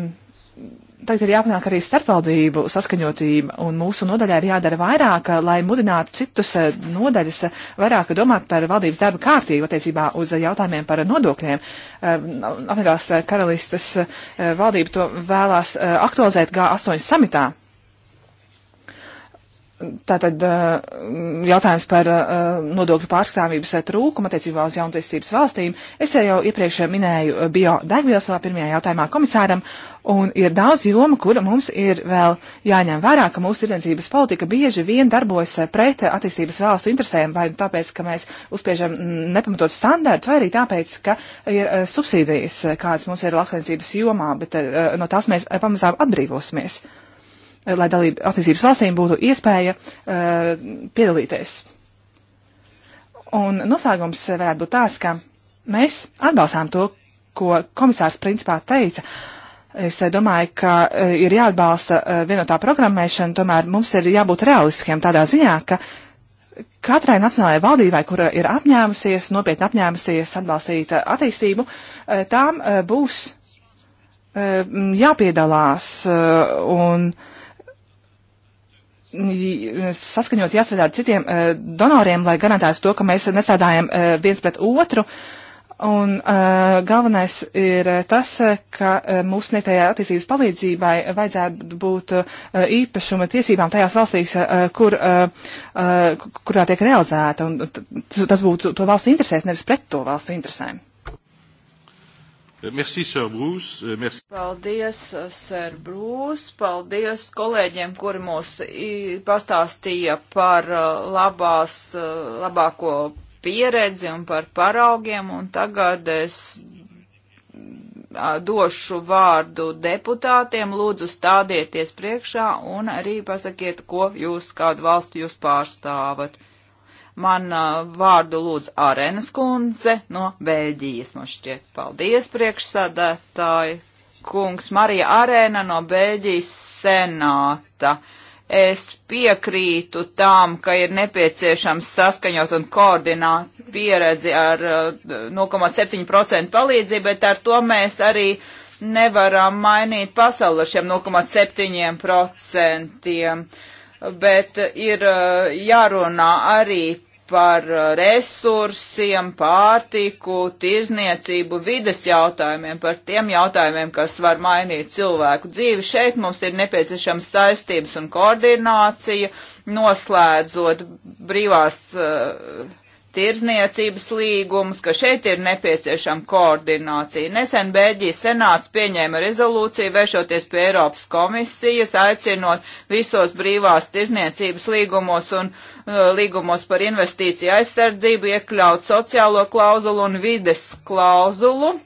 tagad ir jāpanāk arī starpvaldību saskaņotība, un mūsu nodaļā ir jādara vairāk, lai mudinātu citus eh, nodaļas eh, vairāk domāt par valdības darba kārtību attiecībā uz jautājumiem par nodokļiem. Eh, apvienotās karalistas valdība to vēlās aktualizēt G8 samitā. Tātad eh, jautājums par eh, nodokļu pārskatāmības eh, trūkumu attiecībā uz jauntiesības valstīm. Es jau iepriekš minēju biodegvielu savā pirmajā jautājumā komisāram, un ir daudz joma, kura mums ir vēl jāņem vērā, ka mūsu tirdzniecības politika bieži vien darbojas pret attīstības valstu interesēm, vai tāpēc, ka mēs uzspiežam mm, nepamatot standārts, vai arī tāpēc, ka ir subsīdijas, kādas mums ir lauksaimniecības jomā, bet no tās mēs pamazām atbrīvosimies. Eh, lai dalību attīstības valstīm būtu iespēja uh, piedalīties. Un noslēgums varētu būt tāds, ka mēs atbalstām to, ko komisārs principā teica. Es eh, domāju, ka uh, ir jāatbalsta uh, vienotā programmēšana, tomēr mums ir jābūt realistiskiem tādā ziņā, ka katrai nacionālajai valdībai, kura ir apņēmusies, nopietni apņēmusies atbalstīt attīstību, tām būs jāpiedalās un uh, saskaņot jāstrādā ar citiem uh, donoriem, lai garantētu to, ka mēs nestrādājam uh, viens pret otru. Un uh, galvenais ir tas, ka uh, mūsu sniegtajā attīstības palīdzībai vajadzētu būt uh, īpašuma tiesībām tajās valstīs, uh, kur, uh, uh, kur tā tiek realizēta. Un tas būtu to valstu interesēs, nevis pret to valstu interesēm. Euh, merci, Sir Bruce. Euh, merci. Paldies, uh, Sir Bruce. Paldies kolēģiem, kuri mūs pastāstīja par uh, labās, uh, labāko pieredzi un par paraugiem. Un tagad es došu vārdu deputātiem. Lūdzu, stādieties priekšā un arī pasakiet, ko jūs, kādu valstu jūs pārstāvat. Man vārdu lūdz Ārēnas kundze no Bēļģijas, man šķiet. Paldies, priekšsādātāji. Kungs Marija Arēna no Bēļģijas senāta. Es piekrītu tām, ka ir nepieciešams saskaņot un koordināt pieredzi ar 0,7% palīdzību, bet ar to mēs arī nevaram mainīt pasauli ar šiem 0,7%. Bet ir jārunā arī par uh, resursiem, pārtiku, tirzniecību, vides jautājumiem, par tiem jautājumiem, kas var mainīt cilvēku dzīvi. Šeit mums ir nepieciešams saistības un koordinācija, noslēdzot brīvās uh, tirzniecības līgumus, ka šeit ir nepieciešama koordinācija. Nesen Bēļģijas senāts pieņēma rezolūciju vēršoties pie Eiropas komisijas, aicinot visos brīvās tirzniecības līgumos un uh, līgumos par investīciju aizsardzību iekļaut sociālo klauzulu un vides klauzulu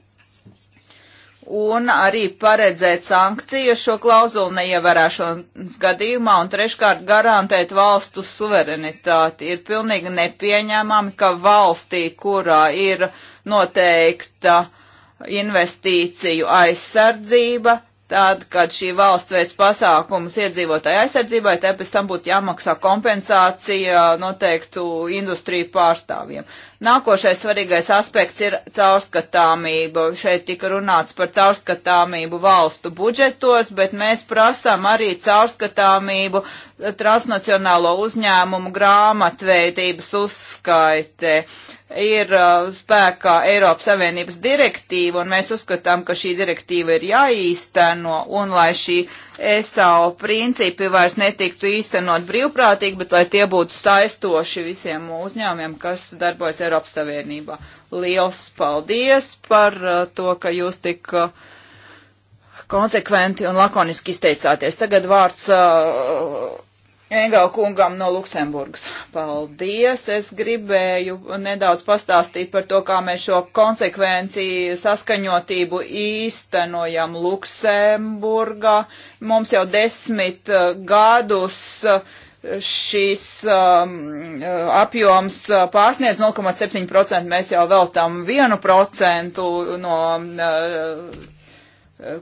un arī paredzēt sankcijas šo klauzulu neievērāšanas gadījumā un treškārt garantēt valstu suverenitāti. Ir pilnīgi nepieņēmami, ka valstī, kurā ir noteikta investīciju aizsardzība, tad, kad šī valsts veids pasākumus iedzīvotāju aizsardzībai, tad pēc tam būtu jāmaksā kompensācija noteiktu industriju pārstāvjiem. Nākošais svarīgais aspekts ir caurskatāmība. Šeit tika runāts par caurskatāmību valstu budžetos, bet mēs prasām arī caurskatāmību transnacionālo uzņēmumu grāmatveidības uzskaitē ir uh, spēkā Eiropas Savienības direktīva, un mēs uzskatām, ka šī direktīva ir jāīsteno, un lai šī ESAO principi vairs netiktu īstenot brīvprātīgi, bet lai tie būtu saistoši visiem uzņēmumiem, kas darbojas Eiropas. Eiropas Savienībā. Liels paldies par uh, to, ka jūs tik uh, konsekventi un lakoniski izteicāties. Tagad vārds uh, Engela kungam no Luksemburgas. Paldies! Es gribēju nedaudz pastāstīt par to, kā mēs šo konsekvenciju saskaņotību īstenojam Luksemburgā. Mums jau desmit uh, gadus uh, šīs um, apjoms uh, pārsniedz 0,7%, mēs jau veltam 1% no uh,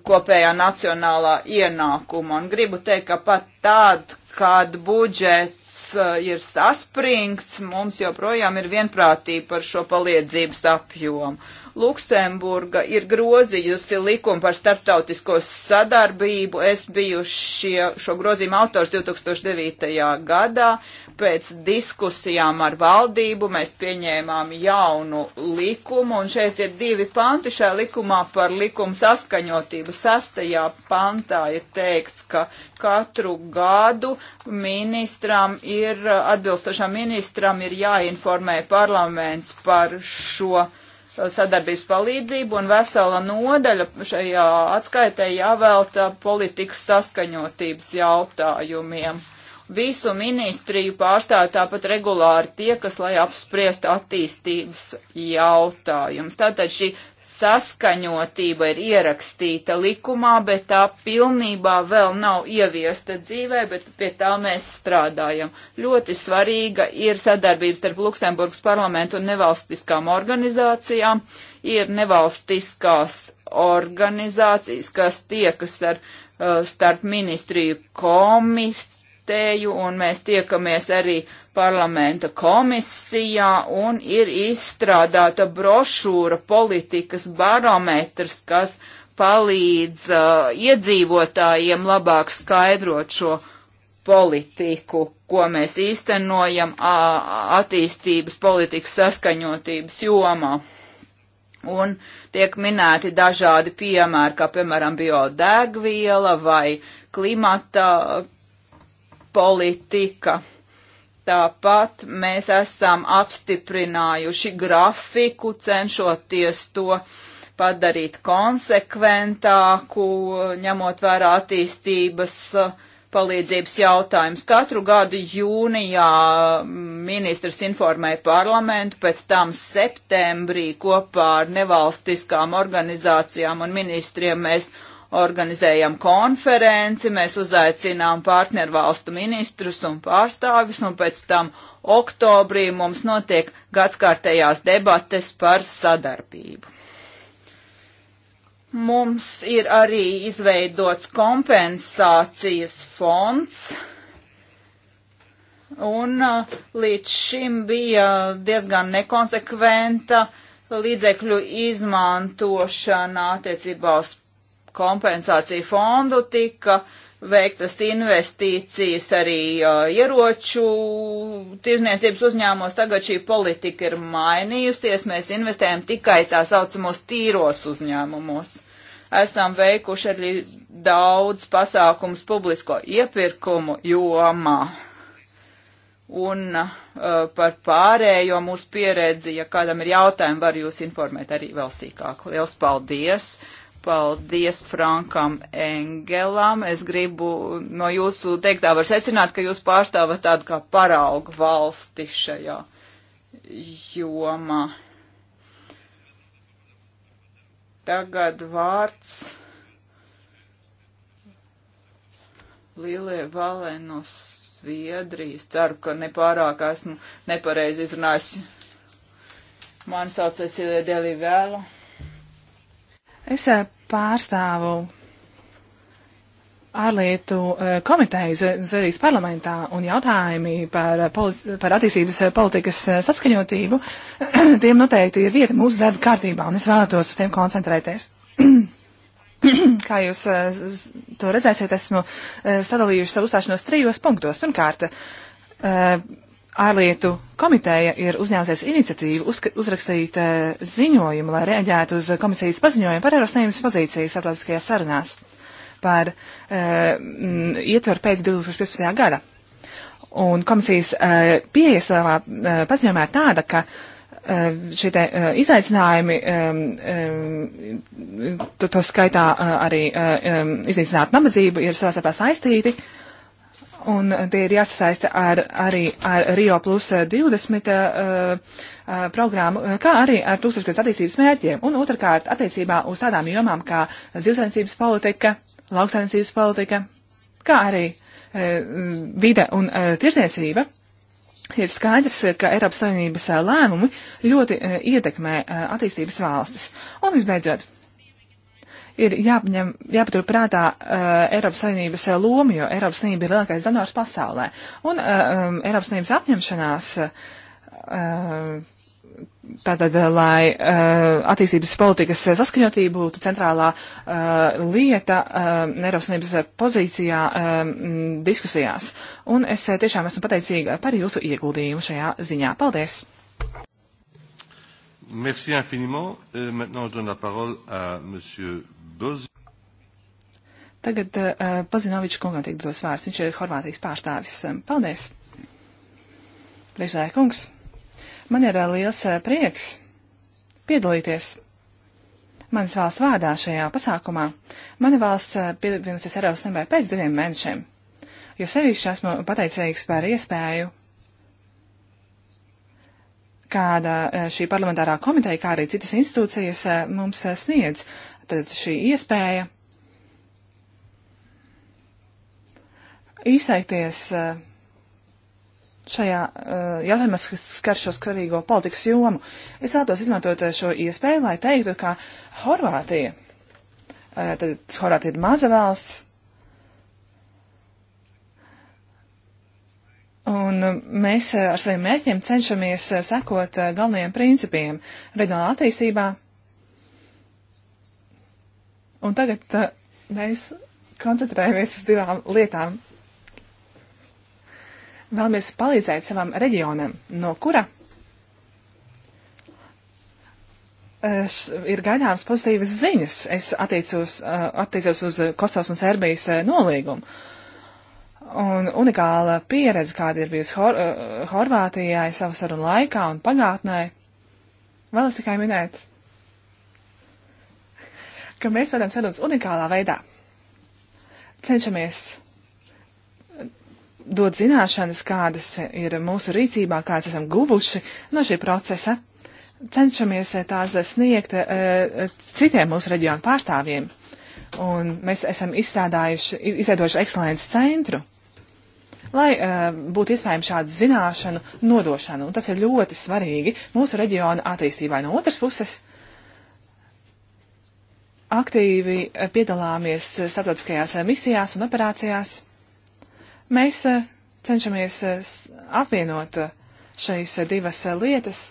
kopējā nacionālā ienākuma. Un gribu teikt, ka pat tad, kad budžets uh, ir saspringts, mums joprojām ir vienprātība par šo paliedzības apjomu. Luksemburga ir grozījusi likumu par starptautisko sadarbību. Es biju šie, šo grozījumu autors 2009. gadā. Pēc diskusijām ar valdību mēs pieņēmām jaunu likumu, un šeit ir divi panti šajā likumā par likumu saskaņotību. Sastajā pantā ir teikts, ka katru gadu ministram ir, atbilstošam ministram ir jāinformē parlaments par šo sadarbības palīdzību un vesela nodaļa šajā atskaitē jāvelta politikas saskaņotības jautājumiem. Visu ministriju pārstāv tāpat regulāri tie, kas lai apspriest attīstības jautājumus. Tātad šī saskaņotība ir ierakstīta likumā, bet tā pilnībā vēl nav ieviesta dzīvē, bet pie tā mēs strādājam. Ļoti svarīga ir sadarbības starp Luksemburgas parlamentu un nevalstiskām organizācijām. Ir nevalstiskās organizācijas, kas tiekas ar uh, starp ministriju komiteju, un mēs tiekamies arī parlamenta komisijā un ir izstrādāta brošūra politikas barometrs, kas palīdz uh, iedzīvotājiem labāk skaidrot šo politiku, ko mēs īstenojam uh, attīstības politikas saskaņotības jomā. Un tiek minēti dažādi piemēri, kā piemēram biodegviela vai klimata uh, politika. Tāpat mēs esam apstiprinājuši grafiku, cenšoties to padarīt konsekventāku, ņemot vērā attīstības uh, palīdzības jautājums. Katru gadu jūnijā ministrs informē parlamentu, pēc tam septembrī kopā ar nevalstiskām organizācijām un ministriem mēs organizējam konferenci, mēs uzaicinām partnervalstu ministrus un pārstāvis, un pēc tam oktobrī mums notiek gadskārtējās debates par sadarbību. Mums ir arī izveidots kompensācijas fonds, un uh, līdz šim bija diezgan nekonsekventa līdzekļu izmantošana attiecībā uz kompensāciju fondu tika veiktas investīcijas arī uh, ieroču tirzniecības uzņēmumos. Tagad šī politika ir mainījusies. Mēs investējam tikai tā saucamos tīros uzņēmumos. Esam veikuši arī daudz pasākums publisko iepirkumu jomā. Un uh, par pārējo mūsu pieredzi, ja kādam ir jautājumi, var jūs informēt arī vēl sīkāk. Liels paldies! Uh, Paldies Frankam Engelam. Es gribu no jūsu teiktā var secināt, ka jūs pārstāvat tādu kā paraugu valsti šajā jomā. Tagad vārds Lielie Valē no Sviedrijas. Ceru, ka nepārāk esmu nepareizi izrunājis. Mani sauc Esilija Delivēla. Es eh, pārstāvu ārlietu eh, komiteju Zviedrijas parlamentā un jautājumi par, eh, politi par attīstības politikas saskaņotību, tiem noteikti ir vieta mūsu darba kārtībā un es vēlētos uz tiem koncentrēties. Kā jūs to redzēsiet, esmu sadalījuši savu uzstāšanos trijos punktos. Pirmkārt, ārlietu komiteja ir uzņēmusies iniciatīvu uzrakstīt uh, ziņojumu, lai reaģētu uz komisijas paziņojumu par Eiropas Savienības pozīciju starptautiskajās sarunās par uh, ietvaru pēc 2015. gada. Un komisijas uh, pieeja savā uh, paziņojumā ir tāda, ka šie te, uh, izaicinājumi, um, um, to, to skaitā uh, arī um, iznīcināt nabadzību, ir savā starpā saistīti. Uh, un tie ir jāsasaista ar, arī ar Rio plus 20 uh, uh, programmu, eh, kā arī ar tūkstošgads attīstības mērķiem. Un otrkārt, attiecībā uz tādām jomām kā zivsainicības politika, lauksainicības politika, kā arī uh, vide un uh, tirzniecība. Ir skaidrs, ka Eiropas Savienības lēmumi ļoti ietekmē attīstības valstis. Un visbeidzot, ir jāpaņem, jāpatur prātā uh, Eiropas Savienības eh, loma, jo Eiropas Savienība ir lielākais donors pasaulē. Un uh, um, Eiropas Savienības apņemšanās. Uh, Tātad, lai uh, attīstības politikas saskaņotība būtu centrālā uh, lieta uh, Eiropas Savienības pozīcijā uh, diskusijās. Un es uh, tiešām esmu pateicīga par jūsu ieguldījumu šajā ziņā. Paldies! Merci infiniment. Euh, maintenant, je donne la parole à Monsieur dos... Tagad uh, Pazinovičs kungam tiek dos vārds. Viņš ir Horvātijas pārstāvis. Eh, paldies! Priekšsēdētāj kungs, man ir uh, liels uh, prieks piedalīties manas valsts vārdā šajā pasākumā. Mana valsts uh, pievienosies Eiropas nemē pēc diviem mēnešiem. Jo sevišķi esmu pateicīgs par iespēju kāda šī parlamentārā komiteja, kā arī citas institūcijas mums sniedz, tad šī iespēja izteikties uh, šajā uh, jautājumā, kas skar šo skarīgo politikas jomu. Es vēlos izmantot uh, šo iespēju, lai teiktu, ka Horvātija, tad Horvātija ir maza valsts, Un mēs ar saviem mērķiem cenšamies sekot galvenajiem principiem reģionālā attīstībā, Un tagad uh, mēs koncentrējamies uz divām lietām. Vēlamies palīdzēt savam reģionam, no kura ir gaidāmas pozitīvas ziņas. Es attiecos, uh, attiecos uz Kosovas un Serbijas uh, nolīgumu. Un unikāla pieredze, kāda ir bijusi Hor uh, Horvātijai savu sarunu laikā un pagātnē, vēlos tikai minēt ka mēs vedam sarunas unikālā veidā. Cenšamies dot zināšanas, kādas ir mūsu rīcībā, kādas esam guvuši no šī procesa. Cenšamies tās sniegt eh, citiem mūsu reģionu pārstāvjiem. Un mēs esam izstrādājuši, izveidojuši ekscelences centru, lai eh, būtu iespējams šādu zināšanu nodošanu. Un tas ir ļoti svarīgi mūsu reģiona attīstībai. No otras puses, aktīvi eh, piedalāmies eh, starptautiskajās eh, misijās un operācijās. Mēs cenšamies apvienot šīs divas lietas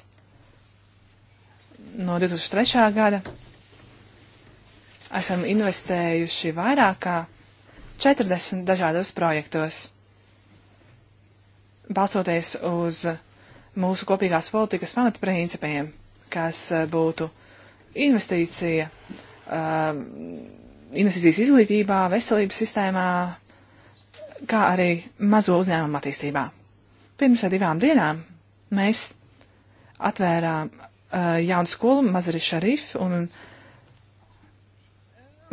no 2003. gada. Esam investējuši vairāk kā 40 dažādos projektos, balstoties uz mūsu kopīgās politikas pamatprincipiem, kas būtu investīcija Um, investīcijas izglītībā, veselības sistēmā, kā arī mazo uzņēmumu attīstībā. Pirms divām dienām mēs atvērām uh, jaunu skolu Mazari Šarif un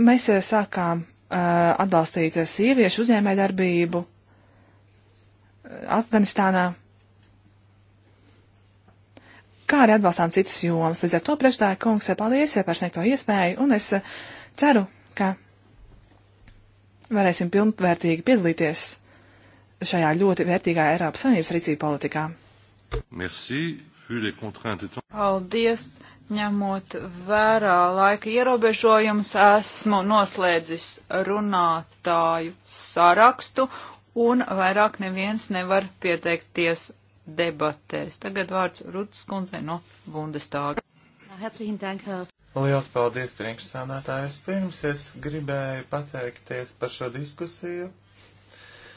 mēs uh, sākām uh, atbalstīt sieviešu uzņēmē darbību uh, Afganistānā kā arī atbalstām citas jomas. Līdz ar to priekšstāja kungs, paldies par sniegto iespēju, un es eh, ceru, ka varēsim pilnvērtīgi piedalīties šajā ļoti vērtīgā Eiropas Savienības rīcību politikā. Merci. Paldies! Ņemot vērā laika ierobežojumus, esmu noslēdzis runātāju sarakstu un vairāk neviens nevar pieteikties debatēs. Tagad vārds Rutas kundzei no Bundestāga. Lielas paldies, priekšsādātājs. Pirms es gribēju pateikties par šo diskusiju.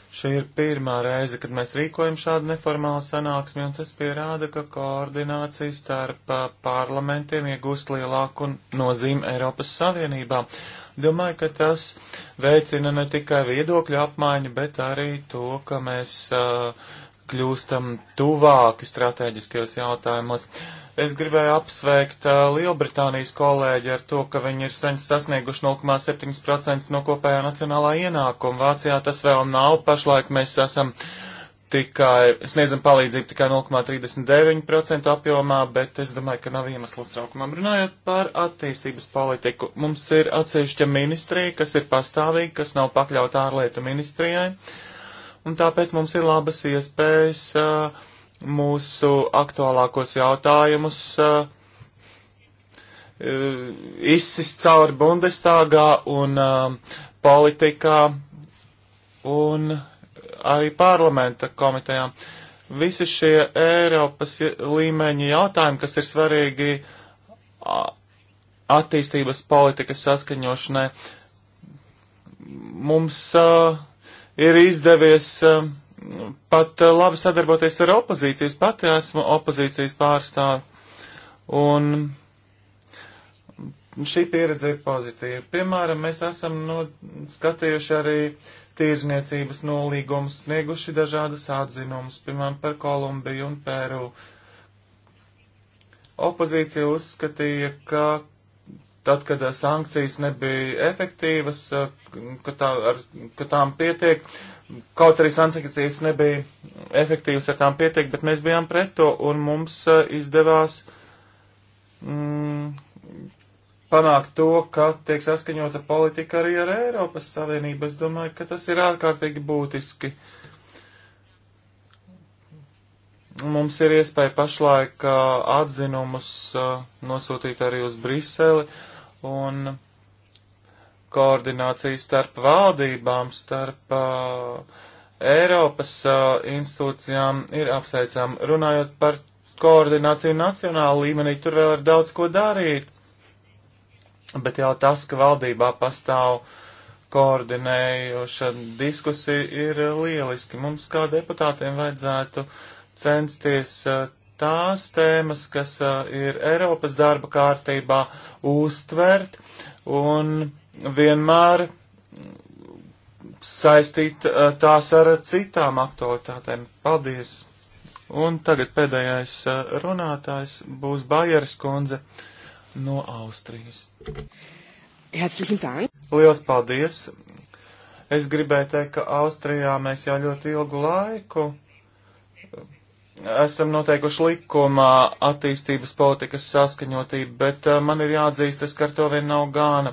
Šī ir pirmā reize, kad mēs rīkojam šādu neformālu sanāksmi, un tas pierāda, ka koordinācija starp parlamentiem iegūst lielāku nozīmi Eiropas Savienībā. Domāju, ka tas veicina ne tikai viedokļu apmaiņu, bet arī to, ka mēs uh, kļūstam tuvāki strateģiskajos jautājumos. Es gribēju apsveikt uh, Lielbritānijas kolēģi ar to, ka viņi ir sasnieguši 0,7% no kopējā nacionālā ienākuma. Vācijā tas vēl nav. Pašlaik mēs esam tikai, sniedzam palīdzību tikai 0,39% apjomā, bet es domāju, ka nav iemesls traukumam. Runājot par attīstības politiku, mums ir atsevišķa ministrija, kas ir pastāvīga, kas nav pakļauta ārlietu ministrijai. Uh, un tāpēc mums ir labas iespējas uh, mūsu aktuālākos jautājumus uh, izsist cauri Bundestāgā un uh, politikā un arī parlamenta komitejām. Visi šie Eiropas līmeņa jautājumi, kas ir svarīgi attīstības politikas saskaņošanai, mums uh, ir izdevies um, pat uh, labi sadarboties ar opozīcijas. Pati esmu opozīcijas pārstāvi. Un šī pieredze ir pozitīva. Piemēram, mēs esam no, skatījuši arī tirzniecības nolīgumus, snieguši dažādas atzinumus, piemēram, par Kolumbiju un Peru. Opozīcija uzskatīja, ka tad, kad eh, sankcijas nebija efektīvas, eh, ka, tā, ar, ka tām pietiek, kaut arī sankcijas nebija efektīvas, ar tām pietiek, bet mēs bijām pret to un mums eh, izdevās mm, panākt to, ka tiek saskaņota politika arī ar Eiropas Savienību. Es domāju, ka tas ir ārkārtīgi būtiski. Mums ir iespēja pašlaik uh, atzinumus uh, nosūtīt arī uz Briseli. Uh, un koordinācija starp valdībām, starp uh, Eiropas uh, institūcijām ir apsveicama. Runājot par koordināciju nacionālu līmenī, tur vēl ir daudz ko darīt, bet jau tas, ka valdībā pastāv koordinējoša diskusija, ir lieliski. Mums kā deputātiem vajadzētu censties uh, tās tēmas, kas ir Eiropas darba kārtībā, uztvert un vienmēr saistīt tās ar citām aktualitātēm. Paldies! Un tagad pēdējais runātājs būs Bajeras kundze no Austrijas. Herzlichen Dank! Lielas paldies! Es gribēju teikt, ka Austrijā mēs jau ļoti ilgu laiku esam noteikuši likumā attīstības politikas saskaņotību, bet uh, man ir jāatzīstas, ka ar to vien nav gāna.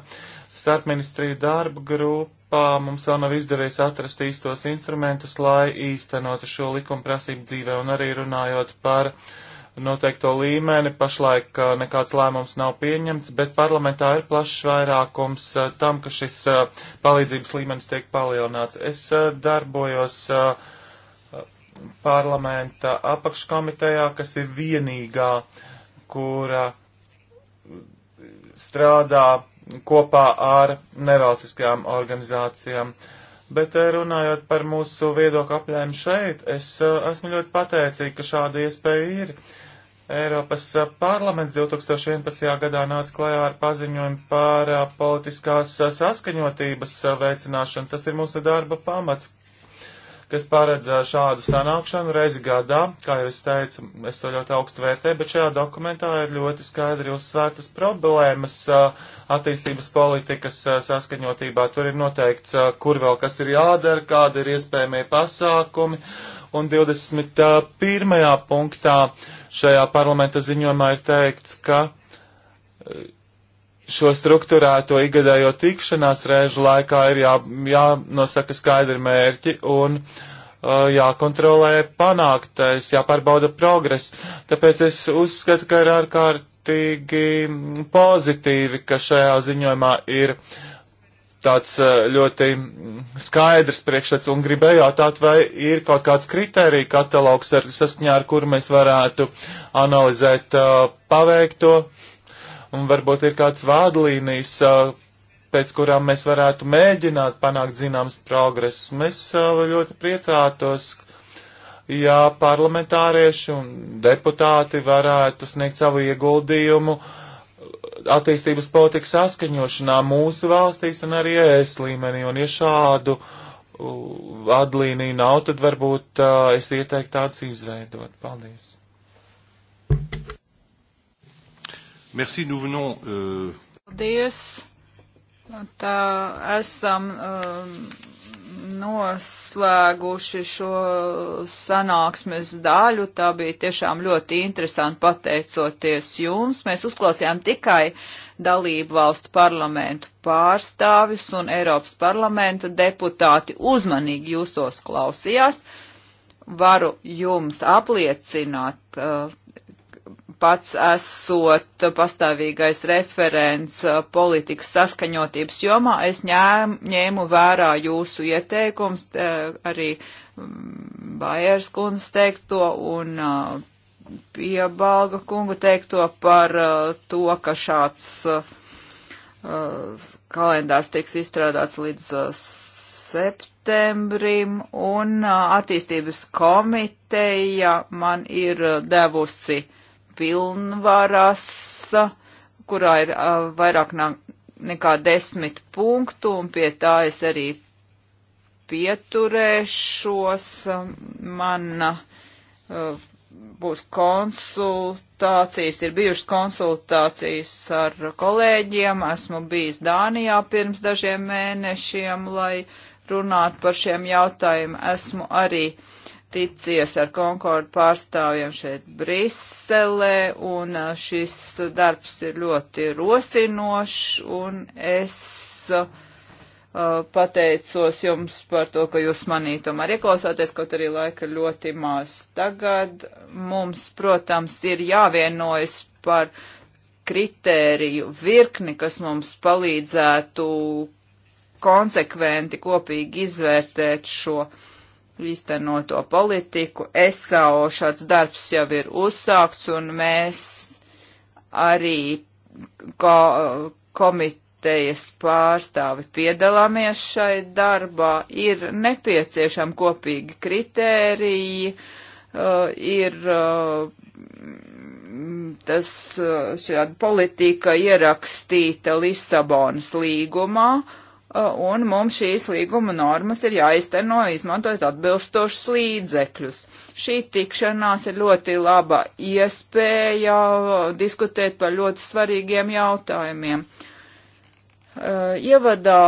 Starpministriju darba grupā mums vēl nav izdevies atrast īstos instrumentus, lai īstenotu šo likuma prasību dzīvē un arī runājot par noteikto līmeni. Pašlaik uh, nekāds lēmums nav pieņemts, bet parlamentā ir plašs vairākums uh, tam, ka šis palīdzības līmenis tiek palielināts. Es darbojos uh, parlamenta apakškomitejā, kas ir vienīgā, kura strādā kopā ar nevalstiskajām organizācijām. Bet eh, runājot par mūsu viedokļu apļēmu šeit, es eh, esmu ļoti pateicīgi, ka šāda iespēja ir. Eiropas eh, parlaments 2011. gadā nāca klajā ar paziņojumu par politiskās saskaņotības veicināšanu. Tas ir mūsu darba pamats, kas paredz šādu sanākšanu reizi gadā. Kā jau es teicu, es to ļoti augstu vērtēju, bet šajā dokumentā ir ļoti skaidri uzsvērtas problēmas attīstības politikas saskaņotībā. Tur ir noteikts, kur vēl kas ir jādara, kādi ir iespējamie pasākumi. Un 21. punktā šajā parlamenta ziņojumā ir teikts, ka šo struktūrēto ikgadējo tikšanās reižu laikā ir jā, jānosaka skaidri mērķi un uh, jākontrolē panāktais, jāpārbauda progress. Tāpēc es uzskatu, ka ir ārkārtīgi pozitīvi, ka šajā ziņojumā ir tāds uh, ļoti skaidrs priekšstats un gribēju jautāt, vai ir kaut kāds kriterija katalogs, ar, saskaņā ar kuru mēs varētu analizēt uh, paveikto un varbūt ir kāds vādlīnijas, pēc kurām mēs varētu mēģināt panākt zināms progress. Mēs ļoti priecātos, ja parlamentārieši un deputāti varētu sniegt savu ieguldījumu attīstības politikas saskaņošanā mūsu valstīs un arī ES līmenī. Un ja šādu atlīniju nav, tad varbūt uh, es ieteiktu tāds izveidot. Paldies! Merci, nous venons. Euh... Paldies. Tā esam um, noslēguši šo sanāksmes daļu. Tā bija tiešām ļoti interesanti pateicoties jums. Mēs uzklausījām tikai dalību valstu parlamentu pārstāvis un Eiropas parlamenta deputāti uzmanīgi jūsos klausījās. Varu jums apliecināt. Uh, pats esot pastāvīgais referents uh, politikas saskaņotības jomā, es ņēm, ņēmu vērā jūsu ieteikums, te, arī mm, Baiers kundze teikto un uh, Piebalga kungu teikto par uh, to, ka šāds kalendārs tiks izstrādāts līdz septembrī septembrim, un attīstības komiteja man ir devusi pilnvaras, kurā ir uh, vairāk nekā desmit punktu, un pie tā es arī pieturēšos. Mana uh, būs konsultācijas, ir bijušas konsultācijas ar kolēģiem, esmu bijis Dānijā pirms dažiem mēnešiem, lai runātu par šiem jautājumiem. Esmu arī uh, ticies ar Konkordu pārstāvjiem šeit Briselē, un šis darbs ir ļoti rosinošs, un es uh, pateicos jums par to, ka jūs manī tomēr ieklausāties, kaut arī laika ļoti maz. Tagad mums, protams, ir jāvienojas par kritēriju virkni, kas mums palīdzētu konsekventi kopīgi izvērtēt šo uh, īstenoto politiku. SAO šāds darbs jau ir uzsākts, un mēs arī ko, komitejas pārstāvi piedalāmies šai darbā. Ir nepieciešami kopīgi kritēriji, uh, ir. Uh, Tas uh, šāda politika ierakstīta Lisabonas līgumā, uh, Uh, un mums šīs līguma normas ir jāizteno, izmantojot atbilstošus līdzekļus. Šī tikšanās ir ļoti laba iespēja uh, diskutēt par ļoti svarīgiem jautājumiem. Uh, ievadā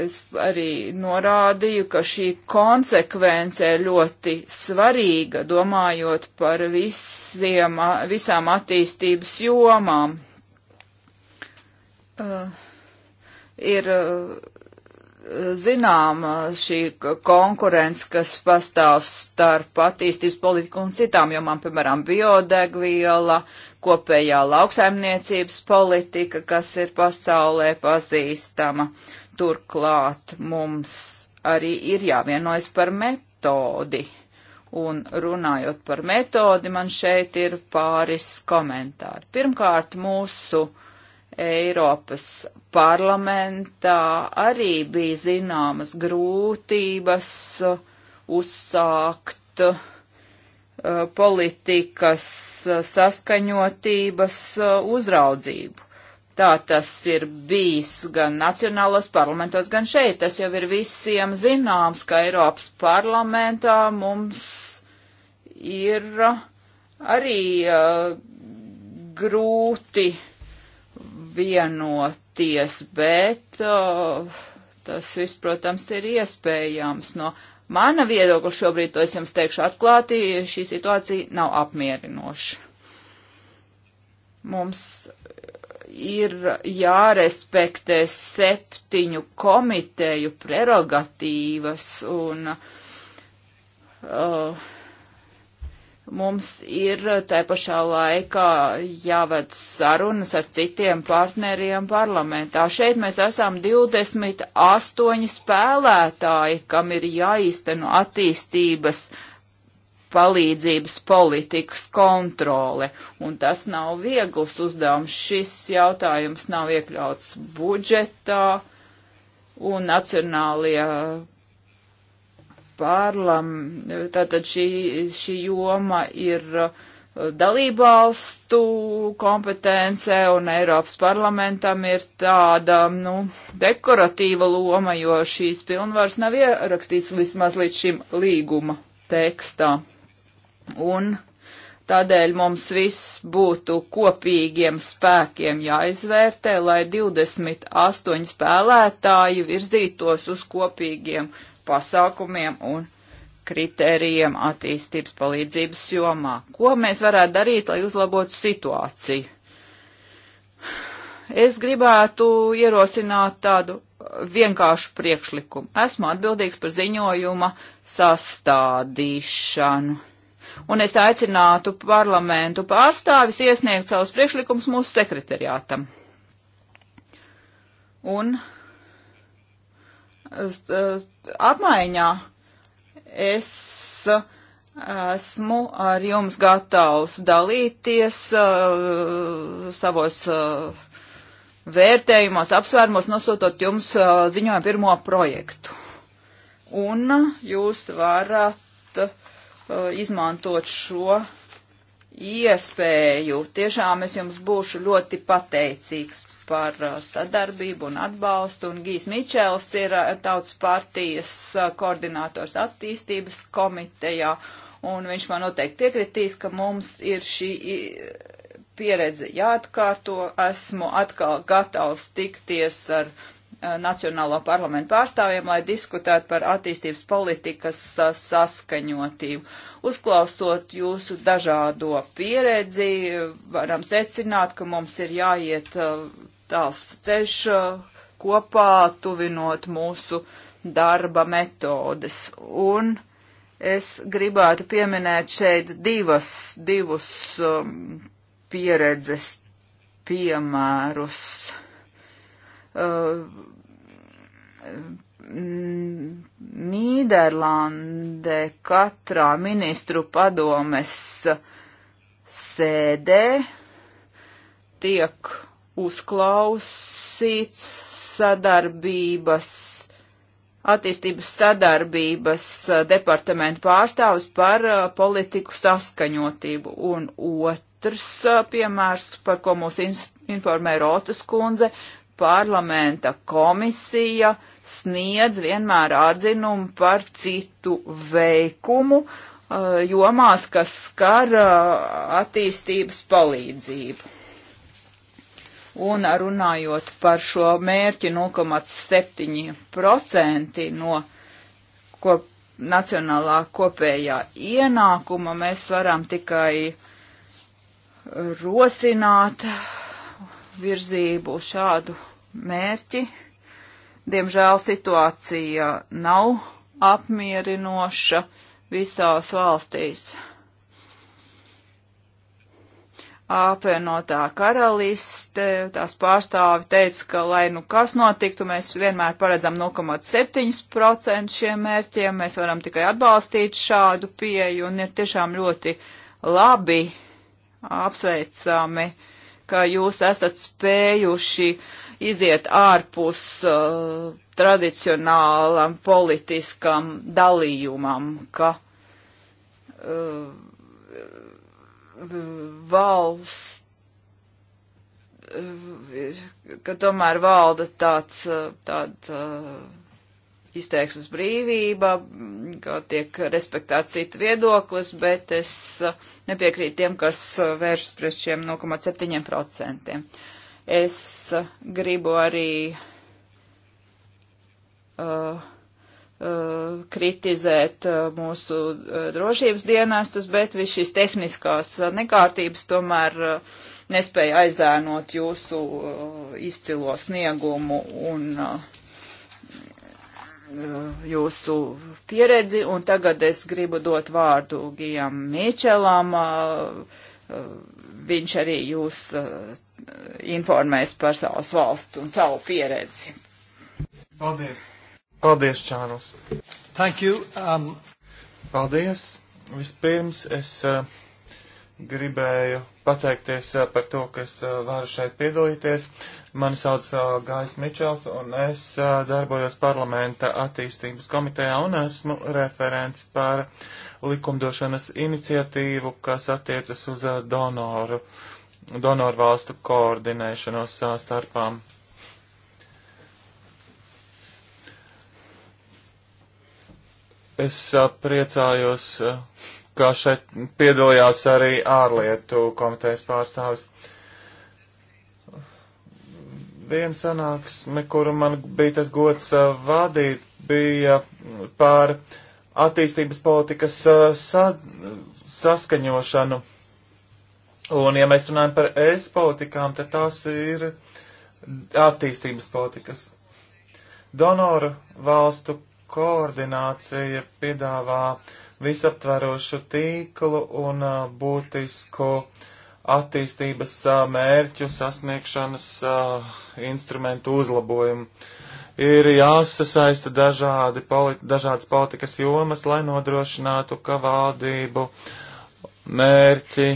es arī norādīju, ka šī konsekvence ir ļoti svarīga, domājot par visiem, visām attīstības jomām. Uh ir uh, zināma šī konkurence, kas pastāv starp attīstības politiku un citām jomām, piemēram, biodegviela, kopējā lauksaimniecības politika, kas ir pasaulē pazīstama. Turklāt mums arī ir jāvienojas par metodi. Un runājot par metodi, man šeit ir pāris komentāri. Pirmkārt, mūsu uh, Eiropas parlamentā arī bija zināmas grūtības uzsākt uh, politikas uh, saskaņotības uh, uzraudzību. Tā tas ir bijis gan nacionālos parlamentos, gan šeit. Tas jau ir visiem zināms, ka Eiropas parlamentā mums ir uh, arī uh, grūti uh, vienoties, bet uh, tas viss, protams, ir iespējams. No mana viedokļa šobrīd, to es jums teikšu atklāti, šī situācija nav apmierinoša. Mums ir jārespektē septiņu komiteju prerogatīvas un uh, mums ir eh, tai pašā laikā jāved sarunas ar citiem partneriem parlamentā. Šeit mēs esam 28 spēlētāji, kam ir jāīsteno attīstības palīdzības politikas kontrole, un tas nav viegls uzdevums. Šis jautājums nav iekļauts budžetā, un nacionālie parlam, tātad šī, šī joma ir uh, dalībvalstu kompetence un Eiropas parlamentam ir tāda, nu, dekoratīva loma, jo šīs pilnvars nav ierakstīts vismaz līdz šim līguma tekstā. Un Tādēļ mums viss būtu kopīgiem spēkiem jāizvērtē, lai 28 spēlētāji virzītos uz kopīgiem pasākumiem un kritērijiem attīstības palīdzības jomā. Ko mēs varētu darīt, lai uzlabotu situāciju? Es gribētu ierosināt tādu vienkāršu priekšlikumu. Esmu atbildīgs par ziņojuma sastādīšanu. Un es aicinātu parlamentu pārstāvis iesniegt savus priekšlikumus mūsu sekretariātam. Un st, st, apmaiņā es uh, esmu ar jums gatavs dalīties uh, savos uh, vērtējumos, apsvērumos, nosūtot jums uh, ziņojumu pirmo projektu. Un uh, jūs varat uh, izmantot šo iespēju. Tiešām es jums būšu ļoti pateicīgs par uh, sadarbību un atbalstu, un Gijs Mičels ir uh, tautas partijas uh, koordinators attīstības komitejā, un viņš man noteikti piekritīs, ka mums ir šī pieredze jāatkārto. Esmu atkal gatavs tikties ar Nacionālo parlamentu pārstāvjiem, lai diskutētu par attīstības politikas saskaņotību. Uzklausot jūsu dažādo pieredzi, varam secināt, ka mums ir jāiet tāls ceļš kopā tuvinot mūsu darba metodes. Un es gribētu pieminēt šeit divas, divus um, pieredzes piemērus. Uh, Nīderlandē katrā ministru padomes sēdē tiek uzklausīts sadarbības, attīstības sadarbības uh, departamentu pārstāvis par uh, politiku saskaņotību. Un otrs uh, piemērs, par ko mūs informē Rotas kundze, parlamenta komisija sniedz vienmēr atzinumu par citu veikumu jomās, kas skar attīstības palīdzību. Un runājot par šo mērķi 0,7% no kop, nacionālā kopējā ienākuma, mēs varam tikai rosināt virzību šādu mērķi. Diemžēl situācija nav apmierinoša visās valstīs apvienotā karaliste, tās pārstāvi teica, ka, lai nu kas notiktu, mēs vienmēr paredzam 0,7% šiem mērķiem, mēs varam tikai atbalstīt šādu pieeju un ir tiešām ļoti labi apsveicami, ka jūs esat spējuši iziet ārpus uh, tradicionālam politiskam dalījumam, ka uh, valsts, ka tomēr valda tāds, tāds uh, izteiksmes brīvība, ka tiek respektēts citu viedoklis, bet es uh, nepiekrītu tiem, kas uh, vēršas pret šiem 0,7%. Es gribu arī uh, Uh, kritizēt uh, mūsu uh, drošības dienestus, bet viss šīs tehniskās nekārtības tomēr nespēja aizēnot jūsu izcilo sniegumu un jūsu pieredzi. Un tagad es gribu dot vārdu Gijam Mičelam. Viņš arī jūs informēs par savas valsts un savu pieredzi. Paldies! Paldies, Čārlis. Thank you. Um... Paldies. Vispirms es uh, gribēju pateikties uh, par to, ka es uh, varu šeit piedalīties. Mani sauc uh, Gājs Mičels un es uh, darbojos parlamenta attīstības komitejā un esmu referents par likumdošanas iniciatīvu, kas attiecas uz uh, donoru, donoru valstu koordinēšanos uh, starpām. Es priecājos, eh, ka šeit piedalījās arī ārlietu komitejas pārstāvis. Viena sanāksme, kuru man bija tas gods eh, vadīt, bija par attīstības politikas eh, sa saskaņošanu. Un, ja mēs runājam par ES politikām, tad tās ir attīstības politikas. Donoru valstu koordinācija piedāvā visaptverošu tīklu un būtisku attīstības mērķu sasniegšanas instrumentu uzlabojumu. Ir jāsasaista dažādi politi dažādas politikas jomas, lai nodrošinātu, ka valdību mērķi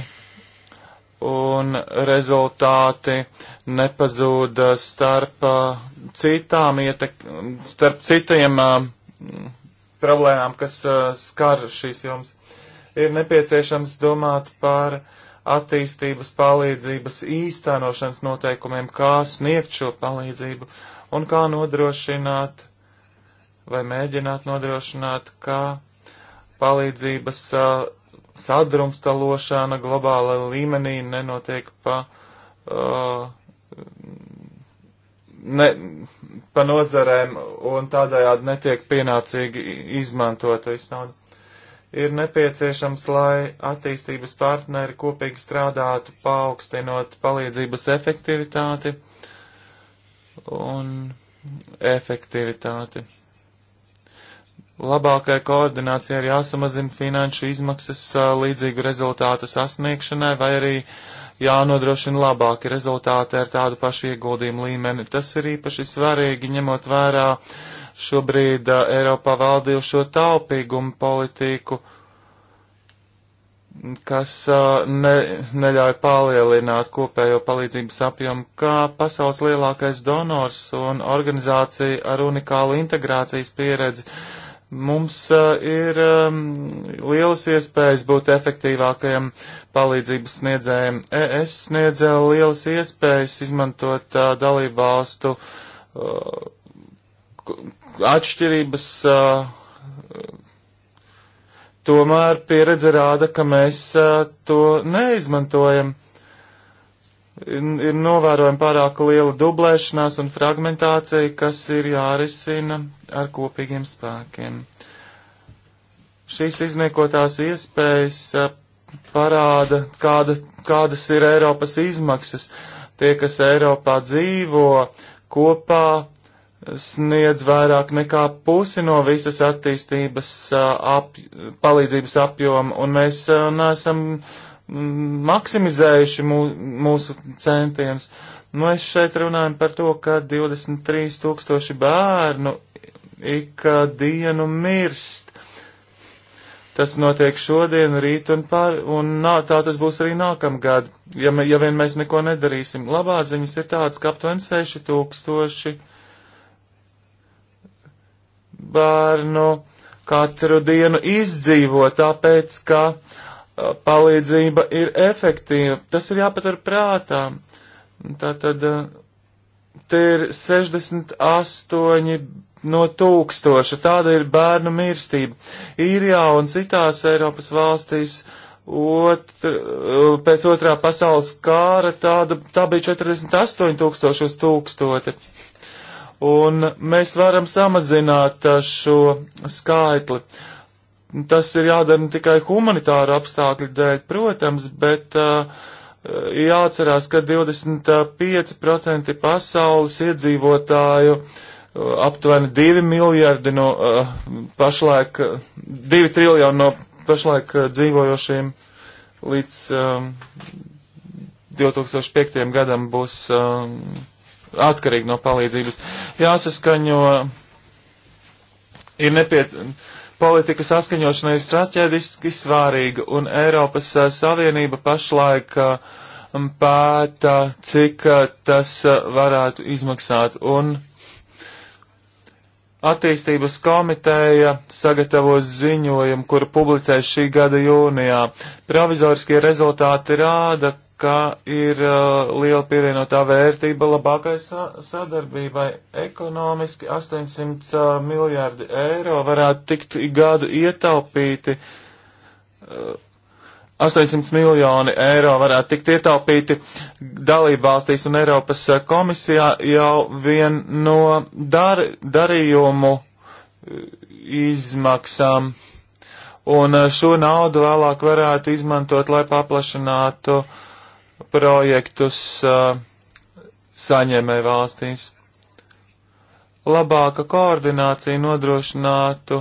un rezultāti nepazūda starp citām ietek, starp citajiem uh, problēmām, kas skar šīs jums. Ir nepieciešams domāt par attīstības palīdzības īstenošanas noteikumiem, kā sniegt šo palīdzību un kā nodrošināt vai mēģināt nodrošināt, kā palīdzības sadrumstalošana globāla līmenī nenotiek pa uh, ne, pa nozarēm un tādējādi netiek pienācīgi izmantota visu naudu. Ir nepieciešams, lai attīstības partneri kopīgi strādātu, paaugstinot palīdzības efektivitāti un efektivitāti. Labākai koordinācijai ir jāsamazina finanšu izmaksas līdzīgu rezultātu sasniegšanai vai arī uh, jānodrošina labāki rezultāti ar tādu pašu ieguldījumu līmeni. Tas ir īpaši svarīgi, ņemot vērā šobrīd Eiropā valdījušo taupīgumu politiku, kas ne, neļauj palielināt kopējo palīdzības apjomu, kā pasaules lielākais donors un organizācija ar unikālu integrācijas pieredzi Mums uh, ir um, lielas iespējas būt efektīvākajam palīdzības sniedzējiem. ES sniedzē eh, lielas iespējas izmantot uh, dalību valstu uh, atšķirības. Uh, tomēr pieredze rāda, ka mēs uh, to neizmantojam ir novērojama pārāk liela dublēšanās un fragmentācija, kas ir jārisina ar kopīgiem spēkiem. Šīs izniekotās iespējas parāda, kāda, kādas ir Eiropas izmaksas. Tie, kas Eiropā dzīvo kopā, sniedz vairāk nekā pusi no visas attīstības ap, palīdzības apjoma, un mēs neesam. Uh, maksimizējuši mū, mūsu centienus. Nu, mēs šeit runājam par to, ka 23 tūkstoši bērnu ik dienu mirst. Tas notiek šodien, rīt un pār, un nā, tā tas būs arī nākamgad, ja, ja vien mēs neko nedarīsim. Labā ziņas ir tāds, ka aptuveni 6 tūkstoši bērnu katru dienu izdzīvo, tāpēc, ka uh, palīdzība ir efektīva. Tas ir jāpatur prātā. Tātad eh, te ir 68 no tūkstoša. Tāda ir bērnu mirstība. Īrijā un citās Eiropas valstīs otr, eh, pēc otrā pasaules kāra tāda, tā bija 48 tūkstoši uz tūkstoti. Un mēs varam samazināt eh, šo skaitli. Uh, tas ir jādara ne tikai humanitāra apstākļu dēļ, protams, bet uh, jāatcerās, ka 25% pasaules iedzīvotāju uh, aptuveni 2 miljardi no uh, pašlaik, 2 uh, triljoni no pašlaik uh, dzīvojošiem līdz um, 2005. gadam būs um, atkarīgi no palīdzības. Jāsaskaņo, ir nepieciešams politika saskaņošana ir strateģiski svārīga, un Eiropas eh, Savienība pašlaik eh, pēta, cik eh, tas varētu izmaksāt. Un Attīstības komiteja sagatavos ziņojumu, kuru publicēs šī gada jūnijā. Provizoriskie rezultāti rāda, ka ir uh, liela pievienotā vērtība labākai sa sadarbībai. Ekonomiski 800 uh, miljārdi eiro varētu tikt gadu ietaupīti. Uh, 800 miljoni eiro varētu tikt ietaupīti dalību valstīs un Eiropas uh, komisijā jau vien no dar darījumu uh, izmaksām. Un uh, šo naudu vēlāk varētu izmantot, lai paplašinātu uh, projektus uh, saņēmē valstīs. Labāka koordinācija nodrošinātu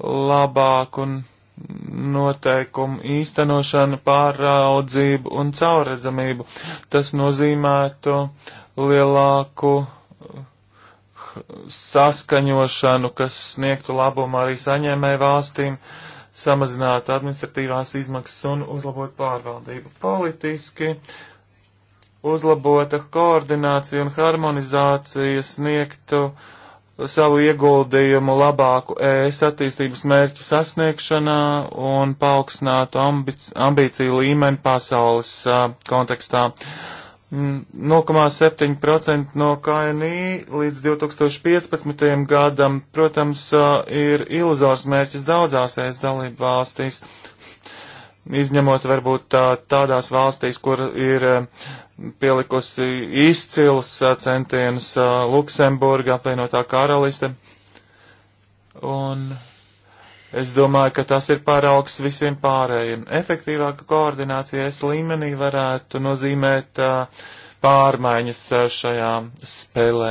labāku noteikumu īstenošanu, pāraudzību un caurredzamību. Tas nozīmētu lielāku uh, saskaņošanu, kas sniegtu labumu arī saņēmē valstīm. Uh, samazināt administratīvās izmaksas un uzlabot pārvaldību. Politiski uzlabota koordinācija un harmonizācija sniegtu savu ieguldījumu labāku ES attīstības mērķu sasniegšanā un paaugstinātu ambīciju līmeni pasaules a, kontekstā. 0,7% no KNI līdz 2015. gadam, protams, ir iluzors mērķis daudzās ES dalību valstīs, izņemot varbūt tādās valstīs, kur ir pielikusi izcils centienus Luksemburga, apvienotā karaliste. Un Es domāju, ka tas ir paraugs visiem pārējiem. Efektīvāka koordinācijas līmenī varētu nozīmēt uh, pārmaiņas uh, šajā spēlē.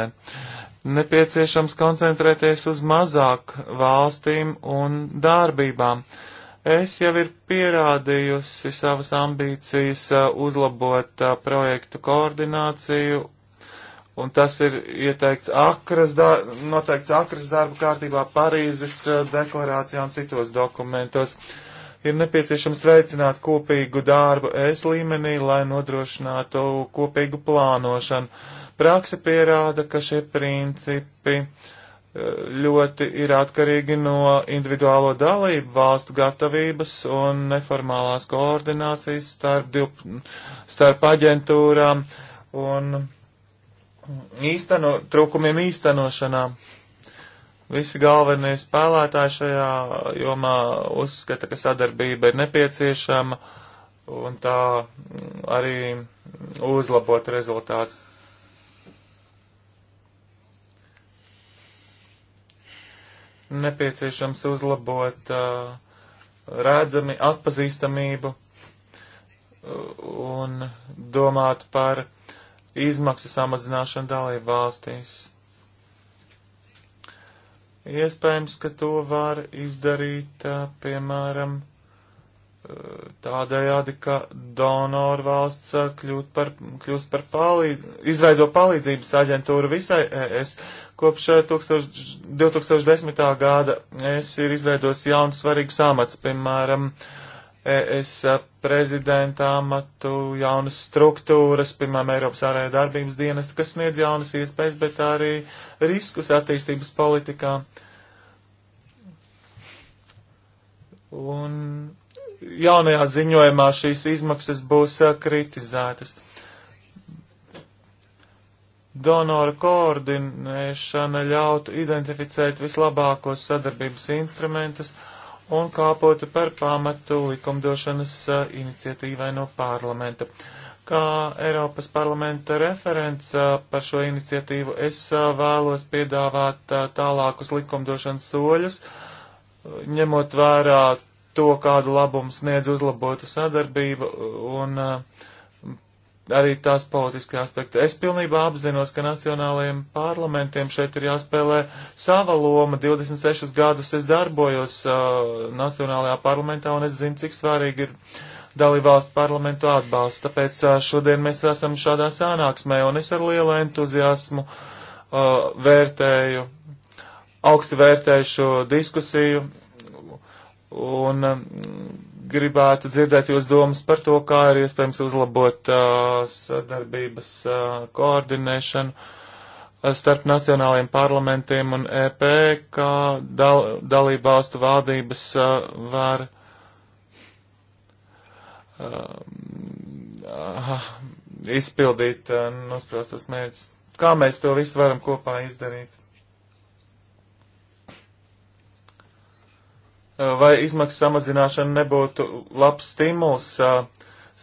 Nepieciešams koncentrēties uz mazāk valstīm un darbībām. Es jau ir pierādījusi savas ambīcijas uh, uzlabot projektu koordināciju un tas ir ieteikts akras, da, noteikts akras darba kārtībā Parīzes eh, deklarācijā un citos dokumentos. Ir nepieciešams veicināt kopīgu darbu es līmenī, lai nodrošinātu kopīgu plānošanu. Praksa pierāda, ka šie principi eh, ļoti ir atkarīgi no individuālo dalību valstu gatavības un neformālās koordinācijas starp, div, starp aģentūrām un īsteno, trūkumiem īstenošanā. Visi galvenie spēlētāji šajā jomā uzskata, ka sadarbība ir nepieciešama un tā arī uzlabot rezultāts. Nepieciešams uzlabot uh, redzami atpazīstamību uh, un domāt par izmaksu samazināšanu dalību valstīs. Iespējams, ka to var izdarīt, piemēram, tādējādi, ka donoru valsts kļūt par, kļūst par palīd, izveido palīdzības aģentūru visai ES. Kopš 2010. gada es ir izveidos jauns svarīgs amats, piemēram, uh, ES prezidenta amatu, jaunas struktūras, piemēram, Eiropas ārējā darbības dienesta, kas sniedz jaunas iespējas, bet arī riskus attīstības politikā. Un jaunajā ziņojumā šīs izmaksas būs e, kritizētas. Donora koordinēšana ļautu identificēt vislabākos sadarbības instrumentus, uh, un kāpotu par pamatu likumdošanas iniciatīvai no parlamenta. Kā Eiropas parlamenta referents par šo iniciatīvu es vēlos piedāvāt tālākus likumdošanas soļus, ņemot vērā to, kādu labumu sniedz uzlabota sadarbība un uh, arī tās politiskie aspekti. Es pilnībā apzinos, ka nacionālajiem parlamentiem šeit ir jāspēlē sava loma. 26 gadus es darbojos uh, Nacionālajā parlamentā un es zinu, cik svarīgi ir dalībvalstu parlamentu atbalsts. Tāpēc uh, šodien mēs esam šādā sānāksmē un es ar lielu entuziasmu uh, vērtēju, augsti vērtēju šo diskusiju. Un, um, gribētu dzirdēt jūs domas par to, kā ir iespējams uzlabot uh, sadarbības uh, koordinēšanu uh, starp nacionālajiem parlamentiem un EP, kā dal dalību valstu valdības uh, var uh, uh izpildīt uh, nosprostos mērķus. Kā mēs to visu varam kopā izdarīt? Eh, vai izmaksu samazināšana nebūtu labs stimuls eh,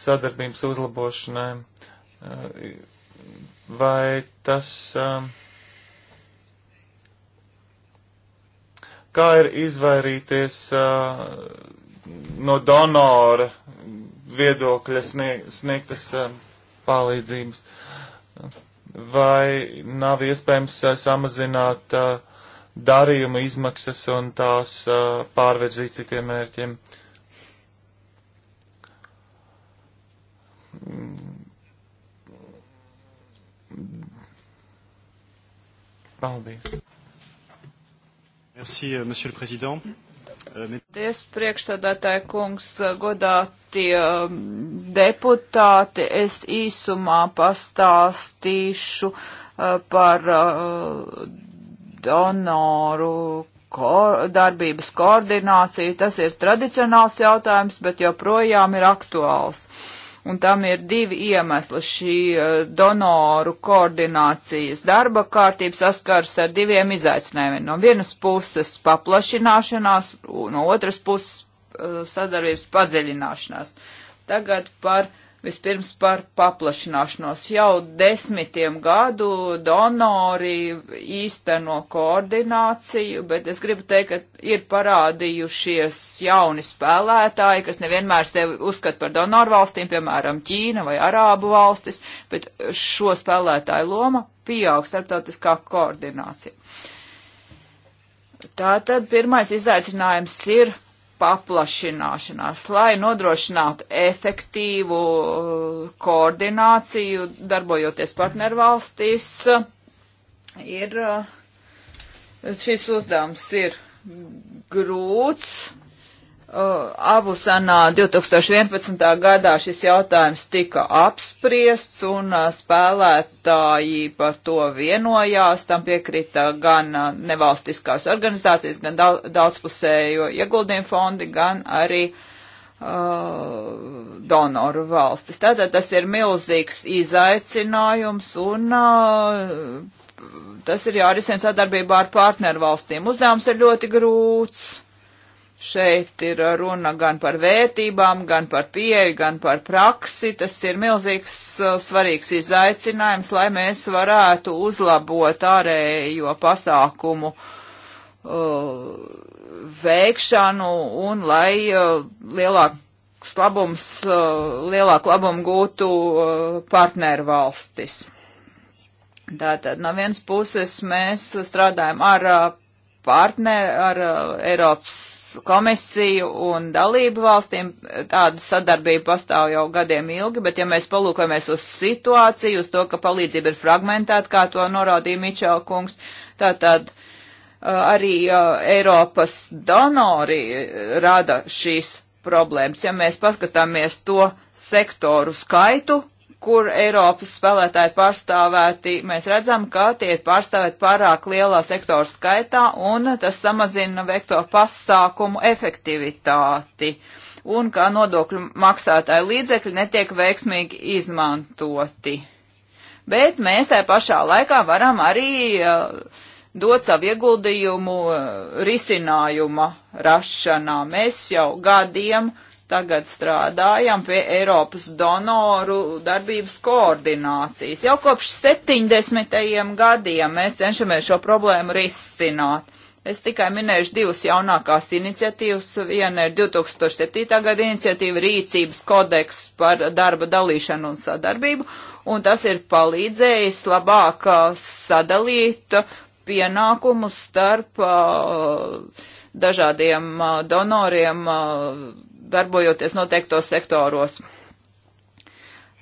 sadarbības uzlabošanai? Eh, vai tas. Kā ir izvairīties no donora viedokļa sniegtas palīdzības? Vai nav iespējams samazināt uh, darījuma izmaksas un tās uh, pārvedzīt citiem mērķiem. Paldies. Merci, monsieur le président. Paldies, priekšsādātāja kungs, godātie deputāti. Es īsumā pastāstīšu par donoru ko darbības koordināciju. Tas ir tradicionāls jautājums, bet joprojām ir aktuāls. Un tam ir divi iemesli. Šī eh, donoru koordinācijas darba kārtība saskars ar diviem izaicinājumiem. No vienas puses paplašināšanās, no otras puses eh, sadarbības padziļināšanās. Tagad par uh, Vispirms par paplašināšanos. Jau desmitiem gadu donori īsteno koordināciju, bet es gribu teikt, ka ir parādījušies jauni spēlētāji, kas nevienmēr sevi uzskata par donoru valstīm, piemēram, Ķīna vai Arābu valstis, bet šo spēlētāju loma pieaug starptautiskā koordinācija. Tātad pirmais izaicinājums ir paplašināšanās, lai nodrošinātu efektīvu uh, koordināciju, darbojoties partnervalstīs, ir uh, šis uzdevums ir grūts Uh, abu sanā 2011. gadā šis jautājums tika apspriests un uh, spēlētāji par to vienojās. Tam piekrita gan uh, nevalstiskās organizācijas, gan daudzpusējo ieguldījumu fondi, gan arī uh, donoru valstis. Tātad tas ir milzīgs izaicinājums un uh, tas ir jārisina sadarbībā ar partnervalstīm. Uzdevums ir ļoti grūts Šeit ir runa gan par vērtībām, gan par pieeju, gan par praksi. Tas ir milzīgs, uh, svarīgs izaicinājums, lai mēs varētu uzlabot ārējo pasākumu uh, veikšanu un lai uh, lielāks labums, uh, lielāku labumu gūtu uh, partneru valstis. Tātad no vienas puses mēs strādājam ar uh, partneri, ar uh, Eiropas komisiju un dalību valstīm. Tāda sadarbība pastāv jau gadiem ilgi, bet ja mēs palūkojamies uz situāciju, uz to, ka palīdzība ir fragmentēta, kā to norādīja Mičela kungs, tātad uh, arī uh, Eiropas donori rada šīs problēmas. Ja mēs paskatāmies to sektoru skaitu, kur Eiropas spēlētāji pārstāvēti, mēs redzam, ka tie ir pārstāvēti pārāk lielā sektora skaitā, un tas samazina veikto pasākumu efektivitāti, un kā nodokļu maksātāju līdzekļi netiek veiksmīgi izmantoti. Bet mēs tajā pašā laikā varam arī uh, dot savu ieguldījumu uh, risinājuma rašanā. Mēs jau gadiem uh, tagad strādājam pie Eiropas donoru darbības koordinācijas. Jau kopš 70. gadiem mēs cenšamies šo problēmu risināt. Es tikai minēšu divas jaunākās iniciatīvas. Viena ir 2007. gada iniciatīva Rīcības kodeks par darba dalīšanu un sadarbību, un tas ir palīdzējis labāk uh, sadalīt pienākumus starp uh, dažādiem uh, donoriem. Uh, darbojoties noteiktos sektoros.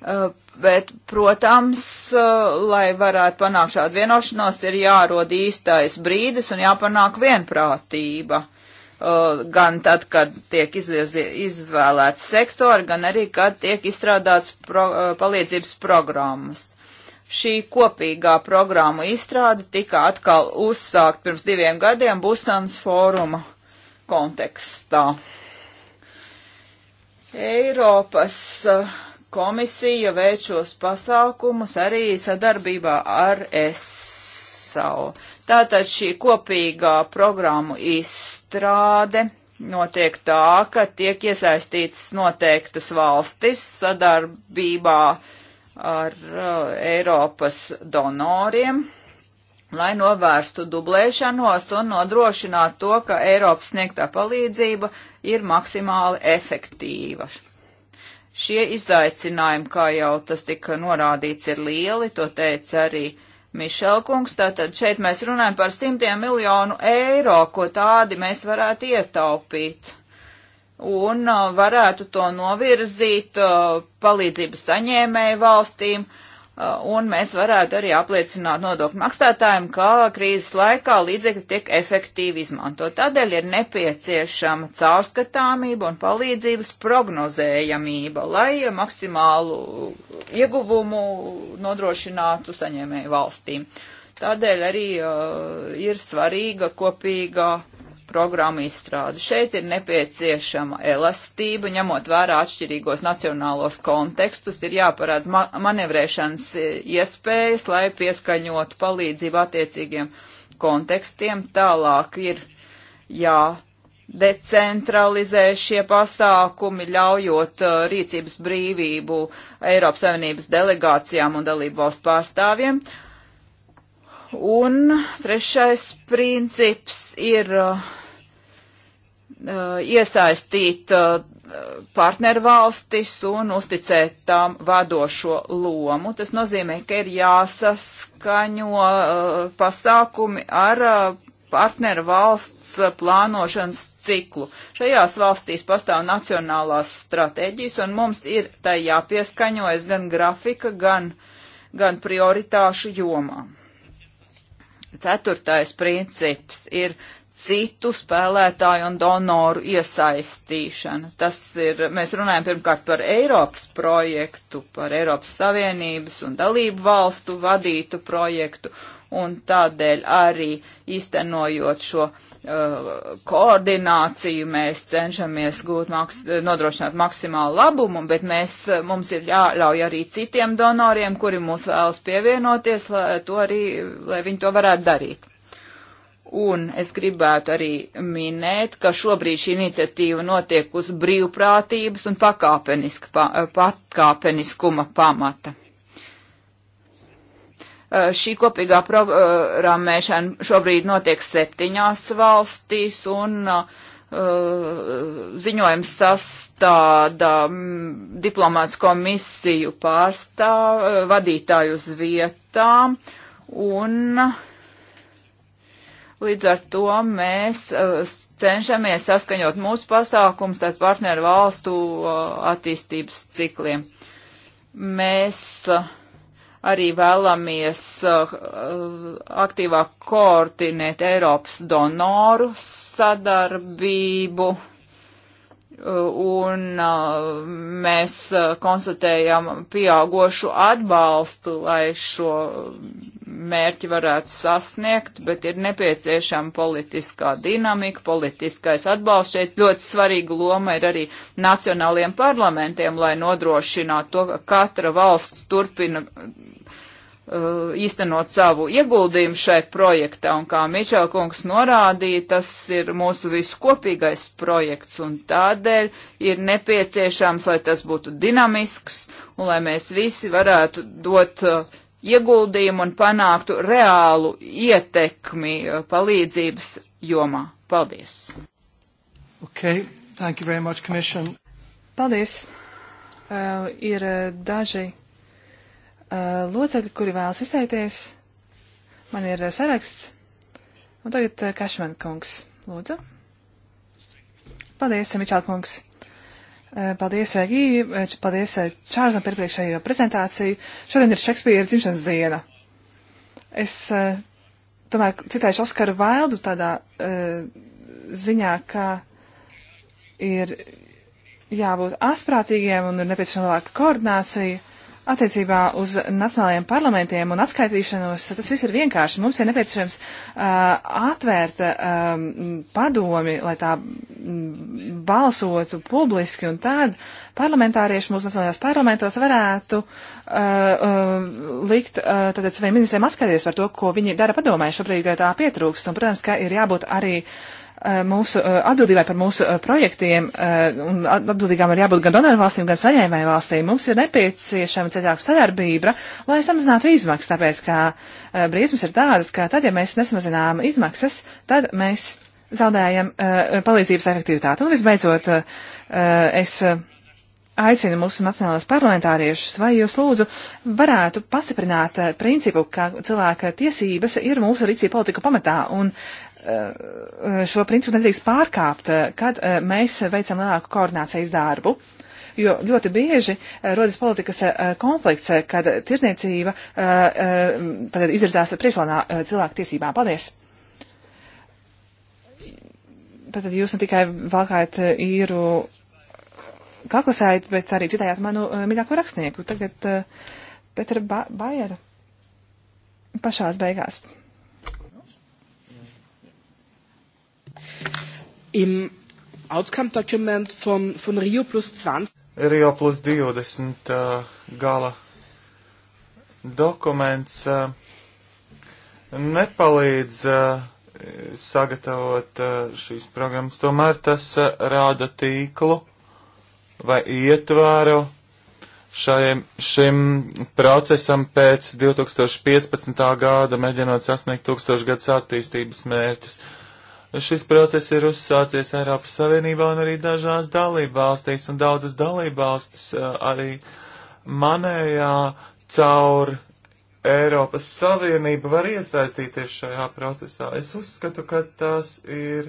Uh, bet, protams, uh, lai varētu panākt šādu vienošanos, ir jārod īstais brīdis un jāpanāk vienprātība. Uh, gan tad, kad tiek izvēlēts sektori, gan arī, kad tiek izstrādāts pro, palīdzības programmas. Šī kopīgā programma izstrāde tika atkal uzsākt pirms diviem gadiem Busans fóruma kontekstā. Eiropas eh, komisija veic šos pasākumus arī sadarbībā ar ESAU. Tātad šī kopīgā programmu izstrāde notiek tā, ka tiek iesaistītas noteiktas valstis sadarbībā ar uh, Eiropas donoriem lai novērstu dublēšanos un nodrošinātu to, ka Eiropas sniegtā palīdzība ir maksimāli efektīva. Šie izaicinājumi, kā jau tas tika norādīts, ir lieli, to teica arī Mišelkungs, tātad šeit mēs runājam par simtiem miljonu eiro, ko tādi mēs varētu ietaupīt un uh, varētu to novirzīt uh, palīdzības saņēmēju valstīm, uh, Uh, un mēs varētu arī apliecināt nodokļu maksātājiem, ka krīzes laikā līdzekļi tiek efektīvi izmantot. Tādēļ ir nepieciešama caurskatāmība un palīdzības prognozējamība, lai maksimālu ieguvumu nodrošinātu saņēmēju valstīm. Tādēļ arī uh, ir svarīga kopīgā programmu izstrādi. Šeit ir nepieciešama elastība, ņemot vērā atšķirīgos nacionālos kontekstus, ir jāparādz ma manevrēšanas e, iespējas, lai pieskaņotu palīdzību attiecīgiem kontekstiem. Tālāk ir jādecentralizē šie pasākumi, ļaujot uh, rīcības brīvību Eiropas Savienības delegācijām un dalību valstu pārstāvjiem. Un trešais princips ir uh, Uh, iesaistīt uh, partnervalstis un uzticēt tām vadošo lomu. Tas nozīmē, ka ir jāsaskaņo uh, pasākumi ar partnervalsts plānošanas ciklu. Šajās valstīs pastāv nacionālās stratēģijas, un mums ir tai jāpieskaņojas gan grafika, gan, gan prioritāšu jomā. Ceturtais princips ir citu spēlētāju un donoru iesaistīšana. Tas ir, mēs runājam pirmkārt par Eiropas projektu, par Eiropas Savienības un dalību valstu vadītu projektu, un tādēļ arī īstenojot šo uh, koordināciju mēs cenšamies gūt maks nodrošināt maksimālu labumu, bet mēs, mums ir jāļauj arī citiem donoriem, kuri mūs vēlas pievienoties, lai, to arī, lai viņi to varētu darīt. Un es gribētu arī minēt, ka šobrīd šī iniciatīva notiek uz brīvprātības un pa, pakāpeniskuma pamata. Eh, šī kopīgā programmēšana šobrīd notiek septiņās valstīs un uh, ziņojums sastāda mm, diplomāts komisiju pārstāv, eh, vadītāju uz vietām un uh, Līdz ar to mēs uh, cenšamies saskaņot mūsu pasākums ar partneru valstu uh, attīstības cikliem. Mēs uh, arī vēlamies aktīvāk koordinēt Eiropas donoru sadarbību un mēs konstatējam pieaugošu atbalstu, lai šo mērķi varētu sasniegt, bet ir nepieciešama politiskā dinamika, politiskais atbalsts. Šeit ļoti svarīga loma ir arī nacionāliem parlamentiem, lai nodrošinātu to, ka katra valsts turpina Uh, īstenot savu ieguldījumu šai projektā, un kā Mičelkungs norādīja, tas ir mūsu visu kopīgais projekts, un tādēļ ir nepieciešams, lai tas būtu dinamisks, un lai mēs visi varētu dot uh, ieguldījumu un panāktu reālu ietekmi uh, palīdzības jomā. Paldies! Okay. Thank you very much, Commission. Paldies! Uh, ir uh, daži Eh, locekļi, kuri vēlas izteikties. Man ir eh, saraksts. Un tagad eh, Kašman kungs. Lūdzu. Paldies, Mičāl kungs. Paldies, Regī. Paldies Čārzam par priekšējo prezentāciju. Šodien ir Šekspīra dzimšanas diena. Es tomēr citēšu Oskaru Vaildu tādā ziņā, ka ir jābūt asprātīgiem un ir nepieciešama labāka koordinācija. Attiecībā uz nacionālajiem parlamentiem un atskaitīšanos tas viss ir vienkārši. Mums ir nepieciešams uh, atvērt um, padomi, lai tā mm, balsotu publiski, un tad parlamentārieši mūsu nacionālajos parlamentos varētu uh, uh, likt uh, tātad saviem ministriem atskaitīties par to, ko viņi dara padomē. Šobrīd uh, tā pietrūkst, un, protams, ka ir jābūt arī. Uh, Eh, mūsu eh, atbildībai par mūsu eh, projektiem, un atbildīgām ir jābūt gan donoru valstīm, gan saņēmēju valstīm. Mums ir nepieciešama citāka sadarbība, lai samazinātu izmaksas, tāpēc ka briesmas ir tādas, ka tad, ja mēs nesamazinām izmaksas, tad mēs zaudējam palīdzības efektivitāti. Un visbeidzot, es aicinu mūsu nacionālos parlamentāriešus, vai jūs lūdzu varētu pastiprināt principu, ka cilvēka tiesības ir mūsu rīcība politika pamatā, un Eh, šo principu nedrīkst pārkāpt, eh, kad eh, mēs veicam lielāku koordinācijas darbu. Jo ļoti bieži rodas politikas konflikts, kad tirzniecība izvirzās priekšplānā cilvēku tiesībām. Paldies! Tātad jūs ne tikai valkājat īru kaklasējat, bet arī citējāt manu mīļāko rakstnieku. Tagad Petra ba Bajera pašās beigās. Im Outcome Document von, von Rio plus 20. Rio plus 20 uh, äh, gala dokuments uh, nepalīdz uh, sagatavot uh, šīs programmas. Tomēr tas uh, rāda tīklu vai ietvēru šajam, šim procesam pēc 2015. gada, mēģinot sasniegt tūkstošgads attīstības mērķus. Uh, Šis process ir uzsācies Eiropas Savienībā un arī dažās dalību valstīs, un daudzas dalību valstis eh, arī manējā caur Eiropas Savienību var iesaistīties šajā procesā. Es uzskatu, ka tas ir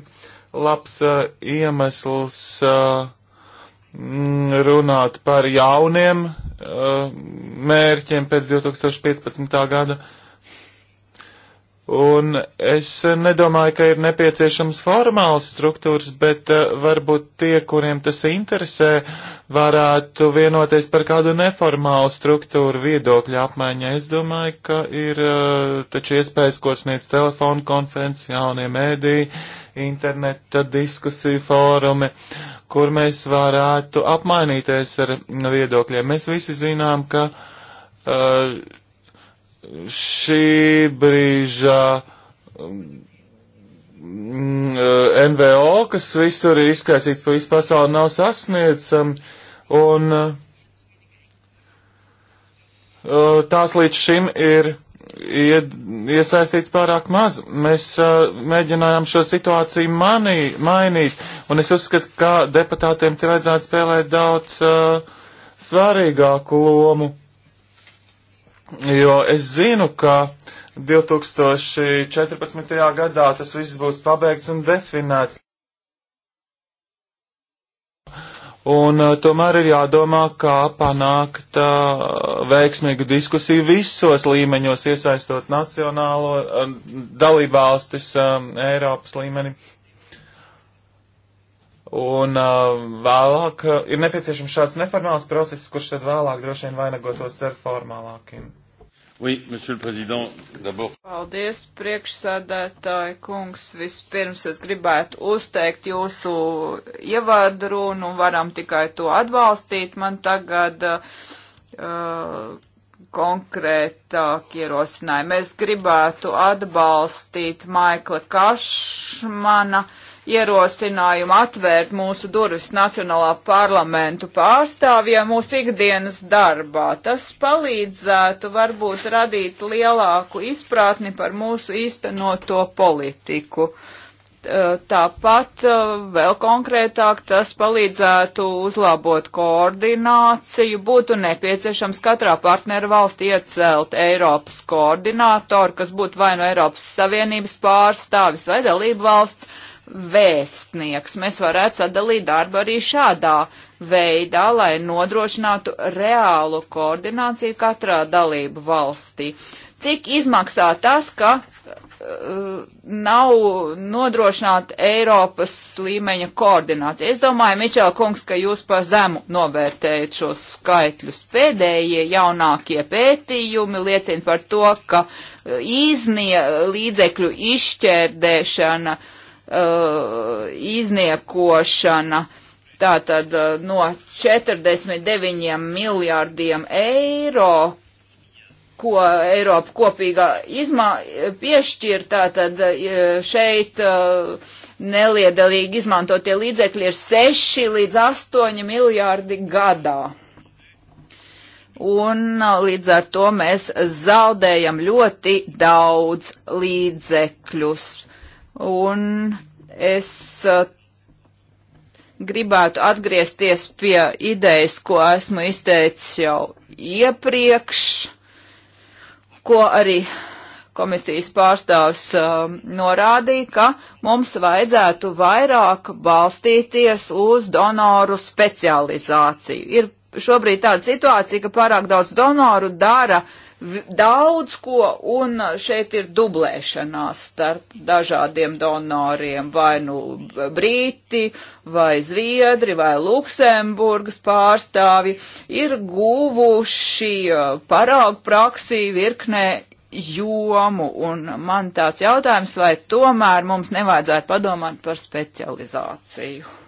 labs uh, iemesls uh, runāt par jauniem uh, mērķiem pēc 2015. gada. Uh, Un es nedomāju, ka ir nepieciešams formāls struktūras, bet uh, varbūt tie, kuriem tas interesē, varētu vienoties par kādu neformālu struktūru viedokļu apmaiņā. Es domāju, ka ir uh, taču iespējas, ko sniedz telefonu konferences, jaunie mēdī, interneta diskusiju fórumi, kur mēs varētu apmainīties ar viedokļiem. Mēs visi zinām, ka. Uh, šī brīža um, mm, eh, NVO, kas visur ir izkaisīts pa visu pasauli, nav sasniedzam. Un eh, tās līdz šim ir iesaistīts pārāk maz. Mēs eh, mēģinājām šo situāciju manī, mainīt, un es uzskatu, ka deputātiem te vajadzētu spēlēt daudz svarīgāku lomu jo es zinu, ka 2014. gadā tas viss būs pabeigts un definēts. Un uh, tomēr ir jādomā, kā panākt uh, veiksmīgu diskusiju visos līmeņos, iesaistot nacionālo uh, dalībvalstis uh, Eiropas līmeni. Un uh, vēlāk uh, ir nepieciešams šāds neformāls process, kurš tad vēlāk droši vien vainagotos ar formālākiem Oui, monsieur le président, d'abord. Paldies, priekšsādātāji kungs. Vispirms es gribētu uzteikt jūsu ievadrunu, varam tikai to atbalstīt. Man tagad uh, konkrētāk ierosinājumi. Es gribētu atbalstīt Maikla Kašmana. Uh, ierosinājumu atvērt mūsu durvis Nacionālā parlamentu pārstāvjiem mūsu ikdienas darbā. Tas palīdzētu varbūt radīt lielāku izpratni par mūsu īstenoto politiku. Tāpat e, vēl konkrētāk tas palīdzētu uzlabot koordināciju. Būtu nepieciešams katrā partneru valstī iecelt Eiropas koordinātoru, kas būtu vai no nu Eiropas Savienības pārstāvis vai dalību valsts vēstnieks. Mēs varētu sadalīt darbu arī šādā veidā, lai nodrošinātu reālu koordināciju katrā dalību valstī. Cik izmaksā tas, ka uh, nav nodrošināta Eiropas līmeņa koordinācija? Es domāju, Mičela kungs, ka jūs par zemu novērtējat šos skaitļus. Pēdējie jaunākie pētījumi liecina par to, ka uh, iznie līdzekļu izšķērdēšana uh, uh, izniekošana. Tātad uh, no 49 miljārdiem eiro, ko Eiropa kopīgā izmā, piešķir, tātad uh, šeit uh, neliedalīgi izmantotie līdzekļi ir 6 līdz 8 miljārdi gadā. Un uh, līdz ar to mēs zaudējam ļoti daudz līdzekļus un es uh, gribētu atgriezties pie idejas, ko esmu izteicis jau iepriekš, ko arī komisijas pārstāvs um, uh, norādīja, ka mums vajadzētu vairāk balstīties uz donoru specializāciju. Ir šobrīd tāda situācija, ka pārāk daudz donoru dara uh, daudz ko, un šeit ir dublēšanās starp dažādiem donoriem, vai nu Brīti, vai Zviedri, vai Luksemburgas pārstāvi, ir guvuši eh, paraugu praksī virknē jomu, un man tāds jautājums, vai tomēr mums nevajadzētu padomāt par specializāciju.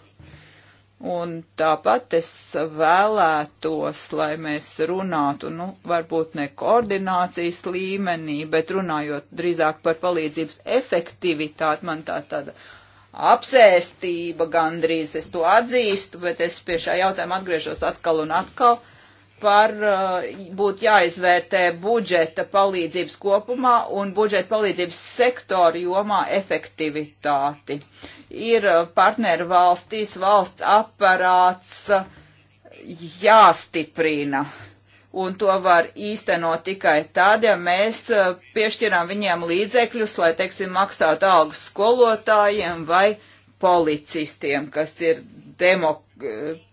Un tāpat es vēlētos, lai mēs runātu, nu, varbūt ne koordinācijas līmenī, bet runājot drīzāk par palīdzības efektivitāti, man tā tāda apsēstība gandrīz, es to atzīstu, bet es pie šā jautājuma atgriežos atkal un atkal par uh, būtu jāizvērtē budžeta palīdzības kopumā un budžeta palīdzības sektoru jomā efektivitāti ir uh, partneru valstīs valsts aparāts uh, jāstiprina. Un to var īstenot tikai tad, ja mēs uh, piešķiram viņiem līdzekļus, lai, teiksim, maksātu algas skolotājiem vai policistiem, kas ir, demo,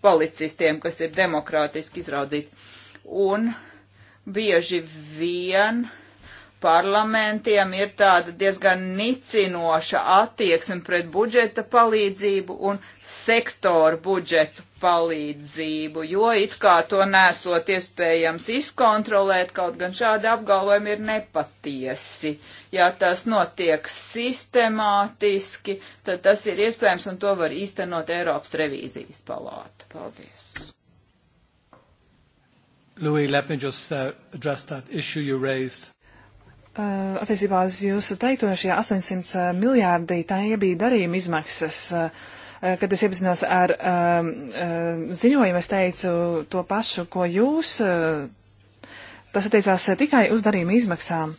policistiem, kas ir demokrātiski izraudzīti. Un bieži vien uh, parlamentiem ir tāda diezgan nicinoša attieksme pret budžeta palīdzību un sektoru budžetu palīdzību, jo it kā to nesot iespējams izkontrolēt, kaut gan šādi apgalvojumi ir nepatiesi. Ja tas notiek sistemātiski, tad tas ir iespējams un to var īstenot Eiropas revīzijas palāta. Paldies. Louis, let me just uh, address that issue you raised. Eh, attiecībā uz jūsu teikto, šie 800 eh, miljārdi, tā bija darījuma izmaksas. Eh, kad es iepazinos ar ehm, ziņojumu, es teicu to pašu, ko jūs. Tas attiecās tikai uz darījuma izmaksām.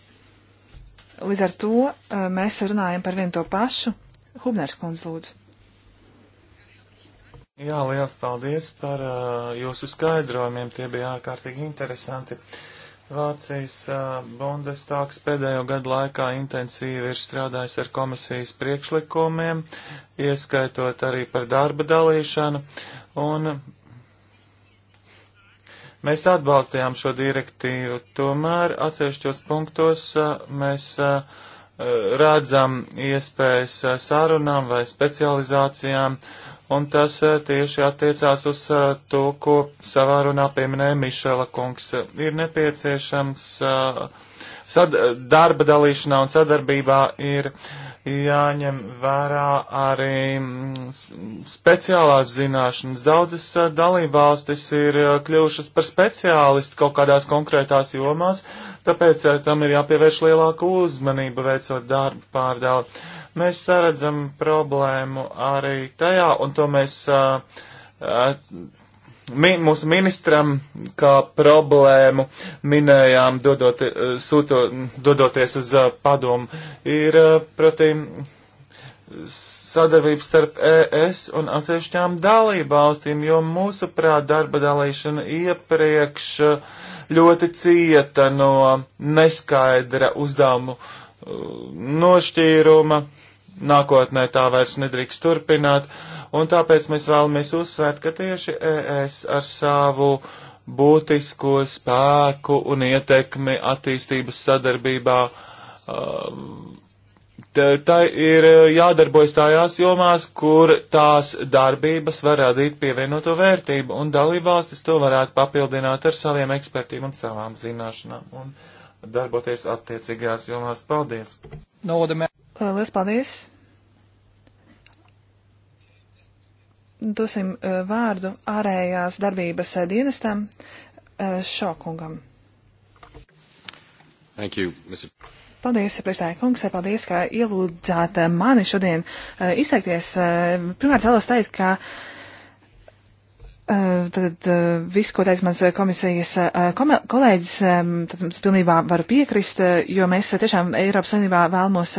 Līdz ar to mēs runājam par vienu to pašu. Hubners kundz lūdzu. Jā, liels paldies par uh, jūsu skaidrojumiem. Tie bija ārkārtīgi interesanti. Uh, Vācijas uh, Bundestāgs pēdējo gadu laikā intensīvi ir strādājis ar komisijas priekšlikumiem, ieskaitot arī par darba dalīšanu, un mēs atbalstījām šo direktīvu. Tomēr atsevišķos punktos uh, mēs uh, redzam iespējas sarunām vai specializācijām, un tas eh, tieši attiecās uz eh, to, ko savā runā pieminēja Mišela kungs. Eh, ir nepieciešams sad, darba dalīšanā un sadarbībā ir jāņem vērā arī mm, speciālās zināšanas. Daudzas dalībvalstis ir kļuvušas par speciālistu kaut kādās konkrētās jomās, tāpēc tam ir jāpievērš lielāka uzmanība veicot darbu pārdēlu Mēs saredzam problēmu arī tajā, un to mēs mi, mūsu ministram kā problēmu minējām, dodot, sūto, dodoties uz padomu, ir, proti, sadarbība starp ES un atsevišķām dalībvalstīm, jo mūsuprāt darba dalīšana iepriekš ļoti cieta no neskaidra uzdevumu nošķīruma nākotnē tā vairs nedrīkst turpināt, un tāpēc mēs vēlamies uzsvērt, ka tieši ES ar savu būtisko spēku un ietekmi attīstības sadarbībā um, tā ir jādarbojas tajās jomās, kur tās darbības var radīt pievienoto vērtību, un dalībvalstis to varētu papildināt ar saviem ekspertiem un savām zināšanām. Un darboties attiecīgajās jomās. Paldies! Lielas paldies! dosim eh, vārdu ārējās darbības eh, dienestam eh, Šokungam. Thank you, Mr. Paldies, priekšstāja kungs, paldies, ka ielūdzāt mani šodien izteikties. Pirmkārt, vēlos teikt, ka Eh, tad eh, viss, ko teica mans eh, komisijas kolēģis, tad es pilnībā varu piekrist, jo mēs tiešām Eiropas Savienībā vēlamos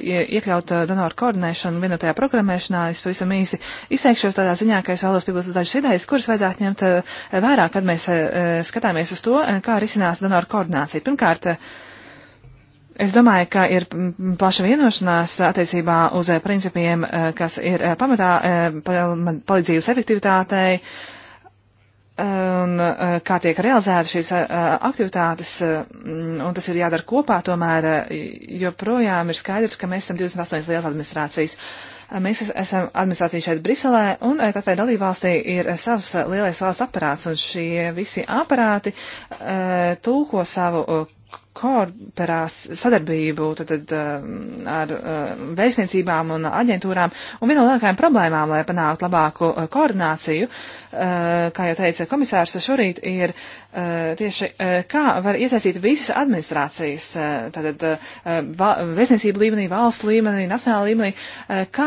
iekļaut donoru koordinēšanu vienotajā programmēšanā. Es pavisam īsi izteikšos tādā ziņā, ka es vēlos piebilst dažas idejas, kuras vajadzētu ņemt vērā, kad mēs skatāmies uz to, kā risinās donoru koordinācija. Pirmkārt, Es domāju, ka ir plaša vienošanās attiecībā uz eh, principiem, eh, kas ir eh, pamatā palīdzības efektivitātei un kā tiek realizēta šīs aktivitātes, un tas ir jādara kopā, tomēr joprojām ir skaidrs, ka mēs esam 28 liels administrācijas. Mēs esam administrācija šeit Briselē, un katrai dalībvalstī ir savs lielais valsts aparāts, un šie visi aparāti tulko savu korporās sadarbību tad, tad, um, ar um, vēstniecībām un aģentūrām. Un viena no lielākajām problēmām, lai panāktu labāku uh, koordināciju, uh, kā jau teica komisārs, šorīt ir Eh, tieši eh, kā var iesaistīt visas administrācijas, eh, tātad vēstniecību līmenī, valsts līmenī, nacionāla līmenī, kā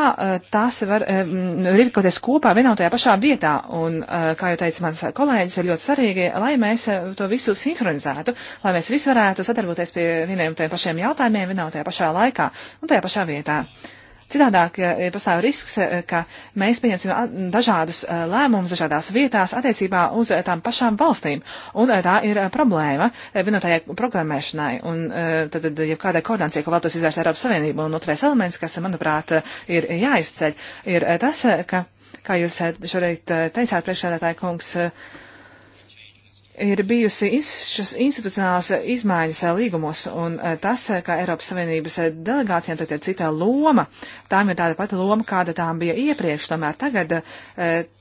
tās var rīkoties kopā vienā un tajā pašā vietā. Un, kā jau teica mans kolēģis, ir ļoti svarīgi, lai mēs to visu sinhronizētu, lai mēs visi varētu sadarboties pie vieniem un tajiem pašiem jautājumiem vienā un tajā pašā laikā un tajā pašā vietā. Uh, Citādāk pastāv risks, eh, ka mēs pieņemsim dažādus eh, lēmumus dažādās vietās attiecībā uz eh, tām pašām valstīm. Un tā ir problēma vienotājai programmēšanai un tad, tad jau kādai koordinācijai, ko vēlētos izvērst Eiropas Savienību. Un otrais elements, kas, manuprāt, ir jāizceļ, ir tas, ka, kā jūs šoreit teicāt, priekšsēdētāji kungs, uh, ir bijusi šis institucionāls izmaiņas eh, līgumos, un eh, tas, eh, ka Eiropas Savienības delegācijām tagad ir cita loma, tām ir tāda pati loma, kāda tām bija iepriekš, tomēr tagad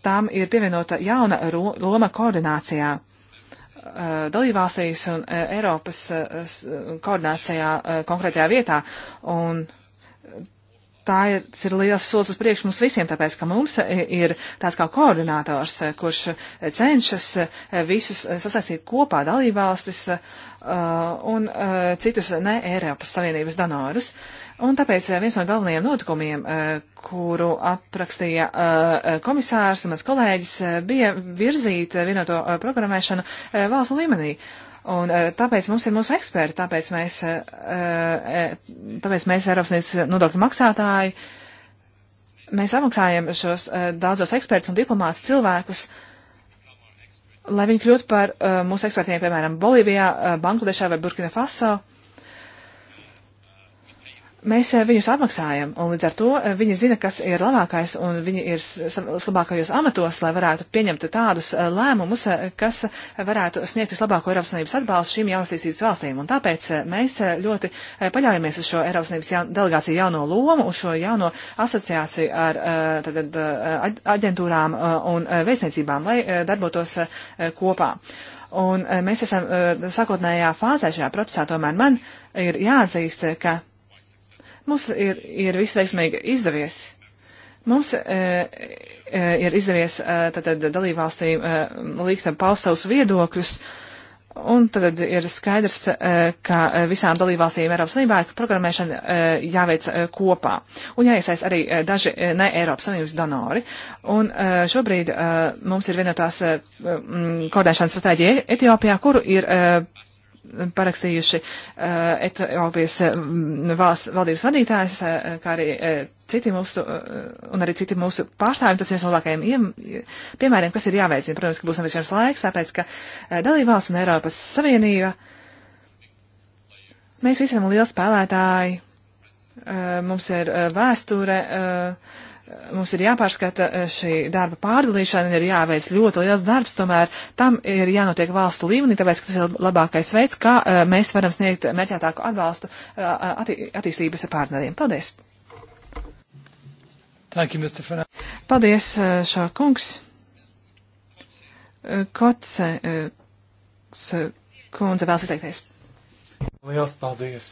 tām ir pievienota jauna loma koordinācijā dalībvalstīs un Eiropas koordinācijā konkrētajā vietā. Un tā ir, ir liels solis uz priekšu mums visiem, tāpēc, ka mums ir tāds kā koordinators, eh, kurš eh, cenšas eh, visus sasaistīt kopā dalībvalstis un citus ne Eiropas Savienības donorus. Un tāpēc viens no galvenajiem notikumiem, kuru aprakstīja komisārs un mans kolēģis, bija virzīt vienoto programmēšanu valstu līmenī. Uh, Un eh, tāpēc mums ir mūsu eksperti, tāpēc mēs, eh, eh, tāpēc mēs Eiropas Savienības nodokļu maksātāji, mēs apmaksājam šos daudzos ekspertus un diplomātus cilvēkus, lai viņi kļūtu par mūsu ekspertiem, piemēram, Bolīvijā, Bangladešā vai Burkina Faso mēs eh, viņus apmaksājam, un līdz ar to eh, viņi zina, kas ir labākais, un viņi ir labākajos amatos, lai varētu pieņemt tādus eh, lēmumus, kas varētu sniegt vislabāko Eiropas Savienības atbalstu šīm jaunastīstības valstīm. Un tāpēc mēs ļoti paļaujamies uz šo Eiropas Savienības jaun, delegāciju jauno lomu, uz šo jauno asociāciju ar tātad, aģentūrām un vēstniecībām, lai darbotos kopā. Un mēs esam sākotnējā fāzē šajā procesā, tomēr man ir jāatzīst, ka Mums ir, ir visveiksmīgi izdevies. Mums e, e, ir izdevies e, tātad dalībvalstīm e, likt paust savus viedokļus, un tad ir skaidrs, e, ka visām dalībvalstīm Eiropas Savienībā ir programmēšana e, jāveic e, kopā, un jāiesaist arī e, daži e, ne Eiropas Savienības donori. Un e, šobrīd e, mums ir vienotās e, koordinēšanas stratēģija Etiopijā, kuru ir. E, parakstījuši eh, Etiopijas eh, valdības vadītājs, eh, kā arī citi mūsu, un arī citi mūsu pārstāvji. Tas ir viens no labākajiem piemēriem, kas ir jāveicina. Protams, ka būs nepieciešams laiks, tāpēc, ka dalībvalsts un Eiropas Savienība, mēs visi esam lieli spēlētāji, mums ir vēsture mums ir jāpārskata eh, šī darba pārdalīšana, ir jāveic ļoti liels darbs, tomēr tam ir jānotiek valstu līmenī, tāpēc, ka tas ir labākais veids, kā eh, mēs varam sniegt mērķētāku atbalstu eh, attī attīstības partneriem. Paldies! Thank you, Mr. Fernand. Paldies, šā kungs. Koce kundze vēlas izteikties. Liels paldies!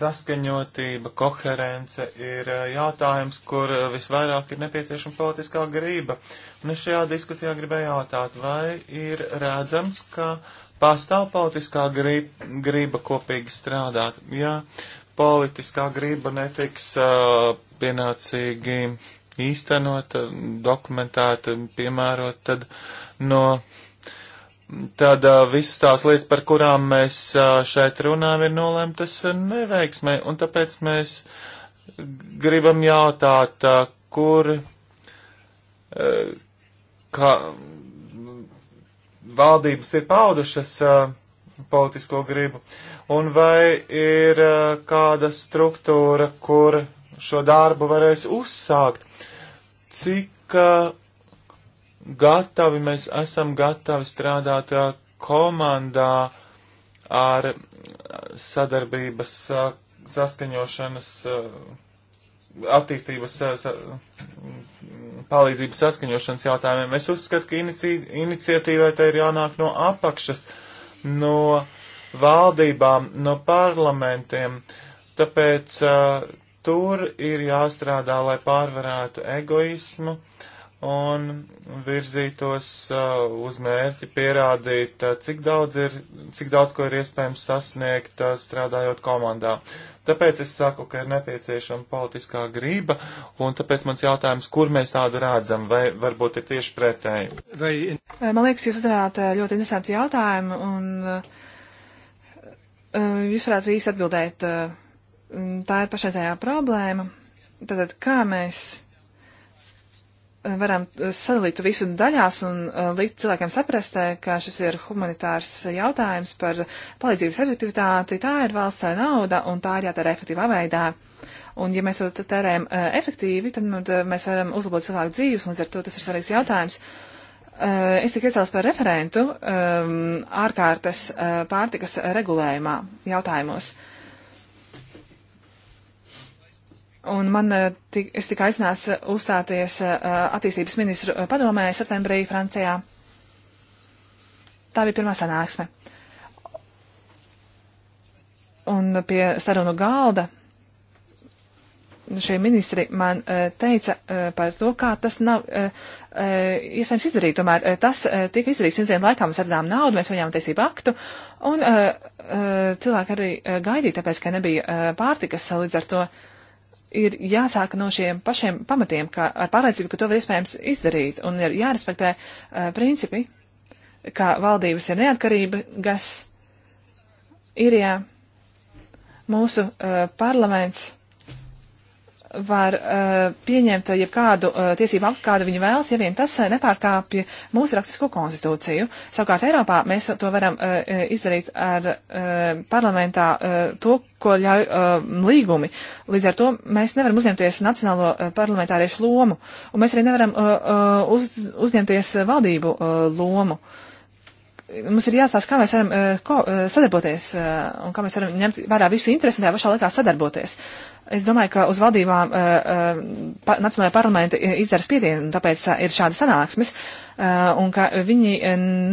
saskaņotība, koherence ir eh, jautājums, kur eh, visvairāk ir nepieciešama politiskā grība. Un es šajā diskusijā gribēju jautāt, vai ir redzams, ka pastāv politiskā grība, grība kopīgi strādāt. Ja politiskā grība netiks uh, pienācīgi īstenot, dokumentēt, piemērot, tad no tad visas tās lietas, par kurām mēs šeit runājam, ir nolēmtas neveiksmē, un tāpēc mēs gribam jautāt, kur, kā valdības ir paudušas politisko gribu, un vai ir kāda struktūra, kur šo darbu varēs uzsākt, cik gatavi, mēs esam gatavi strādāt uh, komandā ar uh, sadarbības uh, saskaņošanas, attīstības sa, mm, palīdzības saskaņošanas jautājumiem. Es uzskatu, ka inici, iniciatīvai tai ir jānāk no apakšas, no valdībām, no parlamentiem. Tāpēc uh, tur ir jāstrādā, lai pārvarētu egoismu, uh, un virzītos uh, uz mērķi pierādīt, uh, cik daudz, ir, cik daudz ko ir iespējams sasniegt uh, strādājot komandā. Tāpēc es saku, ka ir nepieciešama politiskā grība, un tāpēc mans jautājums, kur mēs tādu redzam, vai varbūt ir tieši pretēji. Vai... Man liekas, jūs uzdevāt uh, ļoti interesantu jautājumu, un uh, uh, jūs varētu īsti atbildēt, tā ir pašreizējā problēma. Tātad, kā mēs varam eh, sadalīt visu daļās un eh, likt cilvēkiem saprast, ka šis ir humanitārs jautājums par palīdzības efektivitāti. Tā ir valsts nauda un tā ir jātērē efektīvā veidā. Un, ja mēs to tērējam uh, efektīvi, tad nu, mēs varam uzlabot cilvēku dzīves, un līdz ar to tas ir svarīgs jautājums. Uh, es tiku iecēlis par referentu um, ārkārtas uh, pārtikas regulējumā jautājumos. Uh, Un man, eh, tik, es tika aicināts eh, uzstāties eh, attīstības ministru padomē septembrī Francijā. Tā bija pirmā sanāksme. Un pie sarunu galda šie ministri man teica par to, kā tas nav iespējams izdarīt. Tomēr tas tika izdarīts simts dienu laikā, mēs atdām naudu, mēs viņām tiesību aktu, un cilvēki arī gaidīja, tāpēc, ka nebija pārtikas līdz ar to. Uh, ir jāsāk no šiem pašiem pamatiem, kā ar pārliecību, ka to var iespējams izdarīt, un ir jārespektē uh, principi, kā valdības ir neatkarība, kas ir jā, mūsu uh, parlaments var uh, pieņemt eh, jebkādu uh, tiesību aktu, kādu viņi vēlas, ja vien tas uh, nepārkāpja mūsu rakstisko konstitūciju. Savukārt Eiropā mēs to varam uh, izdarīt ar uh, parlamentā uh, to, ko ļauj uh, līgumi. Līdz ar to mēs nevaram uzņemties nacionālo uh, parlamentāriešu lomu, un mēs arī nevaram uh, uh, uz, uzņemties valdību uh, lomu. Mums ir jāstāsta, kā mēs varam uh, ko, uh, sadarboties uh, un kā mēs varam ņemt vērā visu interesu un tajā pašā laikā sadarboties. Uh, Es domāju, ka uz valdībām eh, eh, pa, Nacionālajā parlamenta eh, izdara spiedienu, tāpēc ir šāda sanāksmes, un ka viņi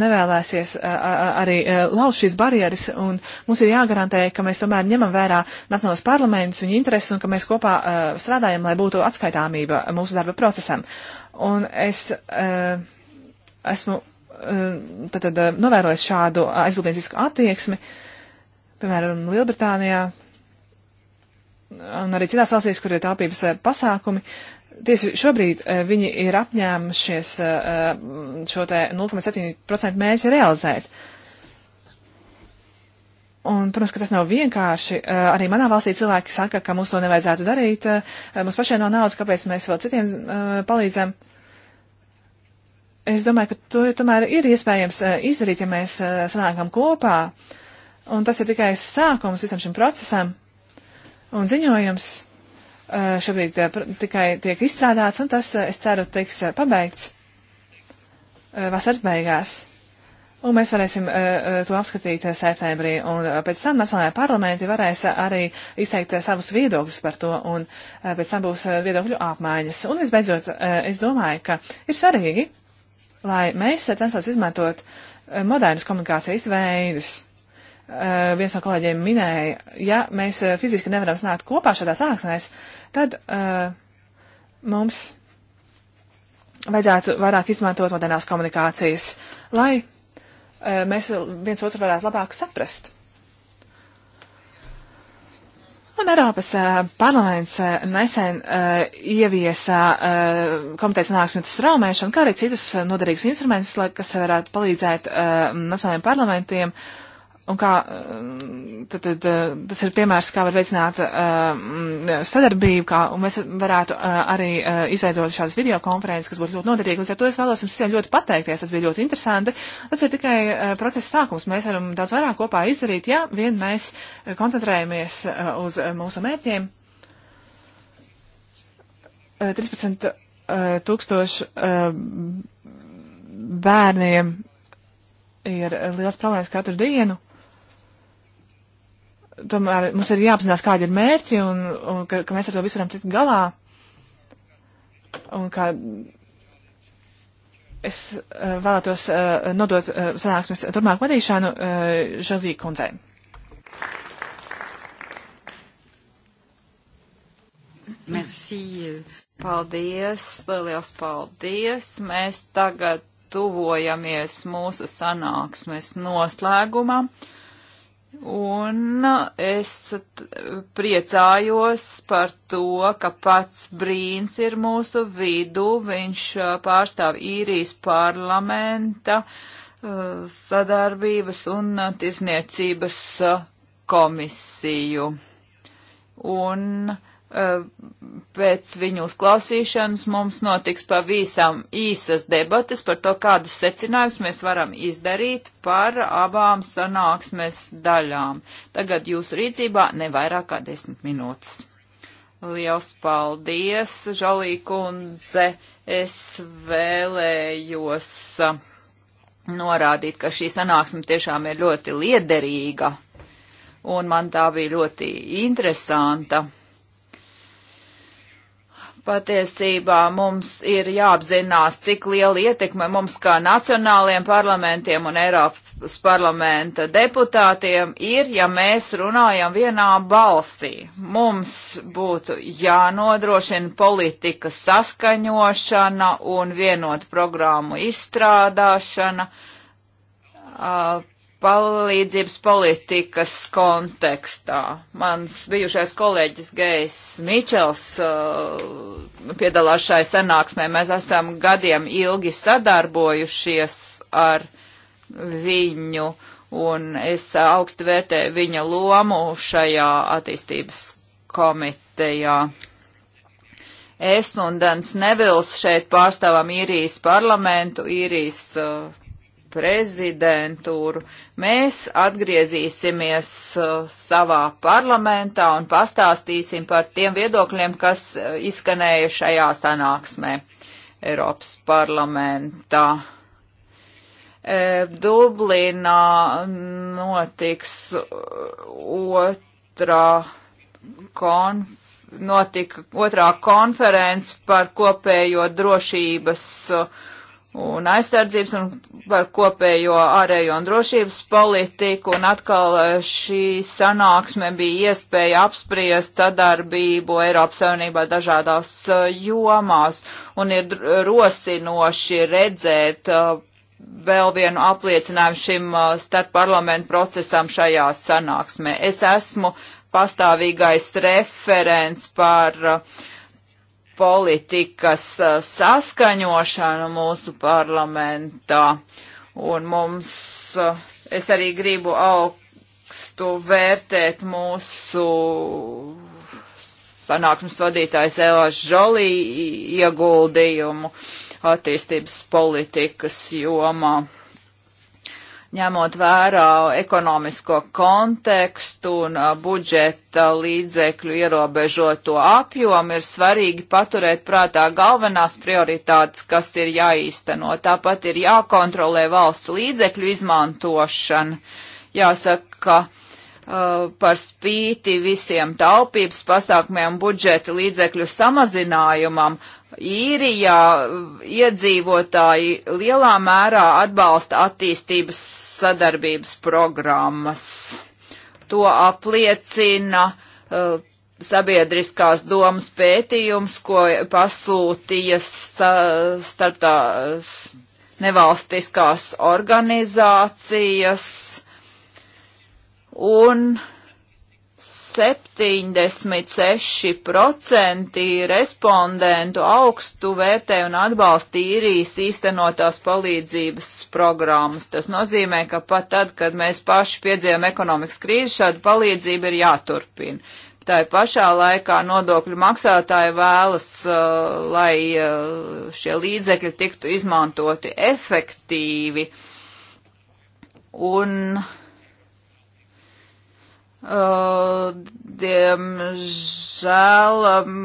nevēlēsies arī lauž šīs barjeras, un mums ir jāgarantē, ka mēs tomēr ņemam vērā Nacionālos parlamentus, viņu intereses, un ka mēs kopā strādājam, lai būtu atskaitāmība mūsu darba procesam. Un es esmu tātad novērojis šādu aizbildniecisku attieksmi, piemēram, Lielbritānijā un arī citās valstīs, kur ir taupības eh, pasākumi, tieši šobrīd eh, viņi ir apņēmušies eh, šo te 0,7% mērķi realizēt. Un, protams, ka tas nav vienkārši. Arī manā valstī cilvēki saka, ka mums to nevajadzētu darīt. Mums pašiem nav naudas, kāpēc mēs vēl citiem palīdzam. Es domāju, ka to tomēr ir iespējams izdarīt, ja mēs sanākam kopā. Un tas ir tikai sākums visam šim procesam. Un ziņojums eh, šobrīd eh, tikai tiek izstrādāts, un tas, eh, es ceru, tiks pabeigts vasaras beigās. Un mēs varēsim uh, to apskatīt uh, septembrī, un uh, pēc tam Nacionālajā parlamenti varēs uh, arī izteikt uh, savus viedokļus par to, un uh, pēc tam būs uh, viedokļu apmaiņas. Un visbeidzot, uh, es domāju, ka ir svarīgi, lai mēs uh, censtos izmantot uh, modernus komunikācijas veidus. Eh, viens no kolēģiem minēja, ja mēs eh, fiziski nevaram sanākt kopā šādā sāksnēs, tad uh, mums vajadzētu vairāk izmantot modernās komunikācijas, lai uh, mēs viens otru varētu labāk saprast. Un Eiropas uh, parlaments nesen ieviesa komitejas sanāksmi straumēšanu, kā arī citus noderīgus instrumentus, lai, kas varētu palīdzēt nacionālajiem parlamentiem uh, Un kā mm, tad, tad, eh, tas ir piemērs, kā var veicināt uh, sadarbību, kā, un mēs varētu uh, arī uh, izveidot šādas videokonferences, kas būtu ļoti noderīgi. Līdz ar to es vēlos jums visiem ļoti pateikties, tas bija ļoti interesanti. Tas ir tikai uh, procesa sākums. Mēs varam daudz vairāk kopā izdarīt, ja vien mēs koncentrējamies uh, uz uh, mūsu mērķiem. Uh, 13 uh, tūkstoši uh, bērniem ir liels problēmas katru dienu tomēr mums ir jāapzinās, kādi ir mērķi un, un ka, ka mēs ar to visu varam tikt galā. Un kā es uh, vēlētos uh, nodot uh, sanāksmes turpmāk vadīšanu uh, Žalvī kundzei. Merci. Paldies, liels paldies. Mēs tagad tuvojamies mūsu sanāksmes noslēgumam. Uh, Un es priecājos par to, ka pats Brīns ir mūsu vidū, viņš pārstāv īrijas parlamenta sadarbības un tirzniecības komisiju. Un uh, Eh, pēc viņu uzklausīšanas mums notiks pavisam īsas debates par to, kādas secinājumus mēs varam izdarīt par abām sanāksmes daļām. Tagad jūsu rīcībā ne vairāk kā desmit minūtes. Liels paldies, Žalī kundze. Es vēlējos eh, norādīt, ka šī sanāksme tiešām ir ļoti liederīga, un man tā bija ļoti interesanta Patiesībā mums ir jāapzinās, cik liela ietekme mums kā nacionāliem parlamentiem un Eiropas parlamenta deputātiem ir, ja mēs runājam vienā balsī. Mums būtu jānodrošina politikas saskaņošana un vienotu programmu izstrādāšana. Uh, palīdzības politikas kontekstā. Mans bijušais kolēģis Gejs Mičels uh, piedalās šai sanāksmē. Mēs esam gadiem ilgi sadarbojušies ar viņu, un es augstu vērtēju viņa lomu šajā attīstības komitejā. Es un Dans Nevils šeit pārstāvam īrijas parlamentu, īrijas uh, prezidentūru. Mēs atgriezīsimies uh, savā parlamentā un pastāstīsim par tiem viedokļiem, kas uh, izskanēja šajā sanāksmē Eiropas parlamentā. Uh, Dublinā notiks otrā konferences notika otrā konference par kopējo drošības uh, un aizsardzības un par kopējo ārējo un drošības politiku, un atkal eh, šī sanāksme bija iespēja apspriest sadarbību Eiropas Savienībā dažādās eh, jomās, un ir rosinoši redzēt eh, vēl vienu apliecinājumu šim starp parlamentu procesam šajā sanāksmē. Es esmu pastāvīgais referents par uh, politikas uh, saskaņošanu mūsu parlamentā. Un mums, uh, es arī gribu augstu vērtēt mūsu sanāksmes vadītājs Elāš Žolī ieguldījumu attīstības politikas jomā ņemot vērā ekonomisko kontekstu un budžeta līdzekļu ierobežoto apjomu, ir svarīgi paturēt prātā galvenās prioritātes, kas ir jāīsteno. Tāpat ir jākontrolē valsts līdzekļu izmantošana. Jāsaka, ka Uh, par spīti visiem taupības pasākumiem, budžeta līdzekļu samazinājumam, īrijā uh, iedzīvotāji lielā mērā atbalsta attīstības sadarbības programmas. To apliecina uh, sabiedriskās domas pētījums, ko paslūtīja starp tā uh, nevalstiskās organizācijas un 76% respondentu augstu vērtē un atbalsta īrijas īstenotās palīdzības programmas. Tas nozīmē, ka pat tad, kad mēs paši piedzīvojam ekonomikas krīzi, šāda palīdzība ir jāturpina. Tā ir pašā laikā nodokļu maksātāji vēlas, uh, lai uh, šie līdzekļi tiktu izmantoti efektīvi. Un uh, Diemžēl um,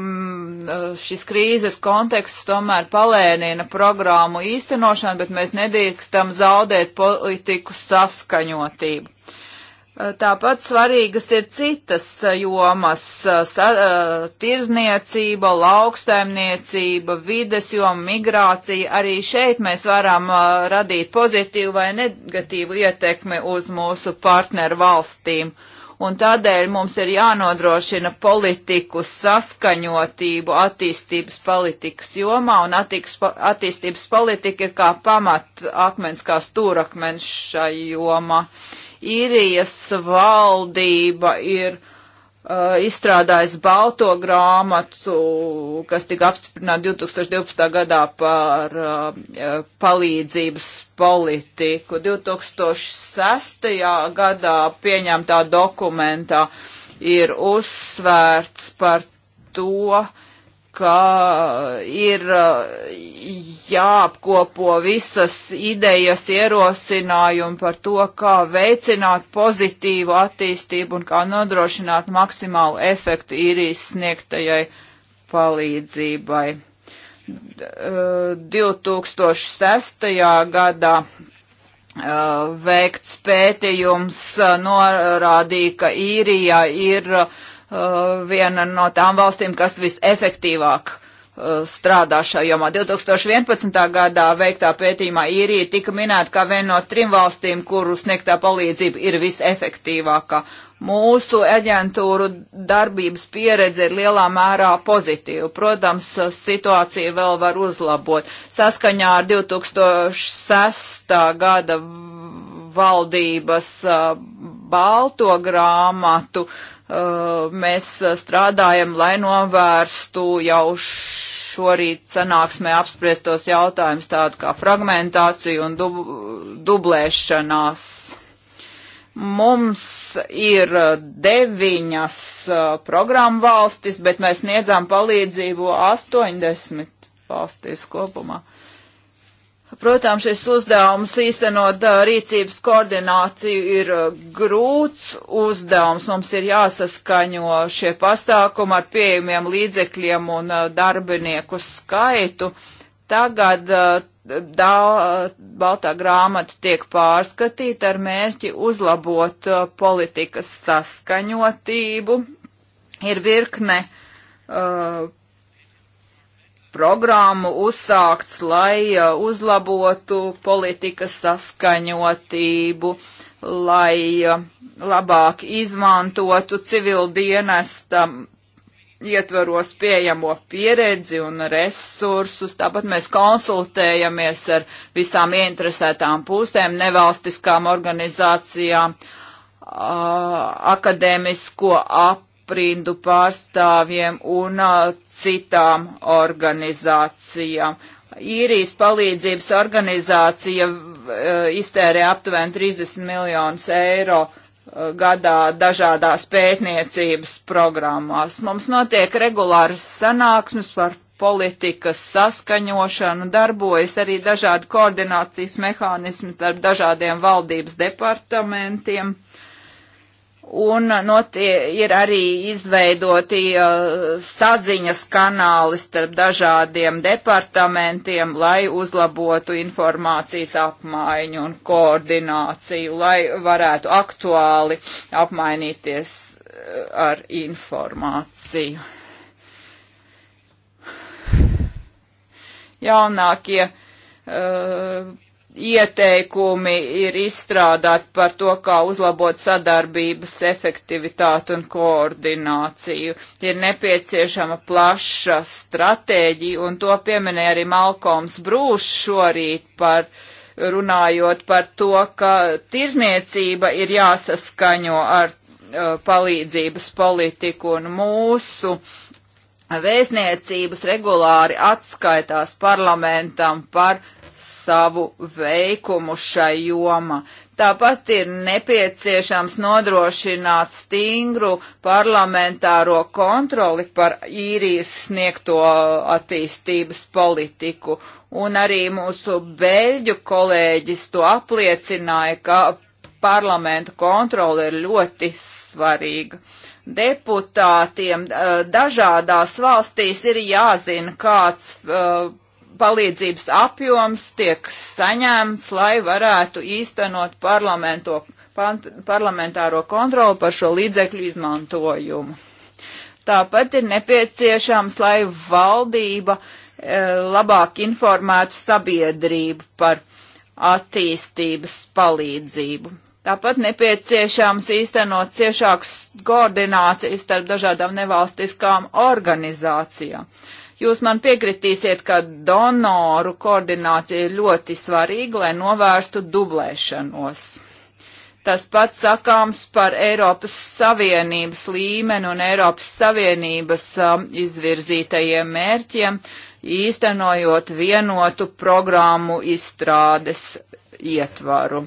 šis krīzes konteksts tomēr palēnina programmu īstenošanu, bet mēs nedrīkstam zaudēt politiku saskaņotību. Uh, tāpat svarīgas ir citas uh, jomas uh, - tirzniecība, lauksaimniecība, vides joma, migrācija. Arī šeit mēs varam radīt pozitīvu vai negatīvu ietekmi uz mūsu partneru valstīm. Uh, un tādēļ mums ir jānodrošina politiku saskaņotību attīstības politikas jomā, un attīstības politika ir kā pamat akmens, kā stūrakmens šai jomā. Īrijas valdība ir Uh, izstrādājis balto grāmatu, kas tika apstiprināta 2012. gadā par uh, palīdzības politiku. 2006. gadā pieņemtā dokumentā ir uzsvērts par to, ka ir uh, jāapkopo visas idejas ierosinājumi par to, kā veicināt pozitīvu attīstību un kā nodrošināt maksimālu efektu īrijas sniegtajai palīdzībai. 2006. Uh, gadā uh, veikts pētījums norādīja, ka īrijā ir Uh, viena no tām valstīm, kas visefektīvāk uh, strādā šajā jomā. 2011. gadā veiktā pētījumā īrija tika minēta kā viena no trim valstīm, kuru sniegtā palīdzība ir visefektīvākā. Mūsu aģentūru darbības pieredze ir lielā mērā pozitīva. Protams, uh, situācija vēl var uzlabot. Saskaņā ar 2006. gada valdības balto grāmatu uh, Uh, mēs uh, strādājam, lai novērstu jau šorīt sanāksmē apspriestos jautājumus tādu kā fragmentācija un dub dublēšanās. Mums ir uh, deviņas programma valstis, bet mēs niedzām palīdzību 80 valstīs kopumā. Uh, Protams, šis uzdevums īstenot rīcības koordināciju ir grūts uzdevums. Mums ir jāsaskaņo šie pasākumi ar pieejamiem līdzekļiem un darbinieku skaitu. Tagad da, Baltā grāmata tiek pārskatīta ar mērķi uzlabot politikas saskaņotību. Ir virkne uh, programmu uzsākts, lai uh, uzlabotu politikas saskaņotību, lai uh, labāk izmantotu civildienestam ietvaros pieejamo pieredzi un resursus. Tāpat mēs konsultējamies ar visām ieinteresētām pūstēm, nevalstiskām organizācijām, uh, akadēmisko ap aprindu pārstāvjiem un uh, citām organizācijām. Īrijas palīdzības organizācija uh, iztērē aptuveni 30 miljonus eiro gadā dažādās pētniecības programmās. Mums notiek regulāras sanāksmes par politikas saskaņošanu, darbojas arī dažādi koordinācijas mehānismi starp dažādiem valdības departamentiem. Un notie, ir arī izveidoti uh, saziņas kanāli starp dažādiem departamentiem, lai uzlabotu informācijas apmaiņu un koordināciju, lai varētu aktuāli apmainīties uh, ar informāciju. Jaunākie uh, ieteikumi ir izstrādāti par to, kā uzlabot sadarbības efektivitāti un koordināciju. Ir nepieciešama plaša stratēģija, un to pieminēja arī Malkoms Brūšs šorīt par runājot par to, ka tirzniecība ir jāsaskaņo ar uh, palīdzības politiku un mūsu uh, Vēstniecības regulāri atskaitās parlamentam par savu veikumu šai joma. Tāpat ir nepieciešams nodrošināt stingru parlamentāro kontroli par īrijas sniegto attīstības politiku. Un arī mūsu beļģu kolēģis to apliecināja, ka parlamentu kontrole ir ļoti svarīga deputātiem eh, dažādās valstīs ir jāzina, kāds uh, palīdzības apjoms tiek saņemts, lai varētu īstenot pant, parlamentāro kontroli par šo līdzekļu izmantojumu. Tāpat ir nepieciešams, lai valdība e, labāk informētu sabiedrību par attīstības palīdzību. Tāpat nepieciešams īstenot ciešākas koordinācijas starp dažādām nevalstiskām organizācijām. Uh, Jūs man piekritīsiet, ka donoru koordinācija ir ļoti svarīga, lai novērstu dublēšanos. Tas pats sakāms par Eiropas Savienības līmeni un Eiropas Savienības um, izvirzītajiem mērķiem, īstenojot vienotu programmu izstrādes ietvaru.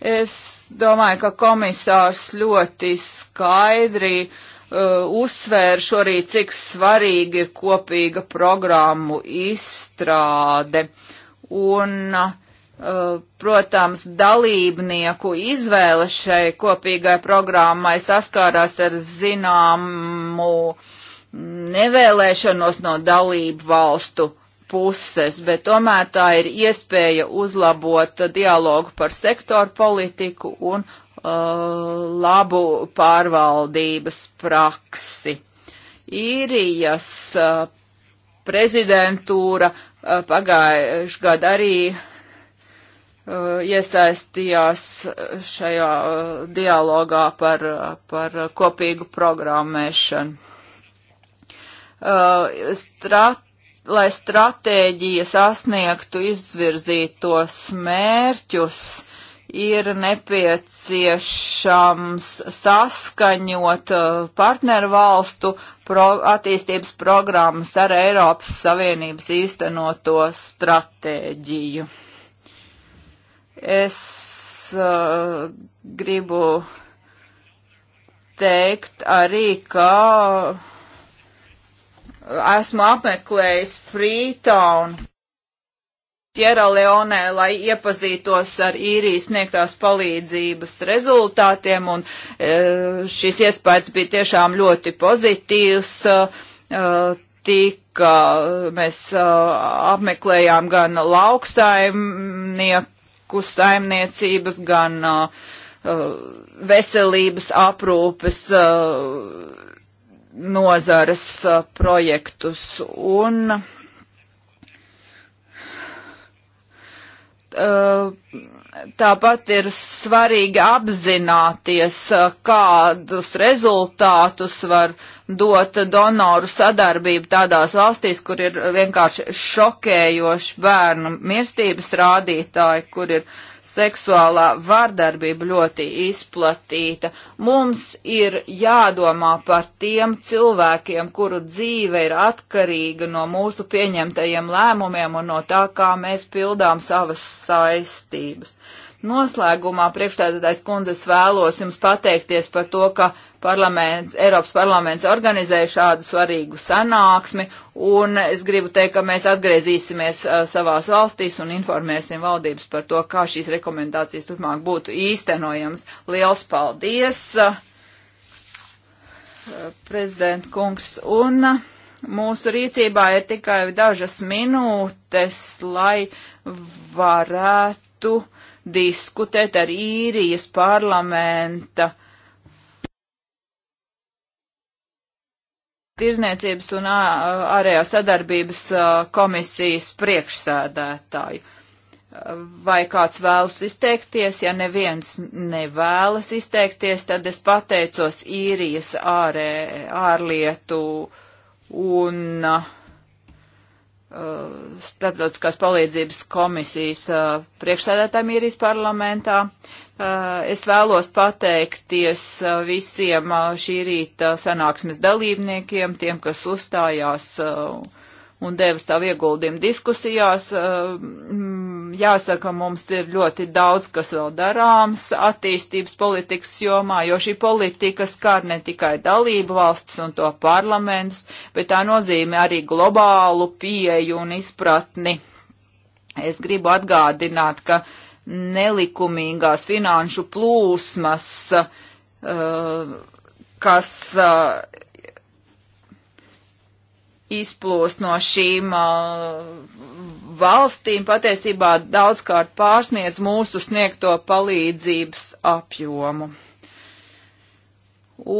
Es domāju, ka komisārs ļoti skaidri uh, uzsvēra šorīt, cik svarīgi ir kopīga programmu izstrāde. Un, uh, protams, dalībnieku izvēle šai kopīgai programmai saskārās ar zināmu nevēlēšanos no dalību valstu puses, bet tomēr tā ir iespēja uzlabot dialogu par sektoru politiku un uh, labu pārvaldības praksi. Īrijas uh, prezidentūra uh, pagājuši gadu arī uh, iesaistījās šajā uh, dialogā par, uh, par kopīgu programmēšanu. Strat lai stratēģija sasniegtu izvirzītos mērķus, ir nepieciešams saskaņot uh, partnervalstu pro attīstības programmas ar Eiropas Savienības īstenoto stratēģiju. Es uh, gribu teikt arī, ka uh, esmu apmeklējis Freetonu. Tierra Leonē, lai iepazītos ar īrijas sniegtās palīdzības rezultātiem, un e, šis iespējas bija tiešām ļoti pozitīvs. E, e, tika, mēs apmeklējām gan lauksaimnieku saimniecības, gan veselības aprūpes nozares uh, projektus un uh, tāpat ir svarīgi apzināties, uh, kādus rezultātus var dot donoru sadarbību tādās valstīs, kur ir vienkārši šokējoši bērnu mirstības rādītāji, kur ir seksuālā vārdarbība ļoti izplatīta. Mums ir jādomā par tiem cilvēkiem, kuru dzīve ir atkarīga no mūsu pieņemtajiem lēmumiem un no tā, kā mēs pildām savas saistības. Uh, Noslēgumā priekšstādātais kundzes vēlos jums pateikties par to, ka parlaments, Eiropas parlaments organizē šādu svarīgu sanāksmi, un es gribu teikt, ka mēs atgriezīsimies uh, savās valstīs un informēsim valdības par to, kā šīs rekomendācijas turpmāk būtu īstenojams. Liels paldies, uh, prezident kungs, un mūsu rīcībā ir tikai dažas minūtes, lai varētu diskutēt ar īrijas parlamenta tirzniecības un ārējā sadarbības komisijas priekšsēdētāju. Vai kāds vēlas izteikties? Ja neviens nevēlas izteikties, tad es pateicos īrijas ārē, ārlietu un uh, Uh, starptautiskās palīdzības komisijas uh, priekšsēdētājiem īrijas parlamentā. Uh, es vēlos pateikties visiem šī rīta sanāksmes dalībniekiem, tiem, kas uzstājās uh, un deva savu ieguldījumu diskusijās. Eh, mm, jāsaka, mums ir ļoti daudz, kas vēl darāms attīstības politikas jomā, jo šī politika skar ne tikai dalību valstis un to parlamentus, bet tā nozīmē arī globālu pieeju un izpratni. Es gribu atgādināt, ka nelikumīgās finanšu plūsmas, eh, kas eh, izplūst no šīm uh, valstīm, patiesībā daudzkārt pārsniedz mūsu sniegto palīdzības apjomu.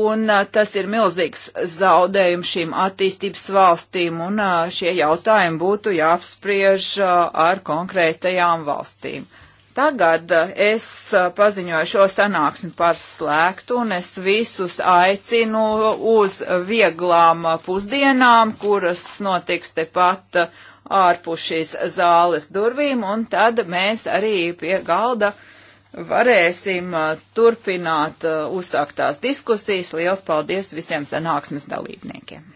Un uh, tas ir milzīgs zaudējums šīm attīstības valstīm, un uh, šie jautājumi būtu jāapspriež ar konkrētajām valstīm. Tagad eh, es eh, paziņoju šo sanāksmi par slēgtu un es visus aicinu uz vieglām eh, pusdienām, kuras notiks tepat ārpus šīs zāles durvīm, un tad mēs arī pie galda varēsim turpināt uzsāktās diskusijas. Liels paldies visiem sanāksmes dalībniekiem!